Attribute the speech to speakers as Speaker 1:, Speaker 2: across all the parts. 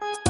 Speaker 1: Thank you.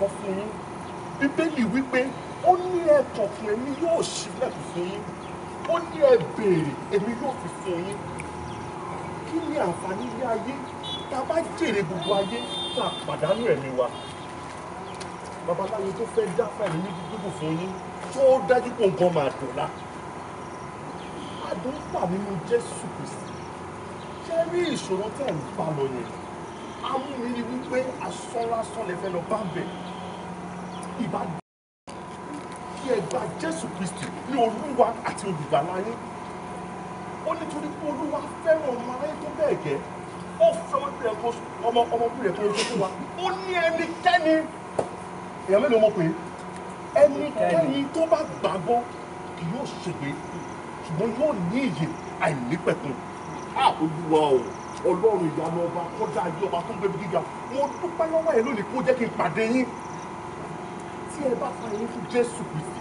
Speaker 2: sọ fún yín bíbélì wípé ó ní ẹ tọ̀ fún èmi yóò ṣílẹ̀kùn fún yín ó ní ẹ béèrè èmi yóò fi fún yín kí ni àǹfààní ilé ayé tá a bá jèrè gbogbo ayé tá a pàdánù ẹ̀mí wa babaláwo tó fẹ́ dá fàìlì ní gbogbo fún yín tó dájú pé nǹkan máa dùn la adùn wà nínú Jésù Kristi ṣé rí ìṣòro tẹ̀ ń bá lọ yẹn amúniri wípé asọ́lásọ́ lè fẹ́ lọ bá bẹ̀rẹ̀ ìbá kí ẹ gba jésù kristi ní olúwa àti olùgbàlà yín ó nítorí pé olúwa fẹ́ràn ọmọ aráyé tó bẹ́ẹ̀ gẹ́ ó fẹ́ ọmọbìnrin kan ọmọ ọmọbìnrin kan ojú fún wa ó ní ẹnikẹ́ni èèyàn mélòó mo pè é ẹnikẹ́ni tó bá gbàgbọ́ kì yóò ṣègbè ṣùgbọ́n yóò ní ìyè àìnípẹ̀kun á olúwa o ọlọ́run ìyanu ọba kọjá ayé ọba tó ń gbé mi gíga mo dúpẹ́ lọ́wọ́ ẹ lónìí kó jẹ́ kí n pàdé yín tí ẹ bá fa yín fún Jésù Kristi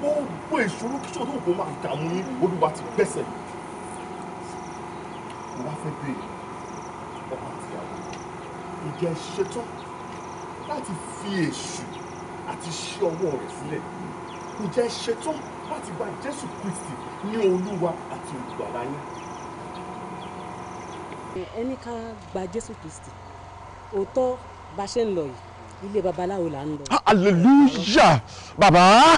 Speaker 2: gbogbo ìṣòro kí ṣòro ògùn máa dààmú yín Olúwa ti gbẹ́sẹ̀ mo wá fẹ́ béèrè ọkọ àti ìyàwó ìjẹ́ ṣetán láti fi èṣù àti ṣe ọwọ́ rẹ̀ sílẹ̀ ìjẹ́ ṣetán láti gba Jésù Kristi ní Olúwa àti Olùgbàlà yín ẹni ká gba jésù kristi òótọ́ bá ṣe ń lọ yìí ilé babaláwo là ń lọ.
Speaker 1: hallelujah baba.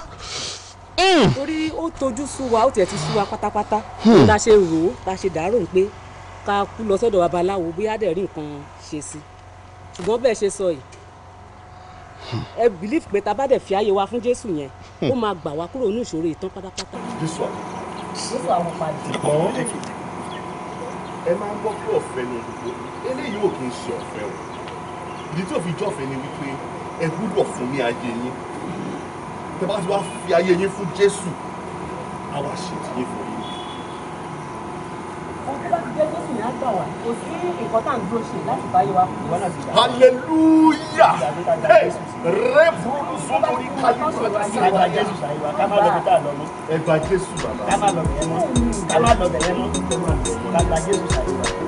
Speaker 2: Hmm. torí ó tojú sú ó tiẹ̀ ti sú pátápátá la hmm. ṣe rò ó la ṣe dàárò pé ká kú lọ sọ́dọ̀ babaláwo bí dẹ̀ rí nǹkan ṣe sí ṣùgbọ́n bẹ́ẹ̀ ṣe sọ yìí hmm. ẹ bìlíf pé tá a bá dẹ̀ fi ààyè wa fún jésù yẹn ó máa gbà wá kúrò nínú ìṣòro ìtàn pátápátá. jésù àwọn pàdé. ẹ máa ń gbọ́ pé ọ̀fẹ́ ni òdòdó eléyìí ò kì í ṣe ọ̀fẹ́ o ìdí tí ò fi jọ́fẹ́ ni wípé ẹ gbúdọ̀ fún ní ayé yín tẹ bá ti wá fi ayé yín fún Jésù àwa ṣètì yín fún yín. ohun bá ti jẹ́ Jésù ní àgbà wá kò sí nǹkan tá à ń dúró ṣe láti báyé wa kù wọ́n náà ti dá. hallelujah rẹ́pù
Speaker 1: sọ́kòrí kájú sọ́kòrí sáyé wa Jésù sáyé ká má lọ bẹ̀rẹ̀
Speaker 2: lọ mọ́. Jésù bàbá. ká má lọ bẹ̀rẹ̀ mọ́ ká má lọ bẹ̀rẹ̀ mọ́ ká gba Jésù sáyé wa.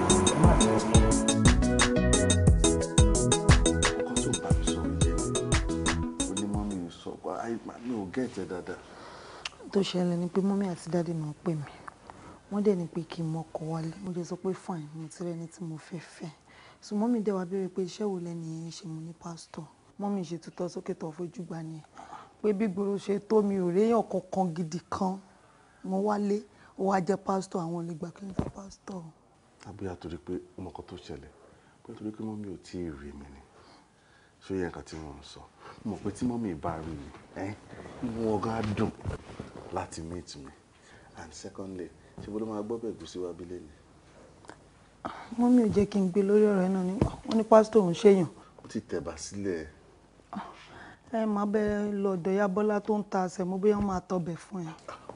Speaker 2: mi ò gẹ̀ẹ́tẹ̀ dáadáa.
Speaker 3: tó ṣẹlẹ̀ ni pé mọ́mí àti dáàdì náà pè
Speaker 2: mí wọ́n dẹ̀ ní pé kí n mọ́kọ wálé mo jẹ́ sọ pé fine mo ti rẹ́ni tí mo fẹ́ fẹ́ so mọ́mí dẹ̀ wá béèrè pé iṣẹ́ wo lẹ́ni yẹn ṣe mo ní pásítọ̀ mọ́mí ṣe tutọ́ sókè tó fojú gbà ni pé bí gbòòrò ṣe tó mi ò réyàn kankan gidi kan mo wálé ó wá jẹ́ pásítọ̀ àwọn olè gbà kí n jẹ́ pásítọ̀. àbí àtòrí pé ọmọkọ tó ṣẹlẹ̀ pé àtòrí pé mọ́mí ò tí ì rí mi ni ṣó yẹ nǹkan tí wọ́n ń sọ mo pé tí mọ́mí bá rí mi eh? inú ọ̀gá dùn láti meet me and secondly ṣé bó ló máa gbọ́ bẹ̀gù sí wa bílẹ̀ ni. mọ́mí ò jẹ́ kí n gbé lórí ọ̀rọ̀ ẹ̀ náà ni wọ́n ní pásítọ̀ òun ṣèyàn. ó ti tẹ̀bà sílẹ̀. ẹ máa bẹ lọ ọ̀dọ̀ ya bọ́lá tó ń ta àṣẹ mo bóyá wọ́n máa tọbẹ̀ fún ẹ.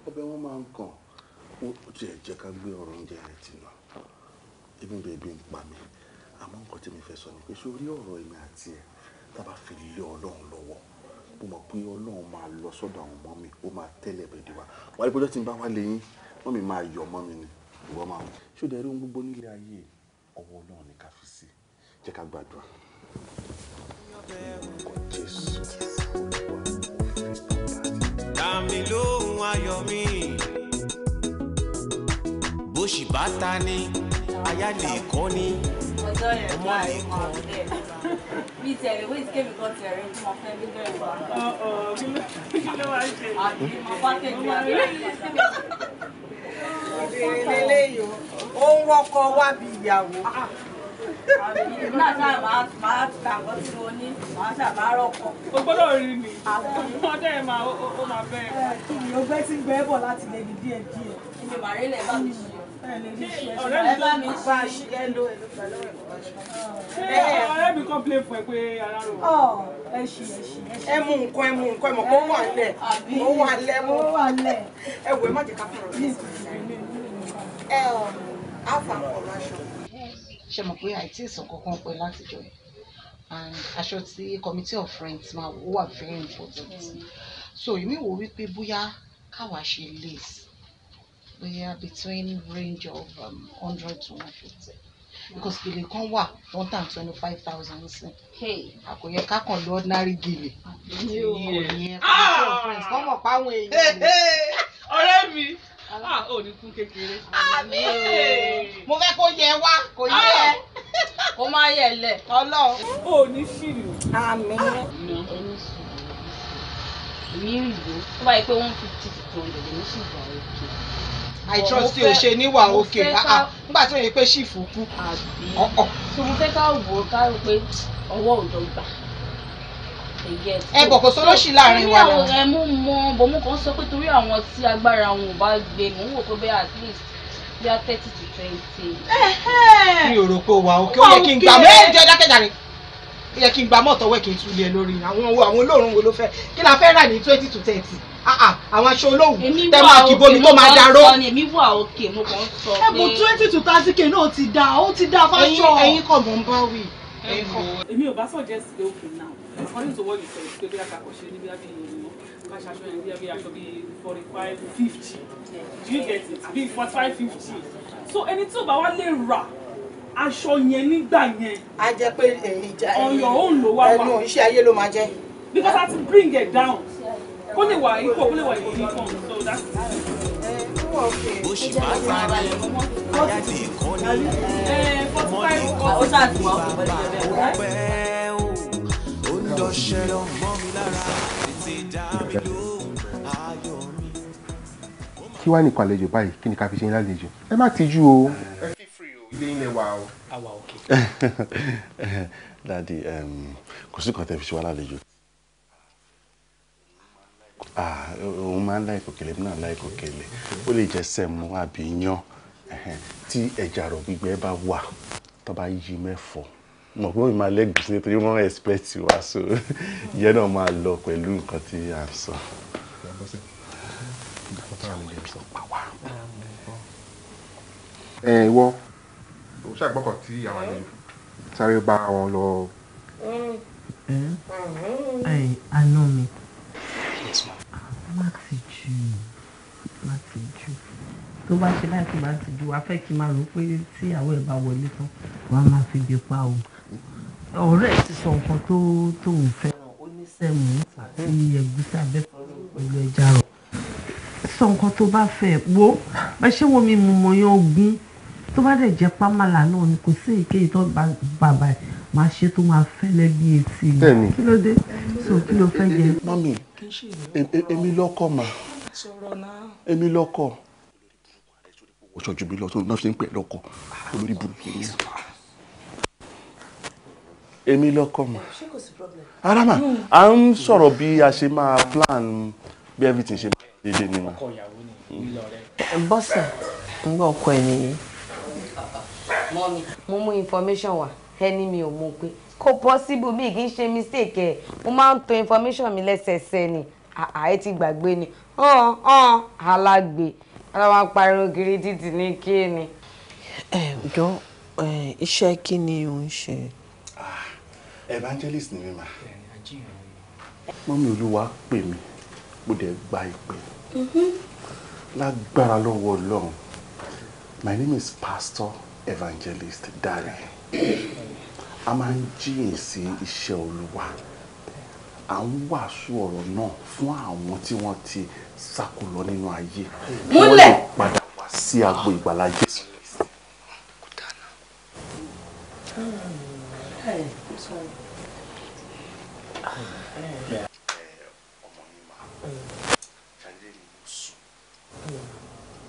Speaker 2: ọbẹ̀ wọn máa ń kàn ó ti jẹ́ ká gbé ọ̀rọ̀ oúnjẹ rẹ̀ tì lọ ebi ń ń pa mi àmọ́ nǹkan tí mi fẹ́ sọ ni pé ṣé orí ọ̀rọ̀ èmi àti ẹ̀ tábà fi lé ọlọ́run lọ́wọ́ mo mọ̀ pé ọlọ́run máa lọ sọ́dọ̀ àwọn ọmọ mi ó máa tẹ́lẹ̀ bẹ̀dẹ̀ wa wà ní pọ́jọ́ bá wá lé wọ́n mi máa yọ̀ mọ́ mi ni ìwọ máa wọ̀. ṣé o gbogbo nílé ayé ọwọ́ ọlọ́run ni ká fi sí jẹ́ ká gbàdúrà. dàmí lóhùn ayọ̀ mi bó ṣì bá ta ni aya kọ́ ni
Speaker 3: ọmọ lè kọ́ mi ti ẹ̀rẹ̀ wíìtì kémi kan ti ẹ̀rẹ̀ fún ọ̀fẹ́ mi bẹ̀rẹ̀ wá. ọ̀ọ́ kí ló wá ṣe. àbí mo bá tẹ̀lé àbí.
Speaker 2: obìnrin lélẹ́yìn ó ń wọ́kọ wá bí ìyàwó. àbí náà ṣáà máa
Speaker 3: máa ta nǹkan tí mo ní máa ṣáà máa
Speaker 2: rọ́kọ. o gbọ́dọ̀ rí mi
Speaker 3: ọdẹ ẹ̀ máa ó máa bẹ́ẹ̀.
Speaker 2: kí ni o gbẹ́ tí ń gbẹ́ bọ̀ láti lè ní díẹ̀ díẹ̀. èmi màrí lẹ̀ bá mi ṣe
Speaker 3: ọ̀rẹ́ mi pa ẹlò ẹlò pẹ̀lú
Speaker 2: ẹ̀. ọ̀rẹ́ mi kàn plé fún ẹ pé ara rò. ẹ ṣì ẹ ṣì ẹ ṣì. ẹ mú nǹkan ẹ mú nǹkan ẹ mọ̀ kó wà lẹ̀ mo wà lẹ̀ mo wà lẹ̀. ẹ wò ẹ má jẹ ká fọ̀rọ̀ lẹ̀.
Speaker 3: ẹ ọ àfà ọ̀rọ̀ aṣọ. ṣe mọ̀ pé
Speaker 2: àìtí ìsàn kankan pẹ́ látijọ́ yìí and aṣọ tí committee of friends máa wà very important so èmi wò wípé bóyá káwa ṣe lace bóyá between range of um, hundred to one fifty because gèlè kan wà
Speaker 3: one time twenty five thousand sí àkòyẹ kákan lọ ordinary gèlè ìyẹn kọ́ mọ̀ páwọn èèyàn ọ̀rẹ́ mi ah, ò ní kú kékeré mo fẹ́ kó yẹ wá kò yẹ ah! kó má yẹ lẹ̀ ọlọ́run ò ní ṣìlù àmì ah! ẹni sùn èmi ìlú tó bá yẹ pé one fifty to two hundred èmi sì gbà. I trust you ṣe níwà òkè ah, ah, nígbà tí ó yẹ pé ṣìfù kú. so mo fẹ́ ká wò ó ká rò pé ọwọ́ ò dọ́gba ẹ bọ̀ kó sọ́lọ́sì láàrin wa lọ. ẹ mú mọ bọ̀ mú kàn sọ pé torí àwọn tí agbára wọn ò bá gbé mò ń wò pé bẹ́ẹ̀ at least bí thirty to twenty.
Speaker 2: mi ò rò pé wà ó kí ó yẹ kí n gbà mọ́ ẹ̀ jẹ́ dákẹ́jàre ó yẹ kí n gbà mọ́ tọwọ́ kí n tún lé e lórí àwọn olóòórùn wo ló fẹ́ kí la fẹ́ rà ní twenty to thirty. Ah, ah, àwọn aṣọ olóhùn tẹ máa kì bomi tó máa darọ. èmi wà òkè mo kàn sọ pé. ẹ̀bùn twenty to thirty k náà ti da ó ti da fáṣọ. ẹyin kọ̀ mọ̀ ń bá wí. èmi ò bá suggest pé okay now according to what you said pé bí a kà kọ̀ ṣe níbi àbí ká ṣaṣọ yẹn níbi àbí aṣọ bí forty five fifty do you get it bí forty five fifty so ẹni tí ò bá wá lè rà aṣọ yẹn nígbà yẹn. a jẹ pé ìjà ẹnu iṣẹ́ ayé ló máa jẹ́. because I had to bring it down kó lè wà ipò kó lè wà ipò so that's. o ó ń dọ̀ṣẹ́ lọ mọ́ mi lára tètè dá mi lóhùn ayọ̀ mi. kí wàá nìkan àlejò báyìí kí ni ká fi ṣe ń lálejò ẹ má tijú o. ẹ fi free o ilé ilé wa o. dadi um, kò sí kan tẹ́ fi ṣe wá lálejò òun máa ń láì kòkèlè náà láì kòkèlè ó lè jẹ́ sẹ̀mú àbí yán tí ẹja rọ̀ gbígbẹ bá wà tó bá yí mẹ́fọ̀ mo pé òun máa lẹ́gùn sí nítorí wọ́n expect wa so ìyẹn náà máa lọ pẹ̀lú nǹkan tí à ń sọ. ẹ ìwọ o ṣàgbọ́kọ̀ tí àwọn àlejò sáré bá wọn lọ. àná mi má ti jù má ti jù
Speaker 3: tó bá ṣe láti má ti jù wá fẹ́ kí n máa rò pé tí àwọn ẹ̀ bá wọlé tán
Speaker 2: wà á máa fi gbé pa o ọ̀rẹ́ ẹ̀ ti sọ nǹkan tó tóun fẹ́ràn ó ní sẹ́mu àti ẹ̀gúsí abẹ́fọ́lọ́ pẹ̀lú ẹja rọ̀ sọ nǹkan tó bá fẹ́ wo
Speaker 3: ẹ ṣé wo mi mọ̀ yan ogún tó bá dẹ̀ jẹ́ pámálà náà ni kò sí èyíkéyìí tó bá bàbá yìí máa ṣe tó máa fẹ́lẹ́ bí etí mi kí
Speaker 2: ló dé so kí ló fẹ́ jẹ. mami èmi lọ́kọ mà èmi lọ́kọ ọ̀ṣọ́jú mi lọ tó náà ṣe ń pẹ̀ lọ́kọ olórí burúkú yìí èmi lọ́kọ mà ara mà hmm. à ń sọ̀rọ̀ bí a ṣe máa plan bí everything ṣe máa dédé ni mà. Hmm. bọ́sà ń gbọ́ ọkọ ẹ̀ nìyí
Speaker 3: mo mú information wá ẹni mi ò mọ̀ pé kò possible bí kì í ṣe mistake ẹ̀ mo máa ń to information mi lẹ́sẹẹsẹ ni àáyé ti gbàgbé ni hàn hàn alágbe ara wa pariwo kiri títì ní kí ni.
Speaker 2: ẹ jọ iṣẹ́ kí ni ò ń ṣe. Ah, evangelist ni mi ma mọ́mí olúwa pè mí mo dẹ̀ gba ìpè lágbára lọ́wọ́ ọlọ́run my name is pastor evangelist Dare a máa ń jíyìn sí iṣẹ́ olúwa à ń wàásù ọ̀rọ̀ náà fún àwọn tí wọ́n ti sáko lọ nínú ayé wọ́n lè padà wá sí agbo ìgbàlá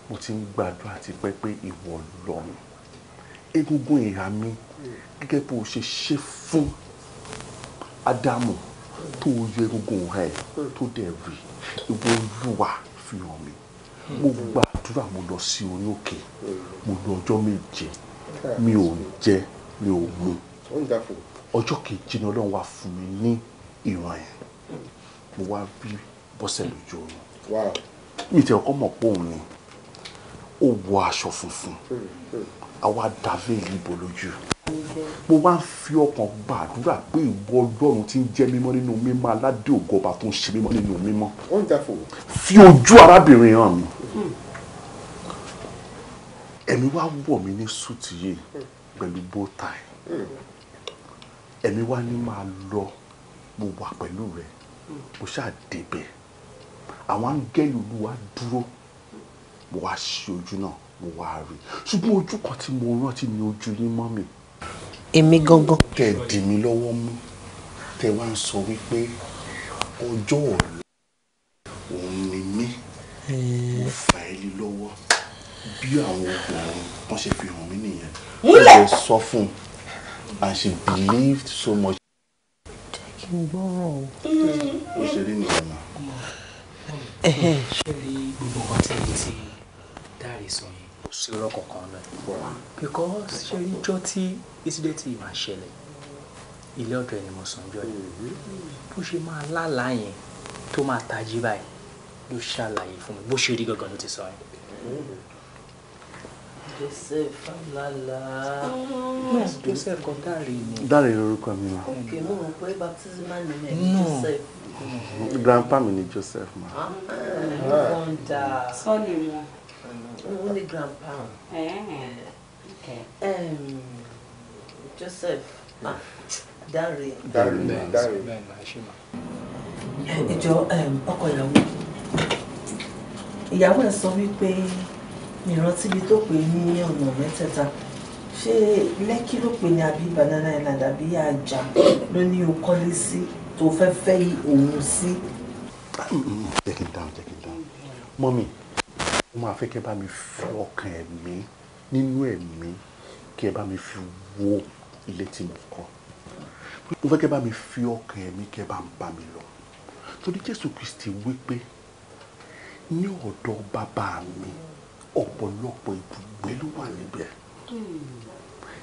Speaker 2: mo ti ń gbàdúrà tipẹ́ pé ìwọ lọ́run egungun ìhà mi gẹ́gẹ́ bó o ṣe ṣe fún ádámù tó o yọ egungun rẹ̀ tó dẹ̀ rí ìwọ olúwa fi hàn mí mo gbàdúrà mo lọ sí orí òkè mo lọ ọjọ́ méje mi ò jẹ mi ò mu ọjọ́ kejì ni ọlọ́run wá fún mi ní ìran ẹ̀ mo wá bí bọ́sẹ̀ lójú oorun mi tẹ̀ ọkọ mọ̀ pé òun ni ó wọ aṣọ funfun àwa dàbí ìlú ìbò lójú mo wá fi ọkàn gbàdúrà pé ìwọ ọlọ́run ti ń jẹ́ mímọ́ nínú mímọ́ aládé ògo ọba tó ń ṣe mímọ́ nínú mímọ́ fi ojú arábìnrin hàn mi ẹ̀mí wá wọ̀ mí ní sùtì yìí pẹ̀lú bótáì ẹ̀mí wá ní máa lọ mo wà pẹ̀lú rẹ̀ mo ṣáà débẹ̀ àwọn áńgẹ́lì olúwa dúró mo wá ṣí ojú náà mo wá rí ṣùgbọ́n ojú kan tí mo rántí ni ojú yín mọ́ mi. Mm èmi gangan. tẹ ẹ dì mí lọ́wọ́ mú tẹ wá ń sọ wípé ọjọ́ ọ̀la òun ni mí mo fà ẹ́ lé lọ́wọ́ bí àwọn obìnrin wọ́n ṣe fi hàn mí nìyẹn. múlẹ̀ ó sọ fún un and she believed so much. jẹ́ kí n gbọ́ràn o. ó ṣe rí nìyẹn náà.
Speaker 4: ṣé rí gbogbo ọtí tí dáre sọ yẹn sí ọ̀rọ̀ kankan náà because ṣe rí ijọ́ tí incident yìí máa
Speaker 2: ṣẹlẹ̀ ilé ọ̀dọ̀ ẹni mo sàn jọ yìí mm-hmm. bó ṣe máa lálàá yẹn tó máa tají báyìí ló ṣàlàyé fún mi bó ṣe rí gangan ló ti sọ yẹn.
Speaker 3: Joseph Alala. No, Joseph kò dáre ni.
Speaker 1: Dáre lorúkọ mi ma.
Speaker 3: Ok, mo rò pé baptismal name ẹ̀ ní Joseph.
Speaker 1: Grandpa mi ni Joseph
Speaker 2: ma. Wọ́n dà. wọn milligram oh, pound. Eh, okay. Um, Joseph.
Speaker 3: Ah, Dare.
Speaker 2: Dare. Dare. Eh, ìjọ um, ọkọ ìyàwó. Ìyàwó ẹ̀ sọ wípé ìrántí ibi tó pè ní ọ̀nà mẹ́tẹ̀ẹ̀ta. Ṣé Lẹ́kí ló pè ní àbí Banana Island àbí Àjà ló ní o kọ́lé sí tó fẹ́ fẹ́ òun sí? Take it down, take it down. Mọ́mí. Mm -hmm mo máa fẹ́ kẹ́ bá mi fi ọkàn ẹ̀mí nínú ẹ̀mí kẹ́ bá mi fi wo ilé tí mo kọ́ mo fẹ́ kẹ́ bá mi fi ọkàn ẹ̀mí kẹ́ bá ń bá mi lọ torí Jésù Kristi wípé ní ọ̀dọ̀ bàbá mi ọ̀pọ̀lọpọ̀ ibùgbé ló wà níbẹ̀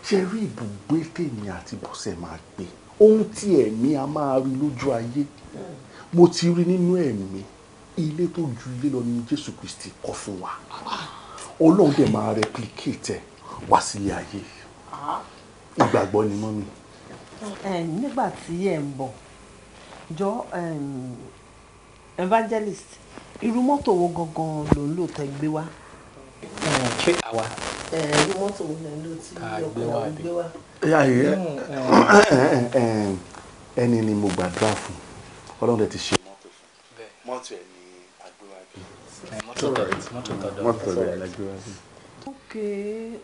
Speaker 2: ṣe rí ibùgbé tèmi àti bọ́sẹ̀ máa gbé ohun tí ẹ̀mí a máa rí lójú ayé mo ti rí nínú ẹ̀mí. E ilé tó ju ilé lọ ní Jésù Kristi kọ́ fún wa Ọlọ́run dẹ̀ máa replicate ẹ̀ wá sílé ayé ìgbàgbọ́ ni mọ́ mi. nígbà tí ẹ ń bọ̀ jọ evangelist irú mọ́tò wo gangan ló ń lò tẹ́ gbé wá. ṣé àwa. irú mọ́tò wo lè ń lò tí ọkùnrin gbé wá. Hmm, ẹni ni mo gbàdúrà fún Ọlọ́run ti ṣe mọ́tò fún mọ́tò ẹ̀ mọ́tò tọ̀dọ̀ mọ́tò tọ̀dọ̀ mọ́tò ok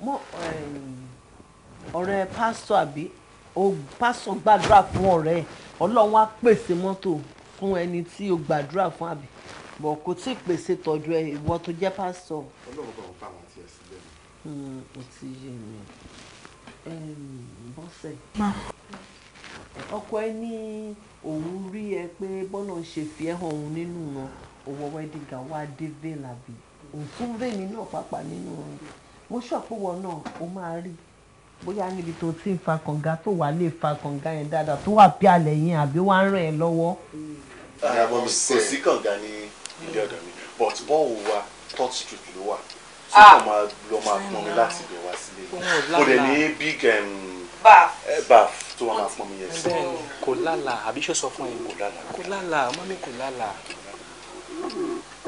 Speaker 2: mo ọ̀rẹ́ pásítọ̀ àbí pásítọ̀ gbàdúrà fún ọ̀rẹ́ ọlọ́run á pèsè mọ́tò fún ẹni tí o gbàdúrà fún àbí bọ̀ kò tí ì pèsè tọ́jú ẹ ìwọ tó jẹ́ pásítọ̀. ọlọ́run kò fà wọ́n ti ẹ̀ sílẹ̀ mi. Hmm, o ti yé mi bọ́sẹ̀ ọkọ ẹ ní òun rí ẹ pé bọ́lá ń ṣe fi ẹ́ hàn òun nínú wọn ó wọ wedding gown wá dé veil àbí òtún veil mi náà pàápàá nínú orin mo ṣọ̀pọ̀wọ̀ náà ó máa rí bóyá níbi tó ti ń fa kànga tó wà lè fa kànga yẹn dáadáa tó wà bí alẹ́ yẹn àbí wàá ràn ẹ́ lọ́wọ́. kò sí kànga ní ilé ọ̀dọ̀ mi but bọ́ọ̀wù wa third street ló wà tó kàn ah! máa lọ máa pọn mi láti ibẹ̀ wá sílé mo dẹ̀ ní big baff eh, tó wà máa pọn mi yẹn sí. kò lálàá àbí ṣé sọ fún ẹ kò lálàá mọ́mí kò lálàá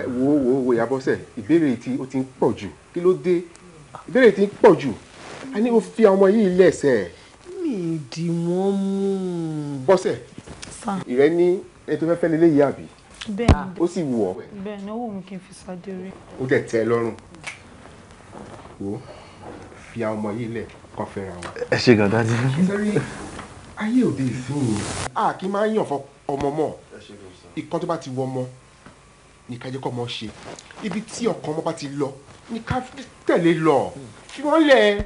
Speaker 2: wo wo wo yabọ́sẹ̀ ìbéèrè tí o ti ń pọ̀ jù kí ló dé ìbéèrè tí ń pọ̀ jù a ní o fi ọmọ yìí lẹ́sẹ̀. mi ì dì wọ́n mú. bọ́sẹ̀ ìrẹ́ ní ẹni tó fẹ́ fẹ́ lélẹ́yìí àbí. bẹ́ẹ̀ni ó sì wù ọ́.
Speaker 3: bẹ́ẹ̀ni ó wù mí kí n fi sáde rí. ó
Speaker 2: dẹ̀ tẹ́ ẹ lọ́rùn wo fi ọmọ yìí lẹ̀ kọ́ fẹ́ra wọn.
Speaker 1: ẹ ṣe gàdá ti. sẹ́rí
Speaker 2: ayé òde ìsìn yìí a kì í máa yàn fọ́ ọmọ mọ́ ìkan tó bá ti wọ ọmọ ní ká jẹ́ kọ́ ọmọ ṣe ibi tí ọkàn ọmọ bá ti lọ ní ká tẹ̀lé lọ fi wọ́n lẹ̀.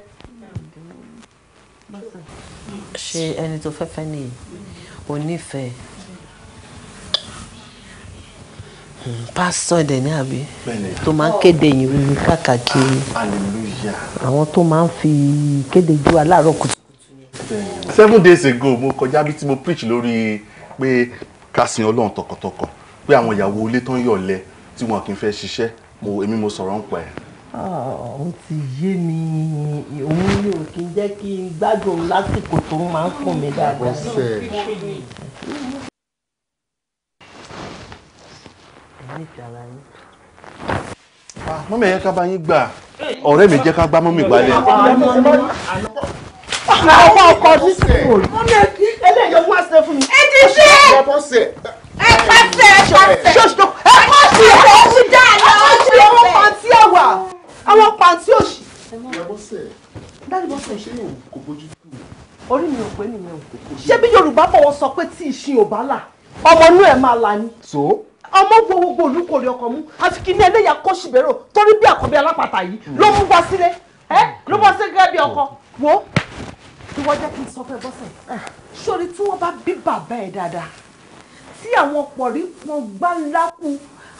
Speaker 2: ṣe ẹni tó fẹ́ fẹ́ nìyí onífẹ̀ẹ́ hmm, pásítọ̀ ẹ̀dẹ̀ ní àbí tó máa ń kéde ìyìnrere káàkiri àwọn tó máa ń fi kéde ju aláàárọ̀ kùtùkùtù. seven days ago mo kọjá bí tí mo preach lórí pé ká sin ọlọ́run tọkàntọkàn pé àwọn ìyàwó ilé tó ń yọ̀lẹ tí wọn kì í fẹ́ ṣiṣẹ́ mo èmi mo sọ̀rọ̀ ń pa ẹ̀. Ah, ó ti yé mi òun ni ò kí n jẹ́ kí n gbádùn lásìkò tó máa ń kùn mí dáadáa. Ah, mọ́mí ẹ̀yẹ́ ká bá yín gbà ọ̀rẹ́ mi jẹ́ ká gbá mọ́mí gbalẹ̀. àwọn ọkọ̀ ọdún sí i. mọ́mí ẹ̀kí ẹlẹ́yọ̀ wá ṣe fún mi. ẹ ti ṣe ẹ pàṣẹ ẹ pàṣẹ. ṣoṣo ẹ pàṣẹ ẹ pàṣẹ dáadáa ẹ pàṣẹ àwọn pàǹtí ẹwà àwọn pàǹtí òṣì. ìyàbọ̀sẹ̀ dáríbọ̀sẹ̀ ṣé yóò kò bójú tó. orí mi ò pé nìyẹn o ṣé bí Yorùbá bọ̀wọ̀ sọ pé tí ìṣin ò bá là ọmọ inú ẹ̀ máa là ni. so ọmọ wo gbogbo olùkórè ọkọ mú àfi kí ní ẹlẹ́yà kó ṣìbẹ̀rọ torí bí àkọ́bí alápàtà yìí hmm. ló mú wá sílé ẹ hmm. ló bọ́ sí gẹ́gẹ́ bí ọkọ hmm. wo ìwọ jẹ́ kí n sọ fẹ́ bọ́sẹ̀ sórí ah. tí wọ́n bá bí bàbá ẹ̀ dáadáa tí àwọn pọ̀rí pọn gbálákú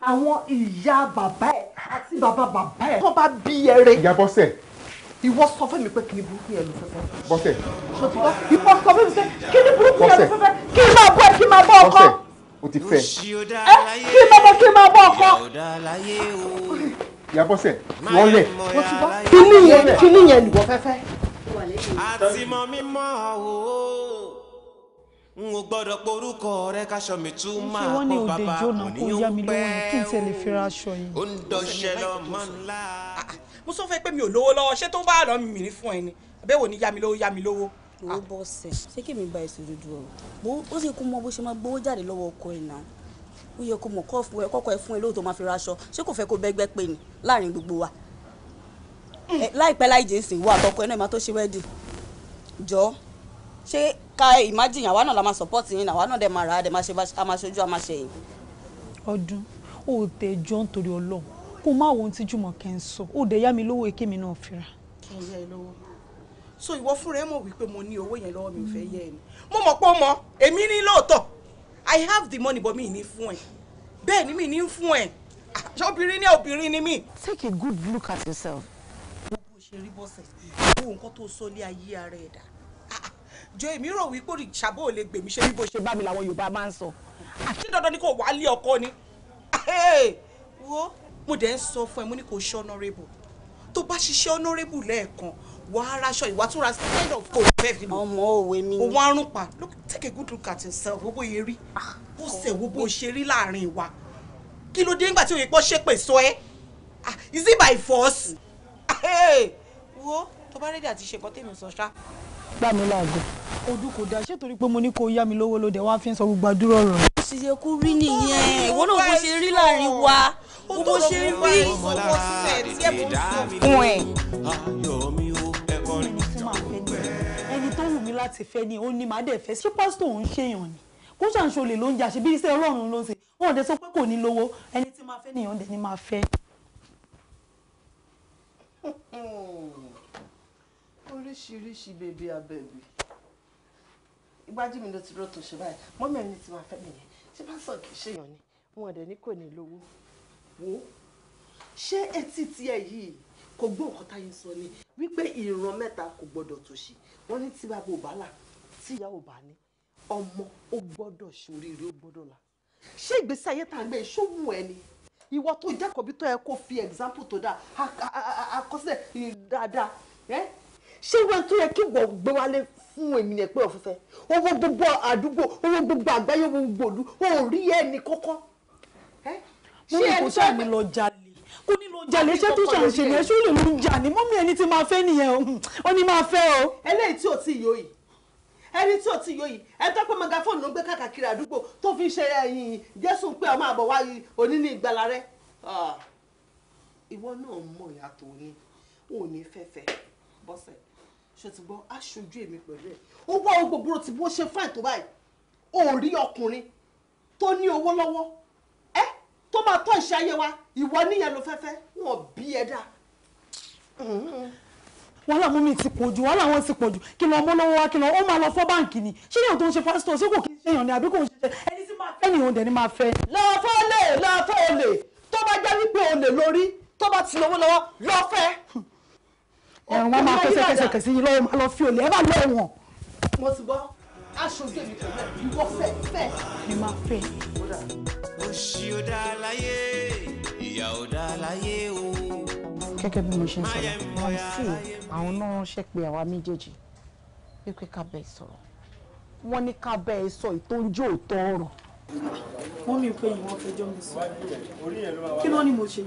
Speaker 2: àwọn ìyá bàbá ẹ̀ àti bàbá bàbá ẹ̀ tó bá bí ẹrẹ. ìyá bọ́sẹ̀. ìwọ sọ fún mi pé kí ni burúkú yẹn ló fẹ́ fẹ́. bọ́sẹ̀. ìwọ sọ fún mi pé kí ni burúkú yẹn ló fẹ́ fẹ́ kí n máa bọ́ ẹ kí n máa bọ́ ọkọ. bọ́sẹ̀ o ti fẹ́. ẹ kí n máa bọ́ kí n máa bọ́ ọkọ. ìyá bọ́sẹ̀ wọ́n lẹ̀. kí ni yẹn kí ni yẹn lùwọ́ fẹ́fẹ́. àtìmọ̀ mímọ́ o n ò gbọ́dọ̀ porúkọ rẹ káṣọ mi tún máa kó bàbá mo ní ó ń pẹ́ ó ń dọṣẹ́ lọ́mọ ńlá. Ah, ah, mo sọ fún ẹ pé mi ò lówó lọ́wọ́ ṣé tó bá àlọ́ mi ní fún ẹ ni àbẹ́wò ni yá mi lówó yá mi lówó owó ah. bọ́ sẹ̀
Speaker 3: ṣé kí mi gba èsì dúdú ọ̀rọ̀ ó sì kú mọ bó ṣe máa gbowó jáde lọ́wọ́ ọkọ ẹ̀ náà ó yẹ kó mọ̀ kọ́kọ́ ẹ fún ẹ lóòótọ́ máa fi raṣọ ṣé kò fẹ́ kó bẹ́gbẹ́ pé ni láàrin gbogbo wa hmm. láìpẹ́ láì jẹ́ ìsìn ìwọ àtọkọ ẹ náà máa tó ṣe wẹ́dì jọ́ ṣé ká imagine àwa náà la máa support yín àwa náà dẹ̀ máa rà á dẹ̀ máa ṣojú a máa ṣe yìí.
Speaker 2: ọdún ó tẹjọ́ nítorí ọlọ́run kó má wo ohun tí Jùmọ̀kẹ́ ń sọ ó dẹ̀ yá mi lówó èké mi náà fira. kí n yá ẹ lówó so ìwọ fúnra ẹ mọ̀ wípé mo ní owó yẹn lọ́wọ́ mi ò fẹ́ yẹ ẹ ni mo mọ̀ pé ọmọ èmi ní lóòótọ́ i have the money but mi ní fún ẹ bẹ́ẹ̀ ni mi ní fún ẹ obìnrin ni obìnrin ni mi. take a good look at yourself. gbogbo ṣe rí bọ́sẹ̀ gbogbo nǹkan tó sọ lé ayé ara ẹ̀ jọ èmi rò wípé ìṣàbò lè gbèmí ṣe bí bó ṣe bá mi làwọn yorùbá máa ń sọ àti dandan ni kò wá lé ọkọ ni wo mo dẹ̀ ń sọ fún ẹ mo ní kò ṣe honourable tó bá ṣiṣẹ́ honourable lẹ́ẹ̀kan wà á raṣọ ìwà stand up kò fẹ́ fi lò ọmọ òwe mi ni òun arún pa look take a good look at yourself owó yẹn rí ó sẹ̀ wo bó ah, ṣe rí láàrin wa kí ló dé nígbà tí òye pọ́ ṣépè sọ ẹ́ ah, is it by force
Speaker 3: wo tó bá rédí àti ṣe nǹkan tèmi sọ ṣá
Speaker 2: gbà mí láàgọ. ojú kò dáa ṣé torí pé mo ní kó yá mi lówó lóde wá fi ń sọ gbogbo àdúrà ọ̀rọ̀. ó sì yẹ kó rí nìyẹn ìwọ náà bó ṣe rí láàrin wa bó ṣe rí fún ẹ. ẹni tó wù mí láti fẹ́ ni ó ní màá dẹ̀ fẹ́ ṣé pásítọ̀ òun ṣèyàn ni kó ṣàǹṣó ló ń jà ṣe bí iṣẹ́ ọlọ́run ló ń ṣe wọn ò sọ pé kò ní lówó ẹni tí máa fẹ́ nìyàn dẹ̀ ni máa fẹ́. Hmm lóríṣiríṣi bèbè àbẹ̀bì igbájú mi ló ti rọ́ tó ṣe báyìí mọ́mí ẹni tí wàá fẹ́ mi yẹn ṣé bá sọ kì í ṣèyàn ni wọn ọ̀dẹ̀ ní kò ní lówó wo ṣé etí tiẹ̀ yìí kò gbọ́ nǹkan táyé ń sọ ni wípé ìran mẹ́ta kò gbọ́dọ̀ tòṣì wọ́n ní tí bàbá ò bá là tí ìyá ò bá ní ọmọ ó gbọ́dọ̀ ṣoríire ó gbọ́dọ̀ là ṣé ìgbésí ayé tá à ń gbé ìṣòwò ẹ ni ìwọ tó jẹ́kọ̀ọ́bí tó yẹ kó fi example tó dáa àkọsílẹ̀ dáadáa ṣé wọn tó yẹ kí wọ́n gbé wálé fún èmi ní ẹ̀pẹ́ ọ̀fẹ́fẹ́ owó gbogbo àdúgbò owó gbogbo àgbáyé owó gbòòlù wọn ò rí ẹni kọ́kọ́. ṣé ẹni tó mi lọ jalè kó ní lọ jalè ṣé tó ṣàlè ṣe nìyẹn ṣúlẹ̀ ló ń jà ní mọ́mí ẹni tí máa fẹ́ nìyẹn ó ní máa fẹ́ o. eléyìí tí ò tí ì yó yìí ẹni tí ò tí yóò yìí ẹni tó pé magafóònù ló ń gbé káàkiri àdúgbò tó fi ṣe ẹyìn eh, jésù pé ọmọ àbọ̀ wá òní ní ìgbàlá rẹ. Ah. ìwọ náà mọ ìyàtọ̀ òní òní fẹ́fẹ́ bọ́sẹ̀ ṣètìgbọ́n aṣojú èmi pẹ̀lú ẹ̀ ó wá o gbogbo ti bó ṣe fáìn tó báyìí ò rí ọkùnrin tó ní owó lọ́wọ́ ẹ tó máa tọ́ ìṣe ayé wa ìwọ níyẹn ló fẹ́fẹ́ wọn bí ẹ dáa. wàhálà mú mi ti pọ̀ jù wàhálà wọn ti pọ̀ jù kí lọ mọ́ lọ́wọ́ wa kí lọ ó máa lọ fọ́ báǹkì ni ṣé ní tó ń ṣe pásítọ̀ ṣé kò kí ṣe èèyàn ni àbí kò ń ṣe ẹni tí máa fẹ́ ni òun ẹ̀wọ̀n wọn máa fẹsẹ̀ fẹsẹ̀ kẹsí yín lọ́wọ́ máa lọ fi òlẹ̀ ẹ bá lọ ẹ̀wọ̀n. mo ti gbọ́ aṣojú èmi kò fẹ́ ìwọ fẹ́ fẹ́ ni máa fẹ́. òṣì ò dá láyé ìyà ò dá láyé o.
Speaker 4: gẹ́gẹ́ bí mo ṣe ń sọ̀rọ̀
Speaker 2: mọ̀ sí àwọn náà ṣe pé àwa méjèèjì wípé ká bẹ́ẹ̀ sọ̀rọ̀ wọ́n ní ká bẹ́ẹ̀ sọ ìtóúnjẹ òótọ́ ọ̀rọ̀ wọ́n mi pé ìwọ́n fẹjọ́ mi sọ kí ló ní mo ṣe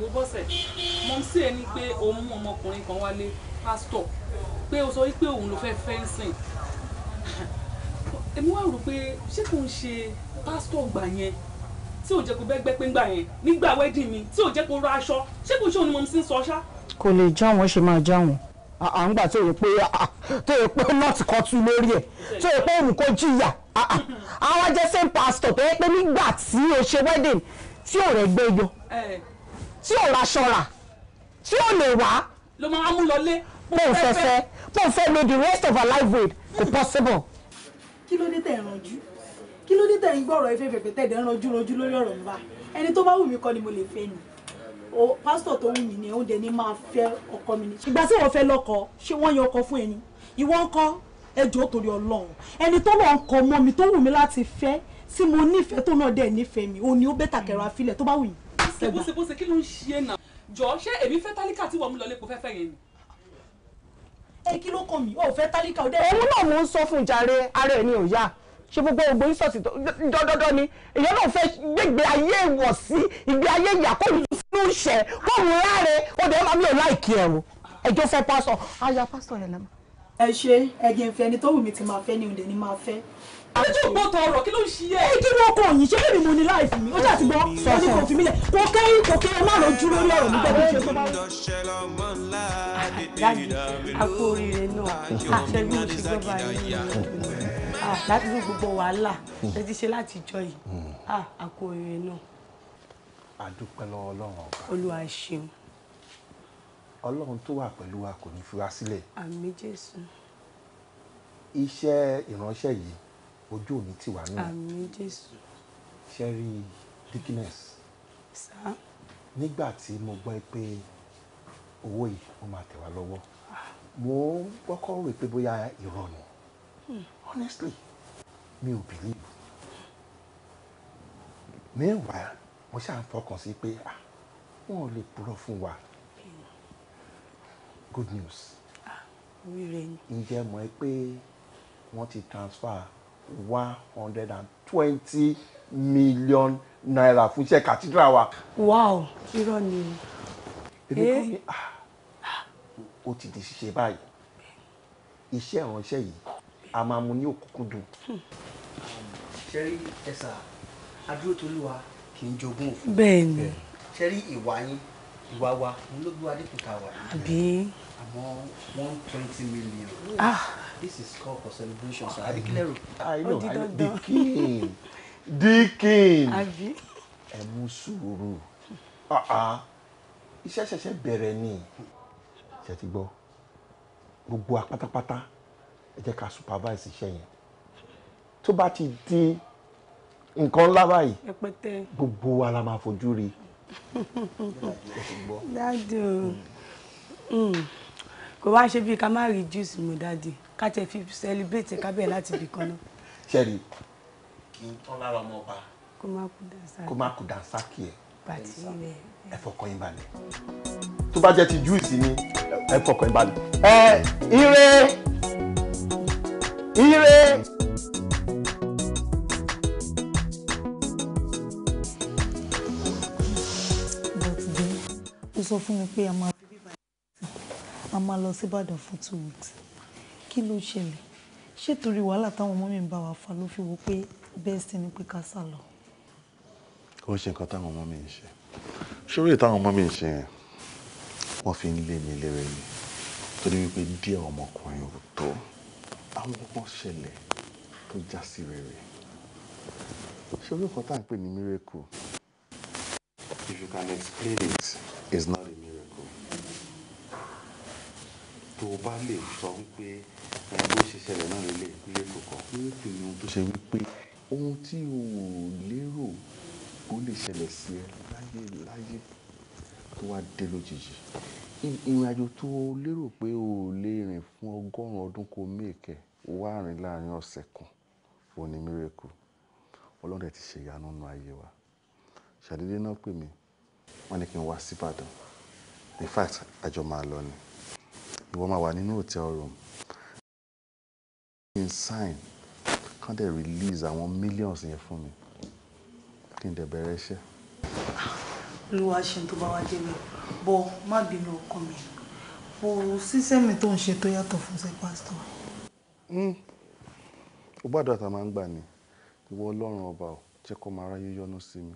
Speaker 2: wo bọ́sẹ̀ mọ̀ sí ẹni pé o mú ọmọkùnrin kan wálé pásítọ̀ pé o sọ wípé òun ló fẹ́ fẹ́ǹsìn èmi wá rò pé ṣé kò ń ṣe pásítọ̀ gbà yẹn tí ò jẹ́ kó bẹ́gbẹ́ pé ń gbà yẹn nígbà wẹ́dìn mi tí ò jẹ́ kó ra aṣọ ṣé kò ṣe òun ni mo ti ń sọ ṣá. kò lè já wọn ṣe máa já wọn à ń gbà tó yẹ pé tó yẹ pé nọ́ọ̀tì kan tú lórí ẹ̀ tó yẹ pé òun kò jìyà àwọn jẹ́ same tó yẹ pé nígbà tí o ṣe wedding tí ò rẹ̀ gbé yọ tí ò raṣọ rà tí ò lè wá. ló máa mú lọ lé. mo ń fẹ́ fẹ́ mo ń fẹ́ lo the rest of her life with kò possible. kí ló dé tẹ̀ ẹ̀rànjú kí ló dé tẹ̀ ń gbọ́ ọ̀rọ̀ ife fẹ̀fẹ̀ tẹ̀ dẹ̀ ń ranjú ranjú lórí ọ̀rọ̀ nba ẹni tó bá wù mí kọ́ ni mo lè fẹ́ ni o pásítọ̀ tó wù mí ni oúnjẹ ni máa fẹ́ ọkọ mi ni. ìgbà tí wọ́n fẹ́ lọ́kọ ṣé wọ́n yan ọkọ fún ẹni ìwọ ń kọ́ ẹjọ́ torí ọlọ́run ẹni tó lọ́ọ́ ń kọ́ mọ́ mi tó wù mí láti fẹ́ tí mo nífẹ̀ẹ́ tó náà dẹ̀ nífẹ̀ẹ́ mi òní ó bẹ́tà kẹrọ afílẹ̀ tó bá wù yín ṣe bó se bó ṣe kí ló ń ṣe é náà jọ ṣé èmi fẹ́ tálíkà tí wọ́n mú lọ lẹ́kọ̀ọ́ fẹ́fẹ́ yẹn ni. ẹ kí ló kàn mí o fẹ́ tálíkà o dé. òun náà mò ń sọ fún jàre ara ẹ̀ ni ò yá ṣe gbogbo ògbó ìsọ̀sì dọ́dọ́dọ́ ni èèyàn náà fẹ́ gbégbé ayé ìwọ̀ sí ìgbé ayé ìyà kó lù sínú ìṣẹ́ kó mú láre ó dẹ̀ máa mi ò láìkí ẹ̀ o ẹjọ́ fẹ́ pásọ̀ àyà pásọ̀ rẹ̀ lẹ́mọ̀. ẹ ṣe ẹ̀jẹ̀ ń fẹ́ ẹni tó wù mí ti máa fẹ́ ni òun dẹ̀ ni máa fẹ́ ojú ìgbọ́tọ̀ ọ̀rọ̀ kí ló ń ṣiyẹ. ẹ kí wọn kọ òyìn ṣé bèbí mo ní láìsí mi ó jà ti gbọ́ kò fi mí lẹ̀ kò kẹ́yìn kò kẹ́yìn má lọ jú lórí ọ̀rọ̀ nígbà tó ṣe tó bá wù. dájú àpò oríire náà àṣẹgun òṣìṣọba yìí láti ní gbogbo wàhálà ẹ ti ṣe láti jọ yìí hmm. àpò náà. àdúpẹ́ lọ́wọ́ ọlọ́run ọ̀gá. olúwa ṣeun. ọlọ́run tó wà pẹ̀lú wa kò ní fura sílẹ̀. iṣẹ́ ìránṣẹ́ yìí ojú òní tì wá nù.
Speaker 3: àmín jésù.
Speaker 2: sherry dickness. sá. nígbà tí mo gbọ́ pé owó yìí ó máa tẹ̀ wá lọ́wọ́ ah. mo kọ́kọ́ rò pé bóyá irọ́ hmm. honestly mi ò believe meanwhile mo ṣáà ń fọkàn sí pé ah, wọn ò lè purọ́ fún wa good news ah, ǹjẹ́ mọ̀ ẹ́ pé wọ́n ti transfer one hundred and twenty million naira fún iṣẹ́ cathedral wa. wow irọ́ ni. èmi kọ́ ni eh? ah, ó ti di ṣíṣe báyìí iṣẹ́ ìránṣẹ́ yìí a máa mú ní òkúkúndùn. Hmm. ṣẹ́rí ẹ̀sà adúrótolúwa kì í jogún òfin. bẹ́ẹ̀ni. ṣẹ́rí ìwà yín ìwà wa ló gbé wa dípò tá wà. àbí. àmọ́ one twenty million. ah this is called for celebration sir ah, abi kílẹ̀ i know i know the king the king ẹ mú ah, ah iṣẹ́ ṣẹ̀ṣẹ̀ bẹ̀rẹ̀ ni ṣe ti gbọ́ gbogbo apátápátá ẹ jẹ́ ká supervise iṣẹ́ yẹn tó bá ti di nǹkan ńlá báyìí gbogbo wa la máa fojú rí. dáàdì o hmm. kò wá ṣe bí ká má rí juice mu dáàdì ká tẹ fi
Speaker 3: celebrate kábẹ̀ láti ibì kan náà.
Speaker 2: sẹ́ni kì í tán lára ọmọ ọba kó má kú dansaki ẹ̀ ẹ fọkàn yín balẹ̀ tó bá jẹ́ ti juice ni ẹ fọkàn yín balẹ̀ ẹ ire
Speaker 1: ire.
Speaker 3: ó sọ fún mi pé a
Speaker 2: máa lọ sí Ìbàdàn fún two weeks kí ló ṣẹlẹ̀ ṣé torí wàhálà táwọn ọmọ mi ń bá wa fa ló fi wo pé bẹ́ẹ̀ sì ni pé ká sá lọ. ó ṣe nǹkan táwọn ọmọ mi ń ṣe ṣórí táwọn ọmọ mi ń ṣe yẹn wọ́n fi ń lé mi lérè mi torí wípé díẹ̀ ọmọkùnrin ò tó àwọn kan ṣẹlẹ̀ tó já sí rere ṣórí nǹkan tá à ń pè ní miracle if you can explain it it's not tó bá lè sọ wípé ẹni tó ṣe ṣẹlẹ̀ náà lélẹ̀ lẹ́tọ̀ kan pé kì í ohun tó ṣe wípé ohun tí o ò lérò kó lè ṣẹlẹ̀ sí ẹ láyé láyé tó wá dé lójijì ìrìn àjò tó o lérò pé o ò lè rìn fún ọgọ́rùn-ún ọdún kó mèkẹ́ wá rìn láàrin ọ̀sẹ̀ kan òun ni miracle ọlọ́run ti ṣe ìyanu nínú ayé wa ṣàdédé náà pè mí wọ́n ní kí n wá síbàdàn in fact àjọ máa lọ ni ìwọ máa wà nínú hotel room kí n sign kán dẹ̀ release àwọn millions yẹn fún mi kí n dẹ̀ bẹ̀rẹ̀ iṣẹ́. olúwa ṣe tó bá wá débẹ̀ bọ́ má bínú ọkọ mi o ṣiṣẹ́ mi tó ń ṣe tó yàtọ̀ fún ṣe pásítọ̀. o hmm. gbàdúrà tá a máa ń gbà ní ìwọ ọlọ́run ọba ò jẹ́ kó máa ráyé yọ́nú sí mi.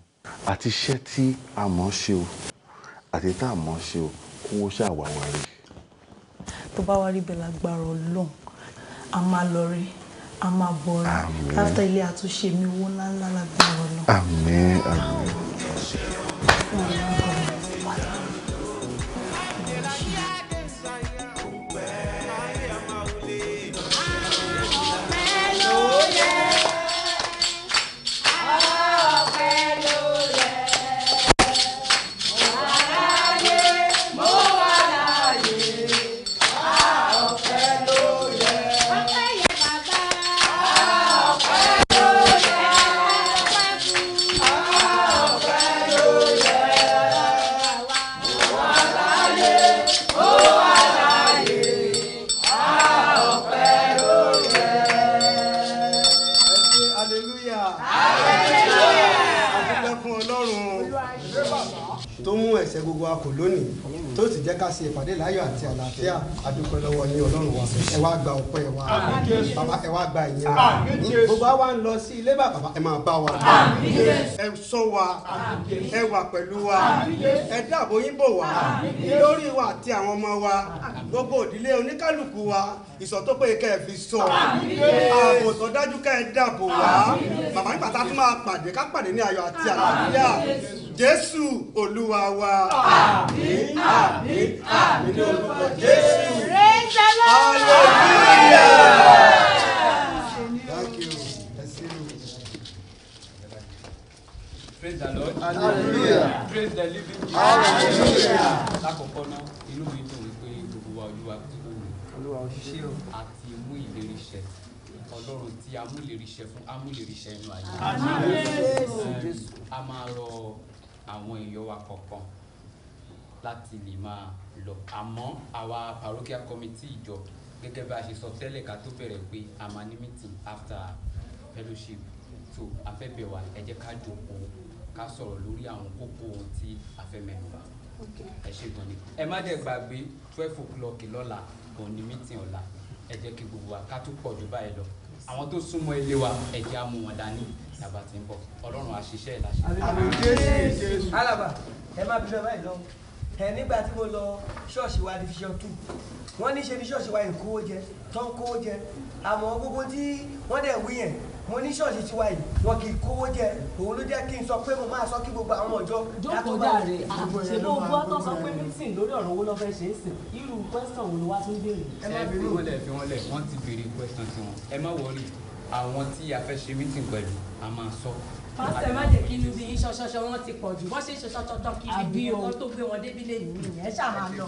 Speaker 2: àti iṣẹ́ tí a mọ̀ ṣe o àti tá a mọ̀ ṣe o kó o ṣàwàwà rẹ̀
Speaker 3: tó bá wá rí bẹ́ẹ̀ lágbára ọlọ́run a máa lọ rí a máa bọ̀ rí after ilé àtúnṣe mi owó ńláńlá lágbára
Speaker 2: ọlọ́run. àmín ṣe ìpàdé láyọ̀ àti àlàáfíà àdúpẹ́ lọ́wọ́ yín ọlọ́run wa ẹ wá gba ọpẹ́ wa bàbá ẹ wá gba ìyìn wa gbogbo àwa ń lọ sí ilé bàbá ẹ máa bá wa
Speaker 1: ẹ ṣọ́ wa ẹ wà pẹ̀lú wa ẹ dáàbò yín bò wá lórí wa
Speaker 2: àti àwọn ọmọ wa gbogbo òdílé oníkálukú wa ìṣọ́ tó péye ààbò tó dájú kẹ́ ẹ dáàbò wá bàbá nígbà tá a tún máa pàdé ká pàdé ní ayọ̀ àti àlàáfíà jésù olúwa wa. àmín àmín àmín lórúkọ jésù.
Speaker 4: praise the lord. hallelujah. praise the lord hallelujah praise the living God hallelujah àwọn èèyàn wa kọ̀ọ̀kan láti lè máa lọ àmọ́ àwa parochial committee ìjọ gẹ́gẹ́ bá a ṣe sọ tẹ́lẹ̀ ká tó bẹ̀rẹ̀ pé a máa ní meeting after fellowship so afẹ́bẹ̀ wa ẹ jẹ́ ká jókòó ká sọ̀rọ̀ lórí àwọn kókó ohun tí a fẹ́ mẹ́nuba ẹ ṣe gan ni ẹ má dẹ̀ gbàgbé twelve o'clock lọ́la òun meeting ọ̀la ẹ jẹ́ kí gbogbo wa ká tó pọ̀ jù báyìí lọ àwọn tó súnmọ́ ilé wa ẹ̀jẹ̀ á mú wọn dání ìyàbá ti ń bọ̀ ọlọ́run àṣìṣe ìlàṣẹ.
Speaker 2: alaba ẹ má bínú báyìí lọ ẹ nígbà tí mo lọ ṣọ́ọ̀ṣì wa division two wọ́n ní ṣe ní ṣọ́ọ̀ṣì wa ìkówó jẹ tó ń kówó jẹ àmọ́ gbogbo tí wọ́n dẹ̀ wí yẹn mo ní ṣọ́ọ̀ṣì tiwa yìí wọn kì í kówó jẹ òun ló jẹ́ kí n sọ pé mo máa sọ kí gbogbo àwọn ọjọ́. jókòó dàrẹ ṣe ló ah, gbọ́ tó sọ pé mítìn lórí ọ̀rọ̀ owó lọ́fẹ́ ṣe é sìn irú question wo ló wá tún béèrè. ẹ má fi wọn lẹ fi wọn
Speaker 4: lẹ wọn ti béèrè question tiwọn ẹ má wọrí àwọn tí a fẹ́ ṣe mítìn pẹ̀lú a máa sọ pásítọ̀ má jẹ́ kí inú bí
Speaker 3: ṣọṣọṣọ wọn ti pọ̀ jù wọ́n ṣe ṣọṣọṣọ kiri àbí o tó gbé wọn débí yìí nìyẹn ṣáà lọ.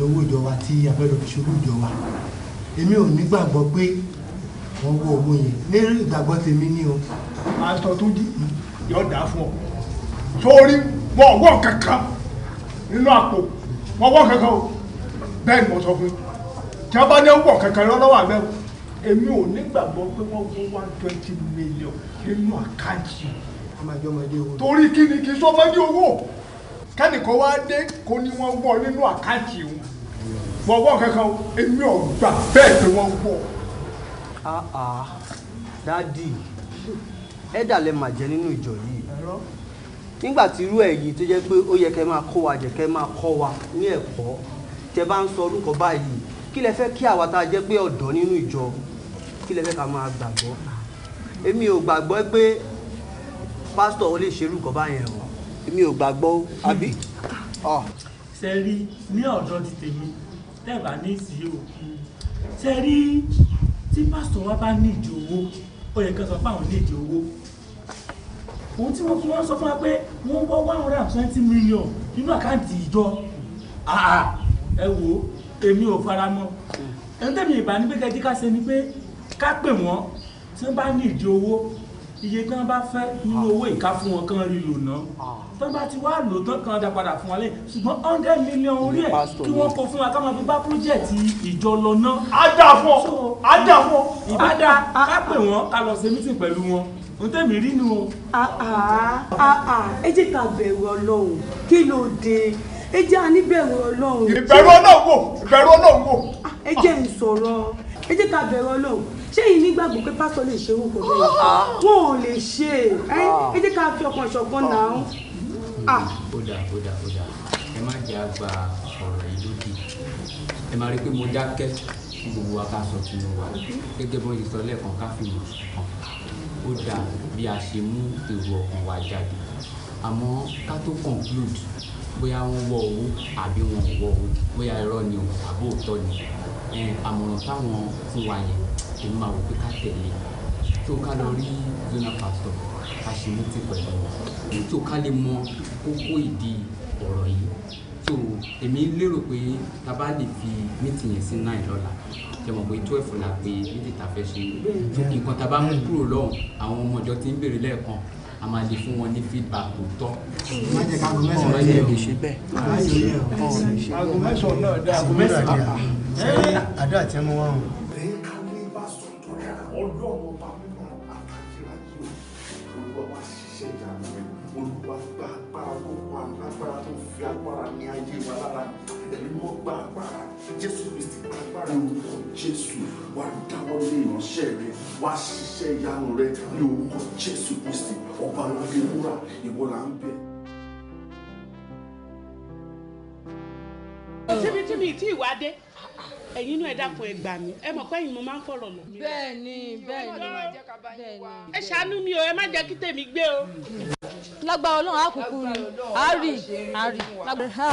Speaker 2: lọ owó ìjọ wa tí abẹ́rẹ́ fi ṣòro ìjọ wa èmi ò nígbàgbọ́ pé wọ́n wọ owó yẹn ní ìgbàgbọ́ tèmi ní o. pásítọ̀ tó dì í yọ̀ dá fún ọ sórí wọ́n wọ́n kankan nínú àpò wọ́n wọ́n kankan o bẹ́ẹ̀ ni mo sọ fún yín tí a bá ní wọ́n kankan lọ́wọ́ àgbẹ̀ o èmi ò nígbàgbọ́ pé wọ́n wọ́n one twenty million nínú àkáǹtì torí kí ni kí sọ́mọ́dé owó kẹ́nìkan wá dé kó ní wọ́n wọ́ nínú àkáǹtì òun mọ̀ wọ́n kankan o èmi ò gbà bẹ́ẹ̀ pé wọ́n wọ̀. Ah, ah. dádì ẹ̀dà lẹ mà jẹ́ nínú ìjọ yìí nígbà tí irú ẹ̀ yìí tó jẹ́ pé ó yẹ kẹ́ máa kó wa jẹ́ kẹ́ máa kọ́ wa ní ẹ̀kọ́ tẹ́ bá ń sọ orúkọ báyìí kí lẹ fẹ́ kí àwa tá a jẹ́ pé ọ̀dọ́ nínú ìjọ kí lẹ fẹ́ ká máa gbàgbọ́ èmi ò gbàgbọ́ pé pásítọ̀ ó lè ṣerú nǹkan báyẹn o èmi ò gbàgbọ́ àbí. ṣe rí ní ọ̀dọ́ ti tèmi tẹ́ẹ̀bà ní ìsì o ṣe rí tí pásítọ̀ wa bá ní ìdí owó ó yẹ kí wọ́n sọ pé àwọn ní ìdí owó òun tí wọ́n fún wọn sọ fún wa pé wọ́n wọ́ one hundred and twenty million nínú àkáǹtì ìjọ ẹ wo èmi ò fara mọ́ ẹni tẹ́mi ìbá ní gbẹ́gẹ́ jí ká ṣe ni pé ká pè wọ́n tí wọ́n bá ní ìdí owó iye tí wọ́n bá fẹ́ nínú owó ìka fún wọn kán rí lò náà tó bá ti wá lò tán kan dá fún wa lẹ́yìn ṣùgbọ́n hundred million orí ẹ̀ kí wọ́n kó fún wa ká fi bá pírójẹ́ẹ̀tì ìjọ lọ ná. àdàfọ̀ àdàfọ̀. ìbádà ká pè wọ́n ká lọ ṣe mítìn pẹ̀lú wọn n tẹ̀mí rí nu ẹ jẹ́ ká bẹ̀rù ọlọ́run kí ló dé ẹ jẹ́ àníbẹ̀rù ọlọ́run. ìbẹ̀rù ọlọ́run wò ìbẹ̀rù ọlọ́run wò. ẹ jẹ́ ń sọ̀rọ̀ ẹ jẹ́ ká bẹ̀rù ọlọ́run ṣé yìí nígbàgbọ́ pé pásọ lè ṣe orúkọ bẹ́ẹ̀ wọn ò lè ṣe é ah. ẹ jẹ́ ká fi ọkàn ṣọ̀kan náà. Ah.
Speaker 4: ó dà ó dà ó dà ẹ má jẹ́ àgbà ọ̀rọ̀ yìí lódì ẹ má rí i pé mo dákẹ́ gbogbo wa ká sọ tinú wa gẹ́gẹ́ bí wọ́n ti sọ lẹ́ẹ̀kan ká fi mọ̀ ó dà bí a ṣe mú èrò ọkàn wa jáde àmọ́ ká tó conclude bóyá wọ́n wọ owó àbí wọn wọ owó bóyá irọ́ ni o àbí òótọ́ ni àmọ̀ràn táwọn fún wa yẹn èmi máa wò pé ká tẹ̀lé tó ká lọ rí zonal pastor a ṣe ní ti pẹ̀lú èyí tó ká lè mọ kókó ìdí ọ̀rọ̀ yìí so èmi lérò pé ta bá lè fi mítì yẹn sí nine lọ́la jẹ mọ̀ pé twelve la pé mítì ta fẹ́ ṣe nǹkan ta bá mú kúrò lọ́hùn àwọn ọmọ ti ń béèrè lẹ́ẹ̀kan a máa lè fún wọn ní feedback tó tọ́. má jẹ́ kágo mẹ́sàn-án ọ̀rọ̀ yẹn lè ṣe bẹ́ẹ̀. aago án
Speaker 2: náà dá aago án
Speaker 1: àdó àti ẹmu wọn o.
Speaker 2: wá dáwọ́ lé ìránṣẹ́ rẹ wá ṣiṣẹ́ ìyanu rẹ ní orúkọ Jésù Kristi ọba lókè wúrà ìwọ là ń bẹ. síbi tí mi ì tí ì wá dé ẹ̀yin inú ẹ dákun ẹ gbà mí ẹ mọ̀ pé ẹ̀yin mo máa ń fọ̀rọ̀ lọ. bẹ́ẹ̀ni bẹ́ẹ̀ni
Speaker 3: bẹ́ẹ̀ni.
Speaker 2: ẹ ṣàánú mi o ẹ má jẹ́ kí tèmi gbé o. lágbára ọlọ́run àkùkù rí a
Speaker 3: àárí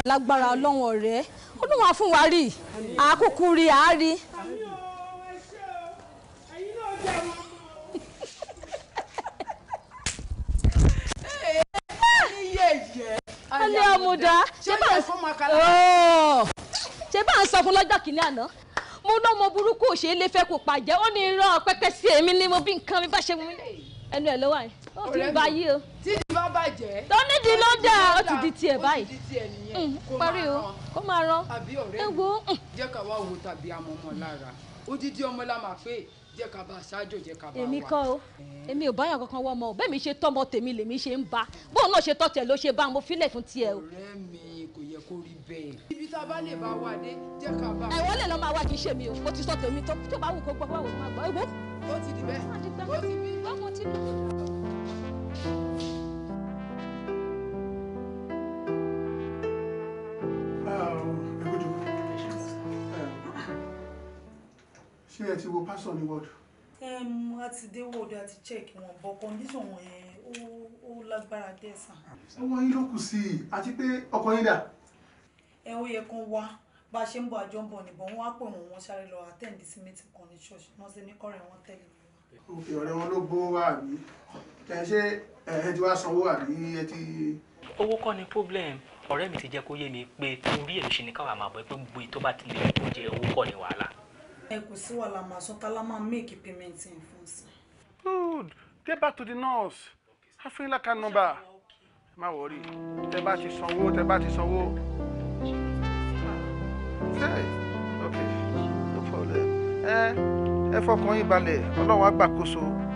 Speaker 3: lágbára ọlọ́run ọ̀rẹ́ ó dùn wá fún wa rí àkùkù rí àárí
Speaker 2: ilé ọmọdá ṣé bá ń
Speaker 3: ṣe bá ń sọ fún lọ́jọ́ kìíní àná mo lọ́mọ burúkú òṣèré lè fẹ́ kó pàjẹ́ ó ní irọ́ pẹ́pẹ́ sí èmi ni mo bí nǹkan mi bá ṣe mú ẹnu ẹ̀ ló wà yìí ó ti ń báyé o. tí ti bàjẹ́. tó di ló dà ó ti di tiẹ̀ báyìí.
Speaker 2: Mm, parí o
Speaker 3: kó máa rán. àbí ọ̀rẹ́ mm. jẹ́ ká wá wo tàbí amọ̀mọ́ lára odidi ọmọ la máa fẹ́ jẹ́ ká bá aṣáájú jẹ́ ká bá wa. èmi kọ́ o èmi ò báyọ̀ kankan wọ́n mọ́ o bẹ́ẹ̀ mi ṣe tọ́mọ tèmi lèmi ṣe ń bá bóun náà ṣe tọ́ tẹ̀ ló ṣe bá mo fílẹ̀ fún tiẹ̀ o. ọ̀rẹ́ mi kò yẹ kó rí bẹ́ẹ̀. ibi tá a bá lè bá wa dé jẹ́ ká bá. ẹ̀wọ́n lè lọ máa wá kì í ṣe mi o mo ti sọ tèmi tó tó bá wù kó gbọ́ bá wù kó máa gbọ́ ewo. ó ti dì bẹ́ẹ̀ ó ti bí.
Speaker 2: ṣé ẹ ti wo pásọ ní wọ́ọ̀dù. a ti dé wọ́ọ̀dù a ti check wọn bọ̀ condition wọn yẹn ó lágbára dé sàn. ọwọ́ yín ló kù sí i àti pé ọkọ yín dà.
Speaker 3: ẹ ó yẹ kán wá bá a ṣe ń bọ̀ àjọ ń bọ̀ nìbọn wọn á pè wọn wọn sáré lọ
Speaker 2: attend sí meeting kan ní church wọn ṣe ní kọ́rẹ́ wọn tẹ̀lé wọn. òkè ọ̀rẹ́ wọn ló gbowó wá àbí ẹ ṣe ẹ ti wá sanwó àbí ẹ ti. owó kọ́ ni problem ọ̀rẹ́ mi ti jẹ́ kó yé mi pé torí ẹ̀ ṣe ní káwá máa bọ̀ pé gbogbo ètò bá ti lè tó jẹ́ owó kọ́ ni wàhálà good get back to the nurse like a number má wọrí tẹ bá ti sanwó tẹ bá ti sanwó. okay okay no problem ẹ ẹ fọkàn yín balẹ̀ ọlọ́run á gbàkóso.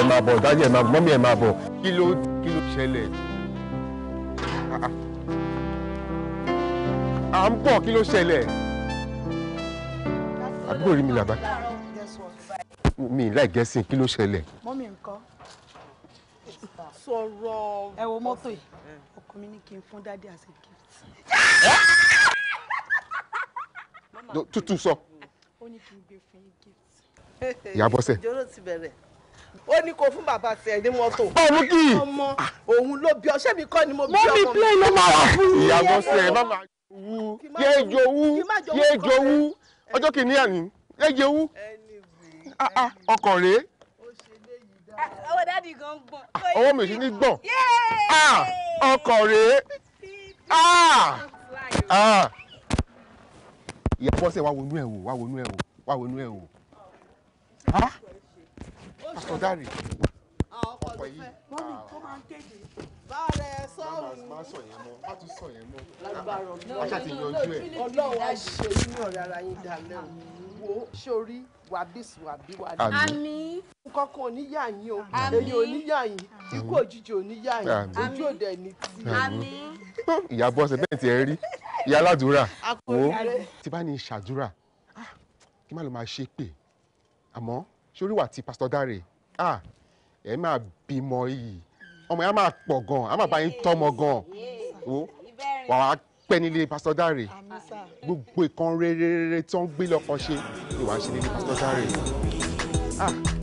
Speaker 2: ẹ̀ máa bọ̀ dájú ẹ̀ máa bọ̀ mọ́mí ẹ̀ máa bọ̀. kí ló kí ló ṣẹlẹ̀ à ń bọ̀ kí ló ṣẹlẹ̀ àbúrò rí mi làbá mi ì láì gẹ́sìn kí ló ṣẹlẹ̀. mọ́mí nǹkan sọ̀rọ̀ ẹ wo mọ́tò yìí ọkọ mi ní kí n fún dáadé as a tútù sọ. ìyá bọ́sẹ̀. ìjọ́rò ti bẹ̀rẹ̀ ó ní kó fún bàbá tiẹ̀ ní mọ́tò. ọmọ kì í. ọmọ òun ló bí ọ ṣé kọ́ ni mo bí ọmọ mi. mọ́mí plẹ̀ ló máa rà fún mi. ìyàwó sẹ̀ má máa jowú yé jowú yé jowú ọjọ́ kìíní àní yé jowú ah, ah, ọkọ̀ rèé.
Speaker 3: owó dádì gan gbọ̀n. owó
Speaker 1: mi ò sí ní gbọ̀n ah,
Speaker 2: ọkọ̀ rèé ìyàwó sẹ̀ wá wọnú ẹ̀ wò wá wọnú ẹ̀ wò wá wọnú ẹ̀ wò. Pastor Dare. Ọkọ̀ yìí. Wọ́n ní kó máa ń tẹ̀lé. Báàrẹ̀ sọ́ọ̀rù. Má sọ yẹn mọ́, má tún sọ yẹn mọ́. Lágbára ọ̀dọ́. Aṣá ti yanjú ẹ̀. Ọlọ́run ṣe inú ọ̀rẹ́ ara yín dalẹ̀ Wo sórí wàbísì wàbí wàdí. Àmín. Nǹkan kan ò ní yà yín o. Èyí ò yín. Ikú òjijì ò yín. Ojú òde ní ti. Ìyá bọ́sẹ̀ bẹ́ẹ̀ tiẹ̀ rí. Ìyá aládùúrà. Wo ti bá ní ṣàdúrà. Kí má lọ máa ṣépè. Àmọ́ sórí wà tí pásítọ̀ Dáre ah ẹ máa bímọ yìí ọmọ yẹn á máa pọ̀ gan á máa bá yín tọ́mọ gan o wà á pẹ́ nílé pásítọ̀ Dáre gbogbo ìkan rere tí wọ́n ń gbé lọ́kàn ṣe ni wà á ṣe nílé pásítọ̀ Dáre ah.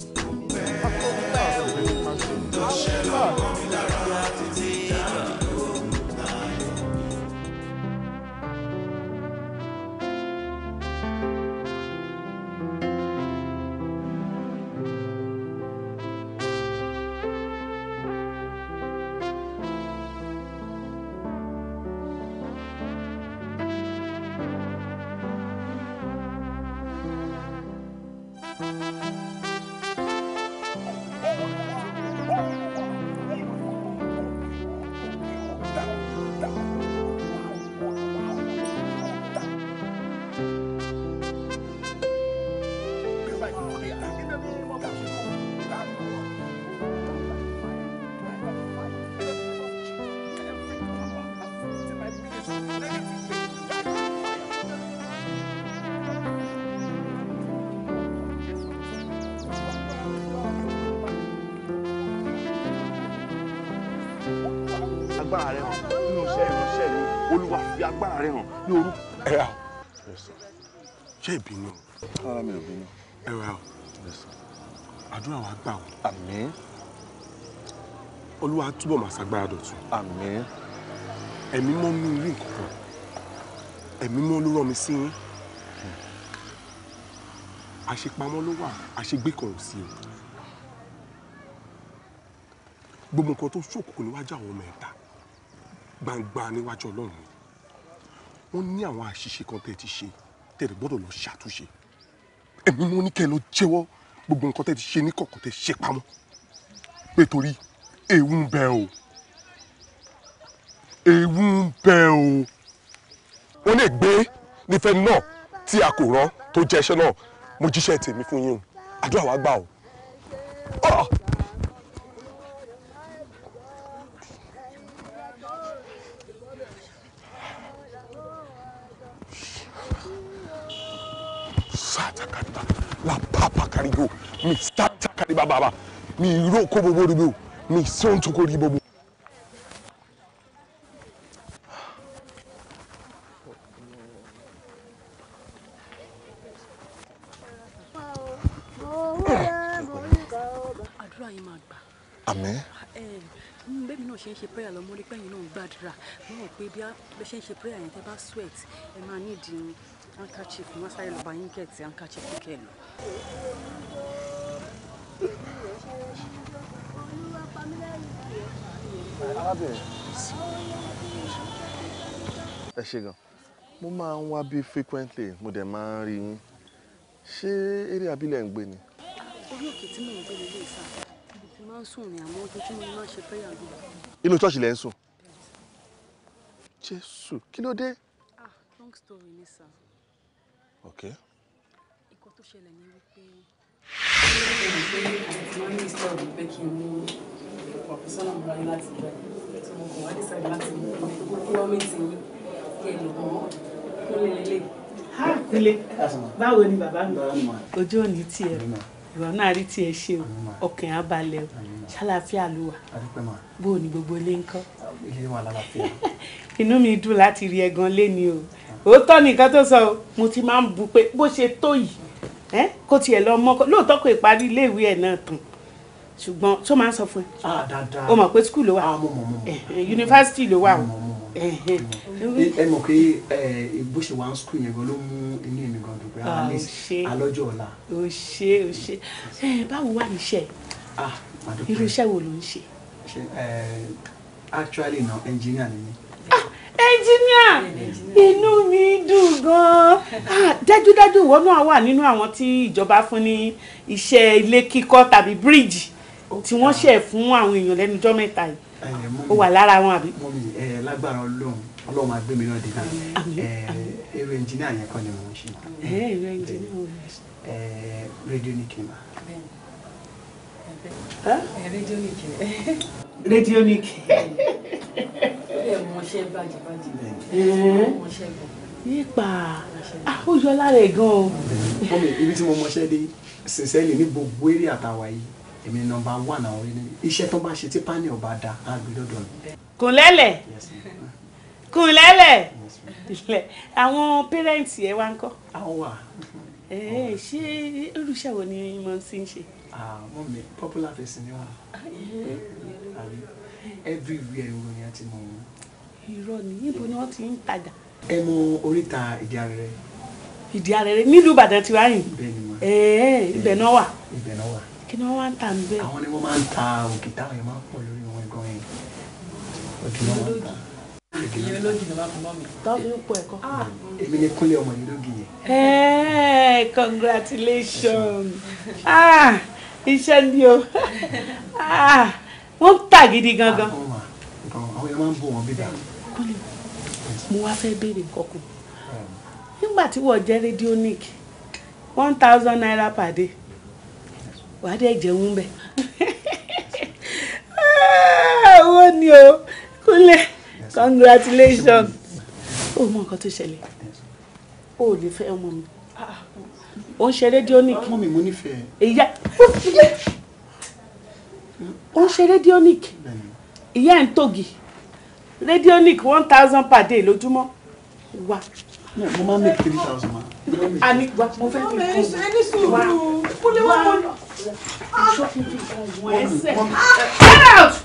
Speaker 2: agbára rẹ hàn nínú iṣẹ́ ìránṣẹ́ mi olúwa fi agbára rẹ hàn ní orúkọ. ẹ ra o ṣé ìbínú. ara mi ò bínú. ẹ ra o àdúrà wa gbà o. àmín. olúwa túbọ̀ máa ṣàgbára dọ̀tun. àmín. ẹ̀mí mọ́ mi rí nǹkan ẹ̀mí mọ́ ló rán mi sí yín àṣepamọ́ ló wà àṣegbé kan ò sí o gbogbo nǹkan tó ṣòkòkò níwájú àwọn ọmọ ẹ̀ta gbangba níwájú ọlọ́run wọ́n ní àwọn àṣìṣe kan tẹ́ ti ṣe tẹ́ ti gbọ́dọ̀ lọ ṣàtúnṣe èmi mo ní kẹ́ ẹ lọ jẹ́wọ́ gbogbo nǹkan tẹ́ ti ṣe ní kọ̀kọ̀ tẹ́ ṣe pamọ́ pé torí ewu ń bẹ o ewu ń bẹ o ó lè gbé nífẹ̀ náà tí a kò rán tó jẹ́ iṣẹ́ náà mo jíṣẹ́ tèmi fún yín o àdúrà wa gbà o. Ah! karigo mi sata kariba baba mi ro ko bobo ribo mi son to ribo bo. àdúrà ṣe prayer lọ́mọdé pẹ́yìn náà gbàdúrà mọ̀ pé bí a ṣe ń ṣe prayer yẹn tẹ́ bá
Speaker 3: sweat ẹ máa nídìí handkerchief wọ́n sáré lọ bá yín kẹ̀tì handkerchief kẹ̀ lọ.
Speaker 2: ẹ ṣe gan mo máa ń wá bí frequently mo dẹ̀ máa ń rí yín ṣé eré abílẹ̀ ń gbé ni.
Speaker 3: orí òkè tí mò ń gbé lélẹ̀ sá ibi tí máa ń sùn ní àmọ́ ojoojúmọ́ ni máa ń ṣe prayer àdúrà.
Speaker 2: inú ṣọ́ọ̀ṣì lẹ́ ń sùn jésù kí ló dé. ah long story ni sir. Okay. Ìkọ́ tó ṣẹlẹ̀ ní wípé. Ha ah, Kúnlé, báwo ni bàbá mi? Ojú ò ní ìwà náà rí tiẹ̀ ṣe o, ọkàn á balẹ̀ o, ṣàlàáfíà ló wà. Bó o ní gbogbo ilé ń kọ́?
Speaker 4: Ilé wa lálàáfíà.
Speaker 2: Inú mi dùn láti rí ẹgan lé ni o òótọ́ nìkan tó sọ mo ti máa ń bu pé bó ṣe tó yìí ẹ kó tiẹ̀ lọ mọ́ lóòótọ́ kò parí iléèwé ẹ̀ náà tán ṣùgbọ́n tó máa ń sọ fún ẹ ah, o mọ̀ pé skul ló wà yunifásitì ah, eh, eh, ló wà o. Eh, ẹ mọ̀ pé bó ṣe wà ń skul yẹn gan ló mú inú èmi gan dùn pé alọ́jọ́ ah, ọ̀la. o ṣe o ṣe báwo wà níṣẹ́ irú iṣẹ́ wo ló ń ṣe. actually na engineer ni mi
Speaker 3: ẹnjìníà
Speaker 2: inú mi dùn gan-an ah, dájúdájú ìwọ náà wà nínú àwọn tí ìjọba fún ní iṣẹ́ ilé kíkọ́ tàbí bíríìjì tí wọ́n ah. ṣe fún àwọn èèyàn lẹ́nu ọjọ́ mẹ́ta yìí eh, ó wà lára wọn àbí. mọ mi ẹ eh, lágbára Ọlọ́run Ọlọ́run máa gbé mi náà dènà ẹ ẹ̀rọ ẹnjìníà yẹn kọ́ ni mo ń ṣe máa ẹ rédíò ní kìnnìkan. rédíò ní kìnnìkan. Radio ní kí. nípa ó yọ lára ẹ̀ gan o. mọ́mi ibi tí mo mọṣẹ́ dé sincerely ní gbogbo eré àtàwà yìí èmi nọ́mbà one àwọn ẹni iṣẹ́ tó bá ṣe tí pani ọba da á gbé lọ́dọ̀ mi. kùnlẹ́lẹ̀ kùnlẹ́lẹ̀ àwọn pẹ́rẹ́ǹtì ẹ wá ń kọ́. àwọn wà. ṣé olùṣàwọ̀ ni mo ti ń ṣe. àwọn ah, mi popular person ni wọn. Ah, àbí everywhere ìròyìn àti mọ̀ wọn. irọ́ ni níbo ni wọ́n ti ń tajà. ẹ mọ oríta ìdí arẹrẹ. ìdí arẹrẹ nílùú Ìbàdàn ti wáyìn. bẹ́ẹ̀ni ma ẹẹ ibẹ̀ náà wà. ibẹ̀ náà wà. kí ni wọ́n wá ń ta níbẹ̀. àwọn ni wọ́n máa ń ta òkè táwọn yẹn máa ń pọ̀ lórí wọn gan yẹn. òkè náà wọ́n ta ah. èmi ni kúnlẹ̀ ọmọ yìí lógì yẹn. ẹ́ẹ̀ congratulations ah, iṣẹ́ ni o. Ah wọ́n ń tà gidi gangan. Ah, àwọn èèyàn máa ń bò wọ́n bíbá. mo wá fẹ́ béèrè kọkù nígbà tí wọ́n jẹ́ radionic one thousand naira per day wàá dẹ̀ jẹun bẹ́ẹ̀. Ah, owó ni o kúnlẹ̀ congratulations ó mọ nǹkan tó ṣẹlẹ̀ ó lè fẹ́ ọmọ mi ah, ó ń ṣe radionic. ọmọ mi mo nífẹ̀ẹ́ ó ń ṣe radionic ìyá ẹ̀ ń tògì radionic one thousand per day lójúmọ́ wà. mo máa ń make three thousand ma. àní wa mo fẹ́ kí n kó wa ẹni sùúrù kúlẹ̀ wà mọ́. ẹsẹ̀.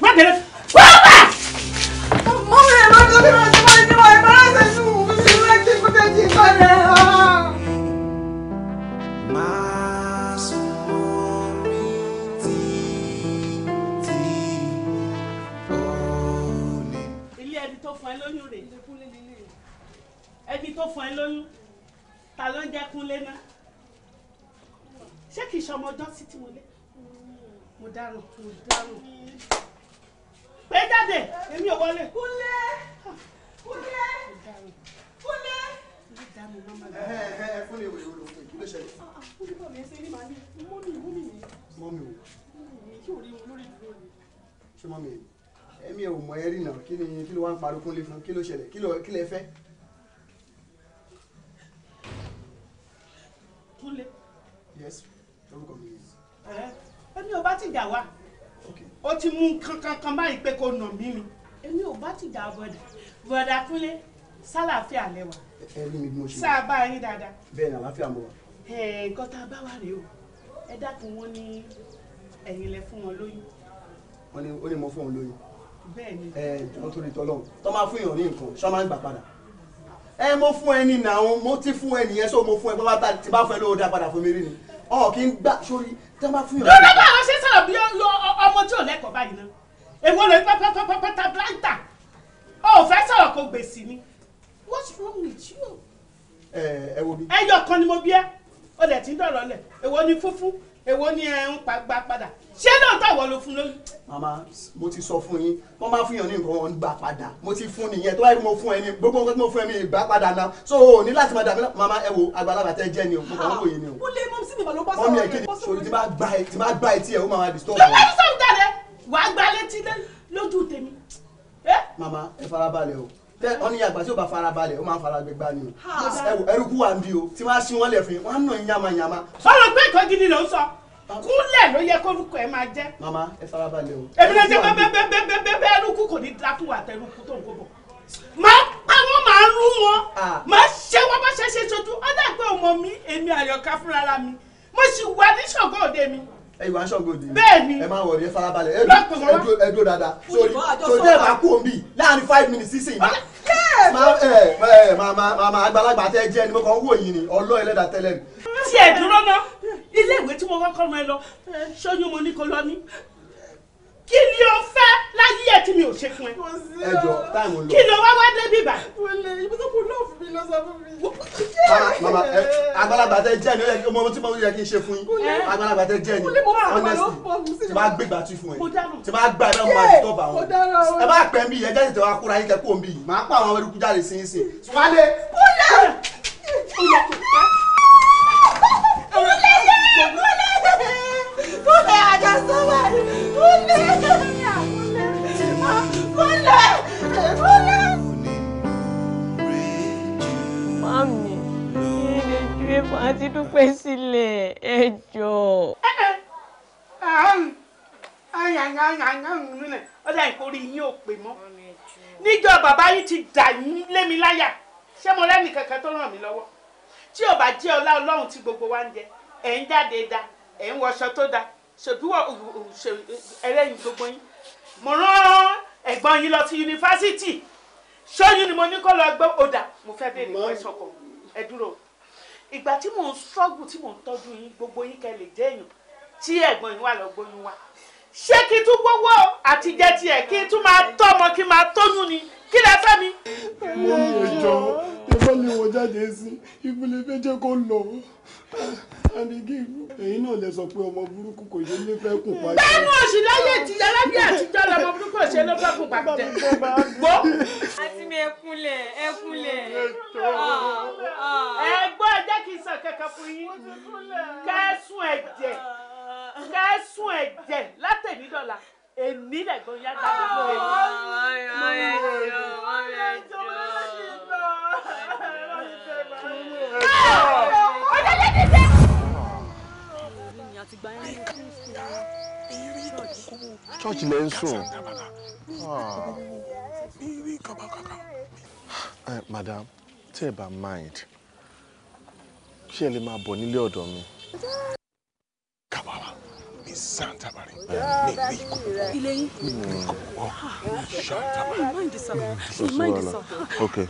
Speaker 2: má dẹ̀rẹ̀ wọ́n wà. mọ́mí ẹ̀ máa ń lọ bí wọ́n ti. tó fún ẹ lóyún ta ló ń jẹ́ Kúnlé náà ṣé kì í ṣọmọ ọjọ́ sí tí mo lé mo dáràn mo dáràn pé jáde èmi ò wọlé. Kúnlé Kúnlé Kúnlé. ẹ ẹ ẹ fún mi ìwé ìwé ìwé kí ló ṣẹlẹ̀. Ah, ah, kúndínlọ́ mi ṣe ní màá ní mọ́mì mọ́mì mi. mọ́mì o. mi kí ò rí wọn lórí ìdúró mi. ṣé mọ́mì èmi ò mọ ẹ rí nà kí ni kí ló wá ń parí Kúnlé fún kí ló ṣẹlẹ̀ kí ló kí fẹ́. Kúnlé. yes
Speaker 1: orúkọ mi yìí.
Speaker 2: èmi ò bá ti jà wá ó ti mú kankankan báyìí pé kò nà mí ni èmi ò bá ti jà bọ̀dà bọ̀dà Kúnlé sálàáfíà lẹ́wà. ẹ ní mi bí mo ṣe. sábà yín dáadáa. bẹ́ẹ̀ ni àlàáfíà mo wà. nǹkan tá a bá wà rèé o ẹ dákun wọn ní ẹ̀yin lẹ fún wọn lóyún. wọ́n ní ó ní mo fún wọn lóyún. bẹ́ẹ̀ ni. ẹ jọ̀ọ́ torí tọ́lọ́run tó máa fún èèyàn ní nǹkan ṣọ́ máa ń gbà padà ẹ mo fún ẹ ní nàún mo ti fún ẹ nìyẹn so mo fún ẹ bọ́lá tí bá fún ẹ lówó dá padà fún mi rí ni ọ kì í gbà sórí tí wọ́n bá fún yàn. lọ́dọ̀ bá wọn ṣe sọ̀rọ̀ bí ọmọ tí ò lẹ́kọ̀ọ́ báyìí náà èwo lè pátápátá bláńtà ó fẹ́ sọ̀rọ̀ kó gbèsè ni what's wrong with you. ẹ ẹ wo mi. ẹyọ kan ni mo bí ẹ o lẹ ti ń dọ̀rọ̀ lẹ èwo ni fúnfún èwo ni ẹ ń pa gbà padà ṣé lóòótọ́ ìwọ ló fún lóyún. màmá mo ti sọ fún yín wọn máa fún yàn ní nǹkan wọn gbà padà mo ti fún nìyẹn tó wáyé mo fún ẹni gbogbo nǹkan tí mo fún ẹni ìgbà padà náà so o ní láti máa dàbí màmá ẹ wo àgbàlagbà tẹ jẹ ni o mo kàn ń wòye ni o. ó lé mọ́mísí mi pẹ̀lú bọ́sọ̀ rẹ̀ bọ́sọ̀ rẹ̀. ti máa gba ẹ ti máa gba ẹ tí ẹ ó máa disturb. lọ́wọ́ ẹ sọ̀rọ̀ tẹ̀lé wàá gba létí lójú tèmi. màmá ẹ farabalẹ̀ o tẹ ọ ní àgbà tí o bá fara balẹ̀ o máa fara gbẹgbà ni o ẹrúkú wa ń bi o tí wọ́n sin wọ́n lẹ̀ fún yín wọ́n á nà yín yamayama. sọ̀rọ̀ pé nǹkan gidi ló ń sọ kúnlẹ̀ ló yẹ kórúkọ ẹ máa jẹ́. mama ẹ fara balẹ̀ o. èmi lè jẹ́ pé ẹrúkú kò ní dákú wà tẹrúkú tó ń kó bọ̀. máa pa wọn máa rú wọn máa ṣe wọn bá ṣe ṣe ṣojú ọ̀dà pé ọmọ mi èmi àyọ̀ká fúnra mi mo sì wà ní ṣọ̀gọ́ òde mi ẹ̀yin wá ṣọ́gbọ̀dì bẹ́ẹ̀ni ẹ máa wọ̀rí ẹ farabalẹ̀ ẹ dúró dáadáa sórí sórí ẹ máa kú omi láàrin five minutes sísìn máa máa àgbàlagbà tẹ jẹ ẹni mo kàn ń wò yìí ni ọlọ́ ẹlẹ́dàá tẹ́lẹ̀ mi. tiẹ̀ dúró ná ilé ìwé tí mo kọ́kọ́ mọ ẹ lọ ṣóyún mo ní kó lọ ní kí ni o fẹ́ láyé ẹ̀ tí mi ò ṣe fún ẹ. ẹ jọ táìmù lọ. kí ló wá wá débi bá. wọlé ibi tó kù náà fún mi lọ sọ fún mi. mama ẹ àgbàlagbà tẹ jẹ ni ọmọ tí mo yẹ kí n ṣe fún yín àgbàlagbà tẹ jẹ ni honestly tí bá gbé ìgbà tí fún ẹ tí bá gbà náà máa tó bá wọn ẹ bá pẹ́ mi yẹn jẹ́ ìtẹ̀wá kúra yín kẹ́ kó mi yìí máa pa àwọn eruku jáde sí sí. wálé.
Speaker 3: kúlẹ̀ kúlẹ̀ kúlẹ̀ kúlẹ̀ Kúnlẹ̀ àjọsọ́wọ́ ni kúnlẹ̀ kúnlẹ̀ kúnlẹ̀.
Speaker 1: Mami, kí ni ju èèmọ̀ àti dúpẹ́ sílẹ̀ ẹ jọ?
Speaker 2: Ọ̀dà ìkórè yín ò pè mọ́. Níjọ́ bàbá yìí ti dà yín lé mi láyà. Ṣé mo rẹ́ni kankan tó ràn mí lọ́wọ́? Tí ò bá jẹ́ ọlá Ọlọ́run jáde dáa ẹ̀ ń wọṣọ tó da uh, uh, ṣèdúwọ̀ uh, ẹlẹ́yin gbogbo yín mo rán ẹ̀gbọ́n yín lọ sí yunifásitì ṣọ́yún ni mo ní kó lọ gbọ́ ọ̀dà mo fẹ́ bẹ̀rẹ̀ ìwé ìṣọ̀kọ̀ ẹ dúró ìgbà tí mò ń struggle tí mò ń tọ́jú yín gbogbo yín kẹ́ lè jẹ́ èèyàn tí ẹ̀gbọ́n yín wà lọ gbóyún wa ṣé kí n tún gbowó àtijẹ́ tiẹ̀ kí n tún máa tọ́ ọmọ kí n máa tóyún ni kí lẹ fẹ́ mi. mo ní ẹjọ́ ìfẹ́ ni wọ́n jáde sí ìpínlẹ̀ méje kó lọ àdìgí ẹ̀yin náà lè sọ pé ọmọ burúkú kò ṣe lé fẹ́ kùn pàjẹ́. bẹ́ẹ̀ mú òsì láyé ti alábí àtijọ́ lọmọ burúkú kò ṣe ló fẹ́ kùn pàjẹ́. gbó. àti mi ẹkúnlẹ̀ ẹkúnlẹ̀ ẹgbọ́n ẹ jẹ́ kí n sàn kẹ́kẹ́ fún yín kẹ́sùn ẹ̀jẹ̀ kẹ́sùn ẹ̀jẹ̀ látẹ̀mí dọ̀la èmi lẹ̀gbọ́n yá dábẹ́ lórí. ẹjọ́ ẹjọ́ ẹjọ́. ti ń sùn church lẹ ń sùn. madam tí ẹ bá mind ṣé ẹ lè máa bọ̀ nílé ọ̀dọ̀ mi santabari ne ko ilé yín ko
Speaker 3: santabari mind sir mind sir okay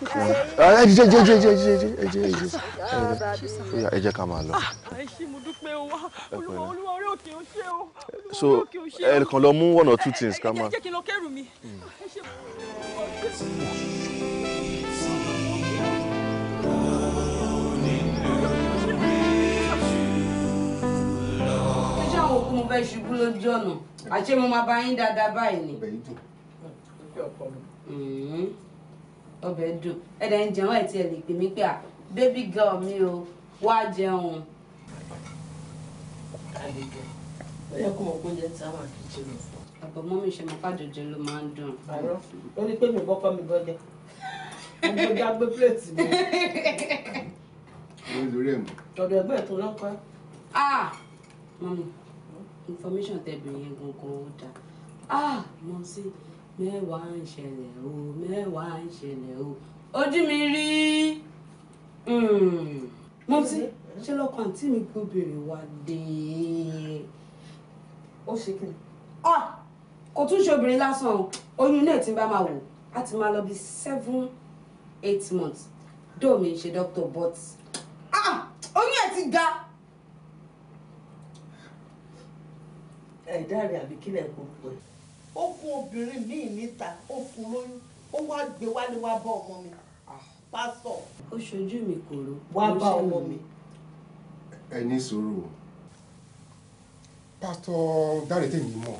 Speaker 3: ah, ẹ jẹ́ jẹ́ jẹ́ jẹ́
Speaker 2: jẹ́ jẹ́ jẹ́ jẹ́ ẹ jẹ́ ká máa lọ ah, ẹ ṣé mo dúpẹ́ o ah, Olúwa Olúwa ore òkè o ṣé o so ẹ kàn lọ mú one or two things ká máa jẹ́ kí n lọ kẹ́rù mi hmm. ẹ ṣé
Speaker 3: mo fẹ́ ṣubú lójú ọ̀nà àṣé mo máa bá yín dáadáa báyìí ni. ọbẹ̀ dùn ẹ̀dẹ̀ hmm. ń jẹun ẹ̀ tí ẹ lè pè mí pé à baby girl mi o wá jẹun. àlejò bóyá kò mọ̀ pé oúnjẹ tí a máa fi jẹ lọ. àbọ̀ mọ́mí ṣe mọ́ pàjọjẹ ló máa ń
Speaker 2: dùn. àrọ́ ó ní pé mi bọ́kọ́ mi bọ́jà mo gbọ́dọ̀ gbé plẹ̀tì mi. mo ń lórí ẹ̀ mọ́. ọ̀dọ̀ ẹgbẹ́ ètò náà kọ́.
Speaker 3: ah mọ́mí information tẹ̀bìrì yẹn gangan ó dáa ah mo sí mẹ́wàá ń ṣẹlẹ̀ o mẹ́wàá ń ṣẹlẹ̀ o ojú mi rí hmm. mo sí ṣé lọ́kàn àǹtí mi gbóbìnrin wa dé ó ṣe kí ni ah kò tún ṣe obìnrin lásán o oyún náà ti bá máa wò á ti máa lọ bí seven eight months dóò mi ń ṣe doctor but
Speaker 2: ah oyún ẹ̀ ti ga. ẹ̀dá rẹ̀ àbí kí lẹ̀ kó pè. ó fún obìnrin míì níta ó fún lóyún ó wá gbé wálé wá bá ọmọ mi ah. pásọ. ó ṣojú mi kòró. wá bá ọmọ mi. ẹ ní sùúrù pásítọ̀ dáre tèmi mọ̀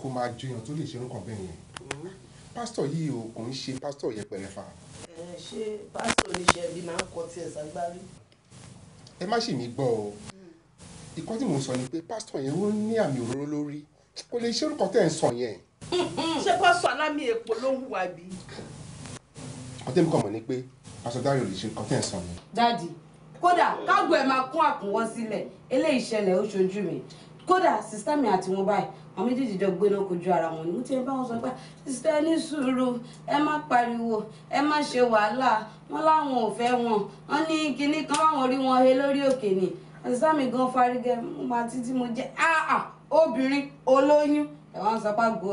Speaker 2: kó máa jiyàn tó lè ṣe orúkọ bẹ́ẹ̀ yẹn pásítọ̀ yìí ò kò ń ṣe pásítọ̀ yẹpẹrẹ fa. ẹ ṣe pásítọ̀ oníṣẹ́ bíi máa ń kọ tiẹ̀ ságbárí. ẹ má ṣì mí gbọ́ o ìkọ́ tí mò ń sọ ni pé pásítọ̀ yẹn ó ní àmì òróró lórí kò lè ṣerú kan tẹ̀ ń sọ yẹn. ṣé pásítọ̀ alámì èpò ló ń wù àbí. ọtẹ́ mi kàn mọ̀ ni pé pásítọ̀ dáyọ̀ lè ṣe kan tẹ̀ ń sọ yẹn.
Speaker 3: dáàdì kódà kágbo ẹ̀ máa kún àkúnwọ́ sílẹ̀ eléyìí ṣẹlẹ̀ ó ṣojú mi kódà sista mi àti wọn báyìí àwọn méjèèjì jọ gbéná kojú ara wọn ni mo ti ń bá wọn sọ pé sista ní sùúrù ẹ má pariwo ẹ má ṣe wàhálà wọn láwọn ò fẹ́ wọn wọn ní kinní kan láwọn rí wọn he lórí òkè ni sísá mi gan farigẹ ma títí mo jẹ ah, ah, obìnrin olóyún ẹ wá ń sọ pé àgbo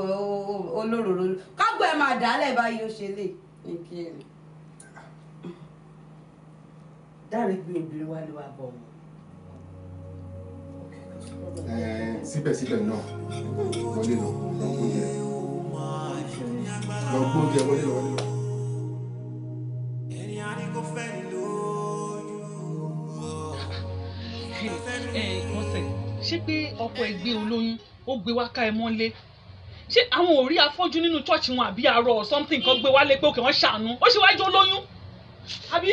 Speaker 3: olóròrò kágbó ẹ máa dálẹ̀ báyìí ó ṣe lè ní kí ẹ rí.
Speaker 2: dáre gbé obìnrin wá ló wá bọ̀ wọn. síbẹ̀síbẹ̀ náà wọlé lọ lọ gbóúnjẹ lọ gbóúnjẹ wọlé lọ wọlé lọ. ẹni a ní kò fẹ́ nílò. ṣé pé ọkọ ẹ gbé olóyún ó gbé wá ká ẹ mọ́lé ṣé àwọn ò rí afọ́jú nínú chọ́ọ̀chì wọn àbí arọ or something kan gbé wálé pé òkè wọn ṣàánú ó ṣe wájú olóyún àbí.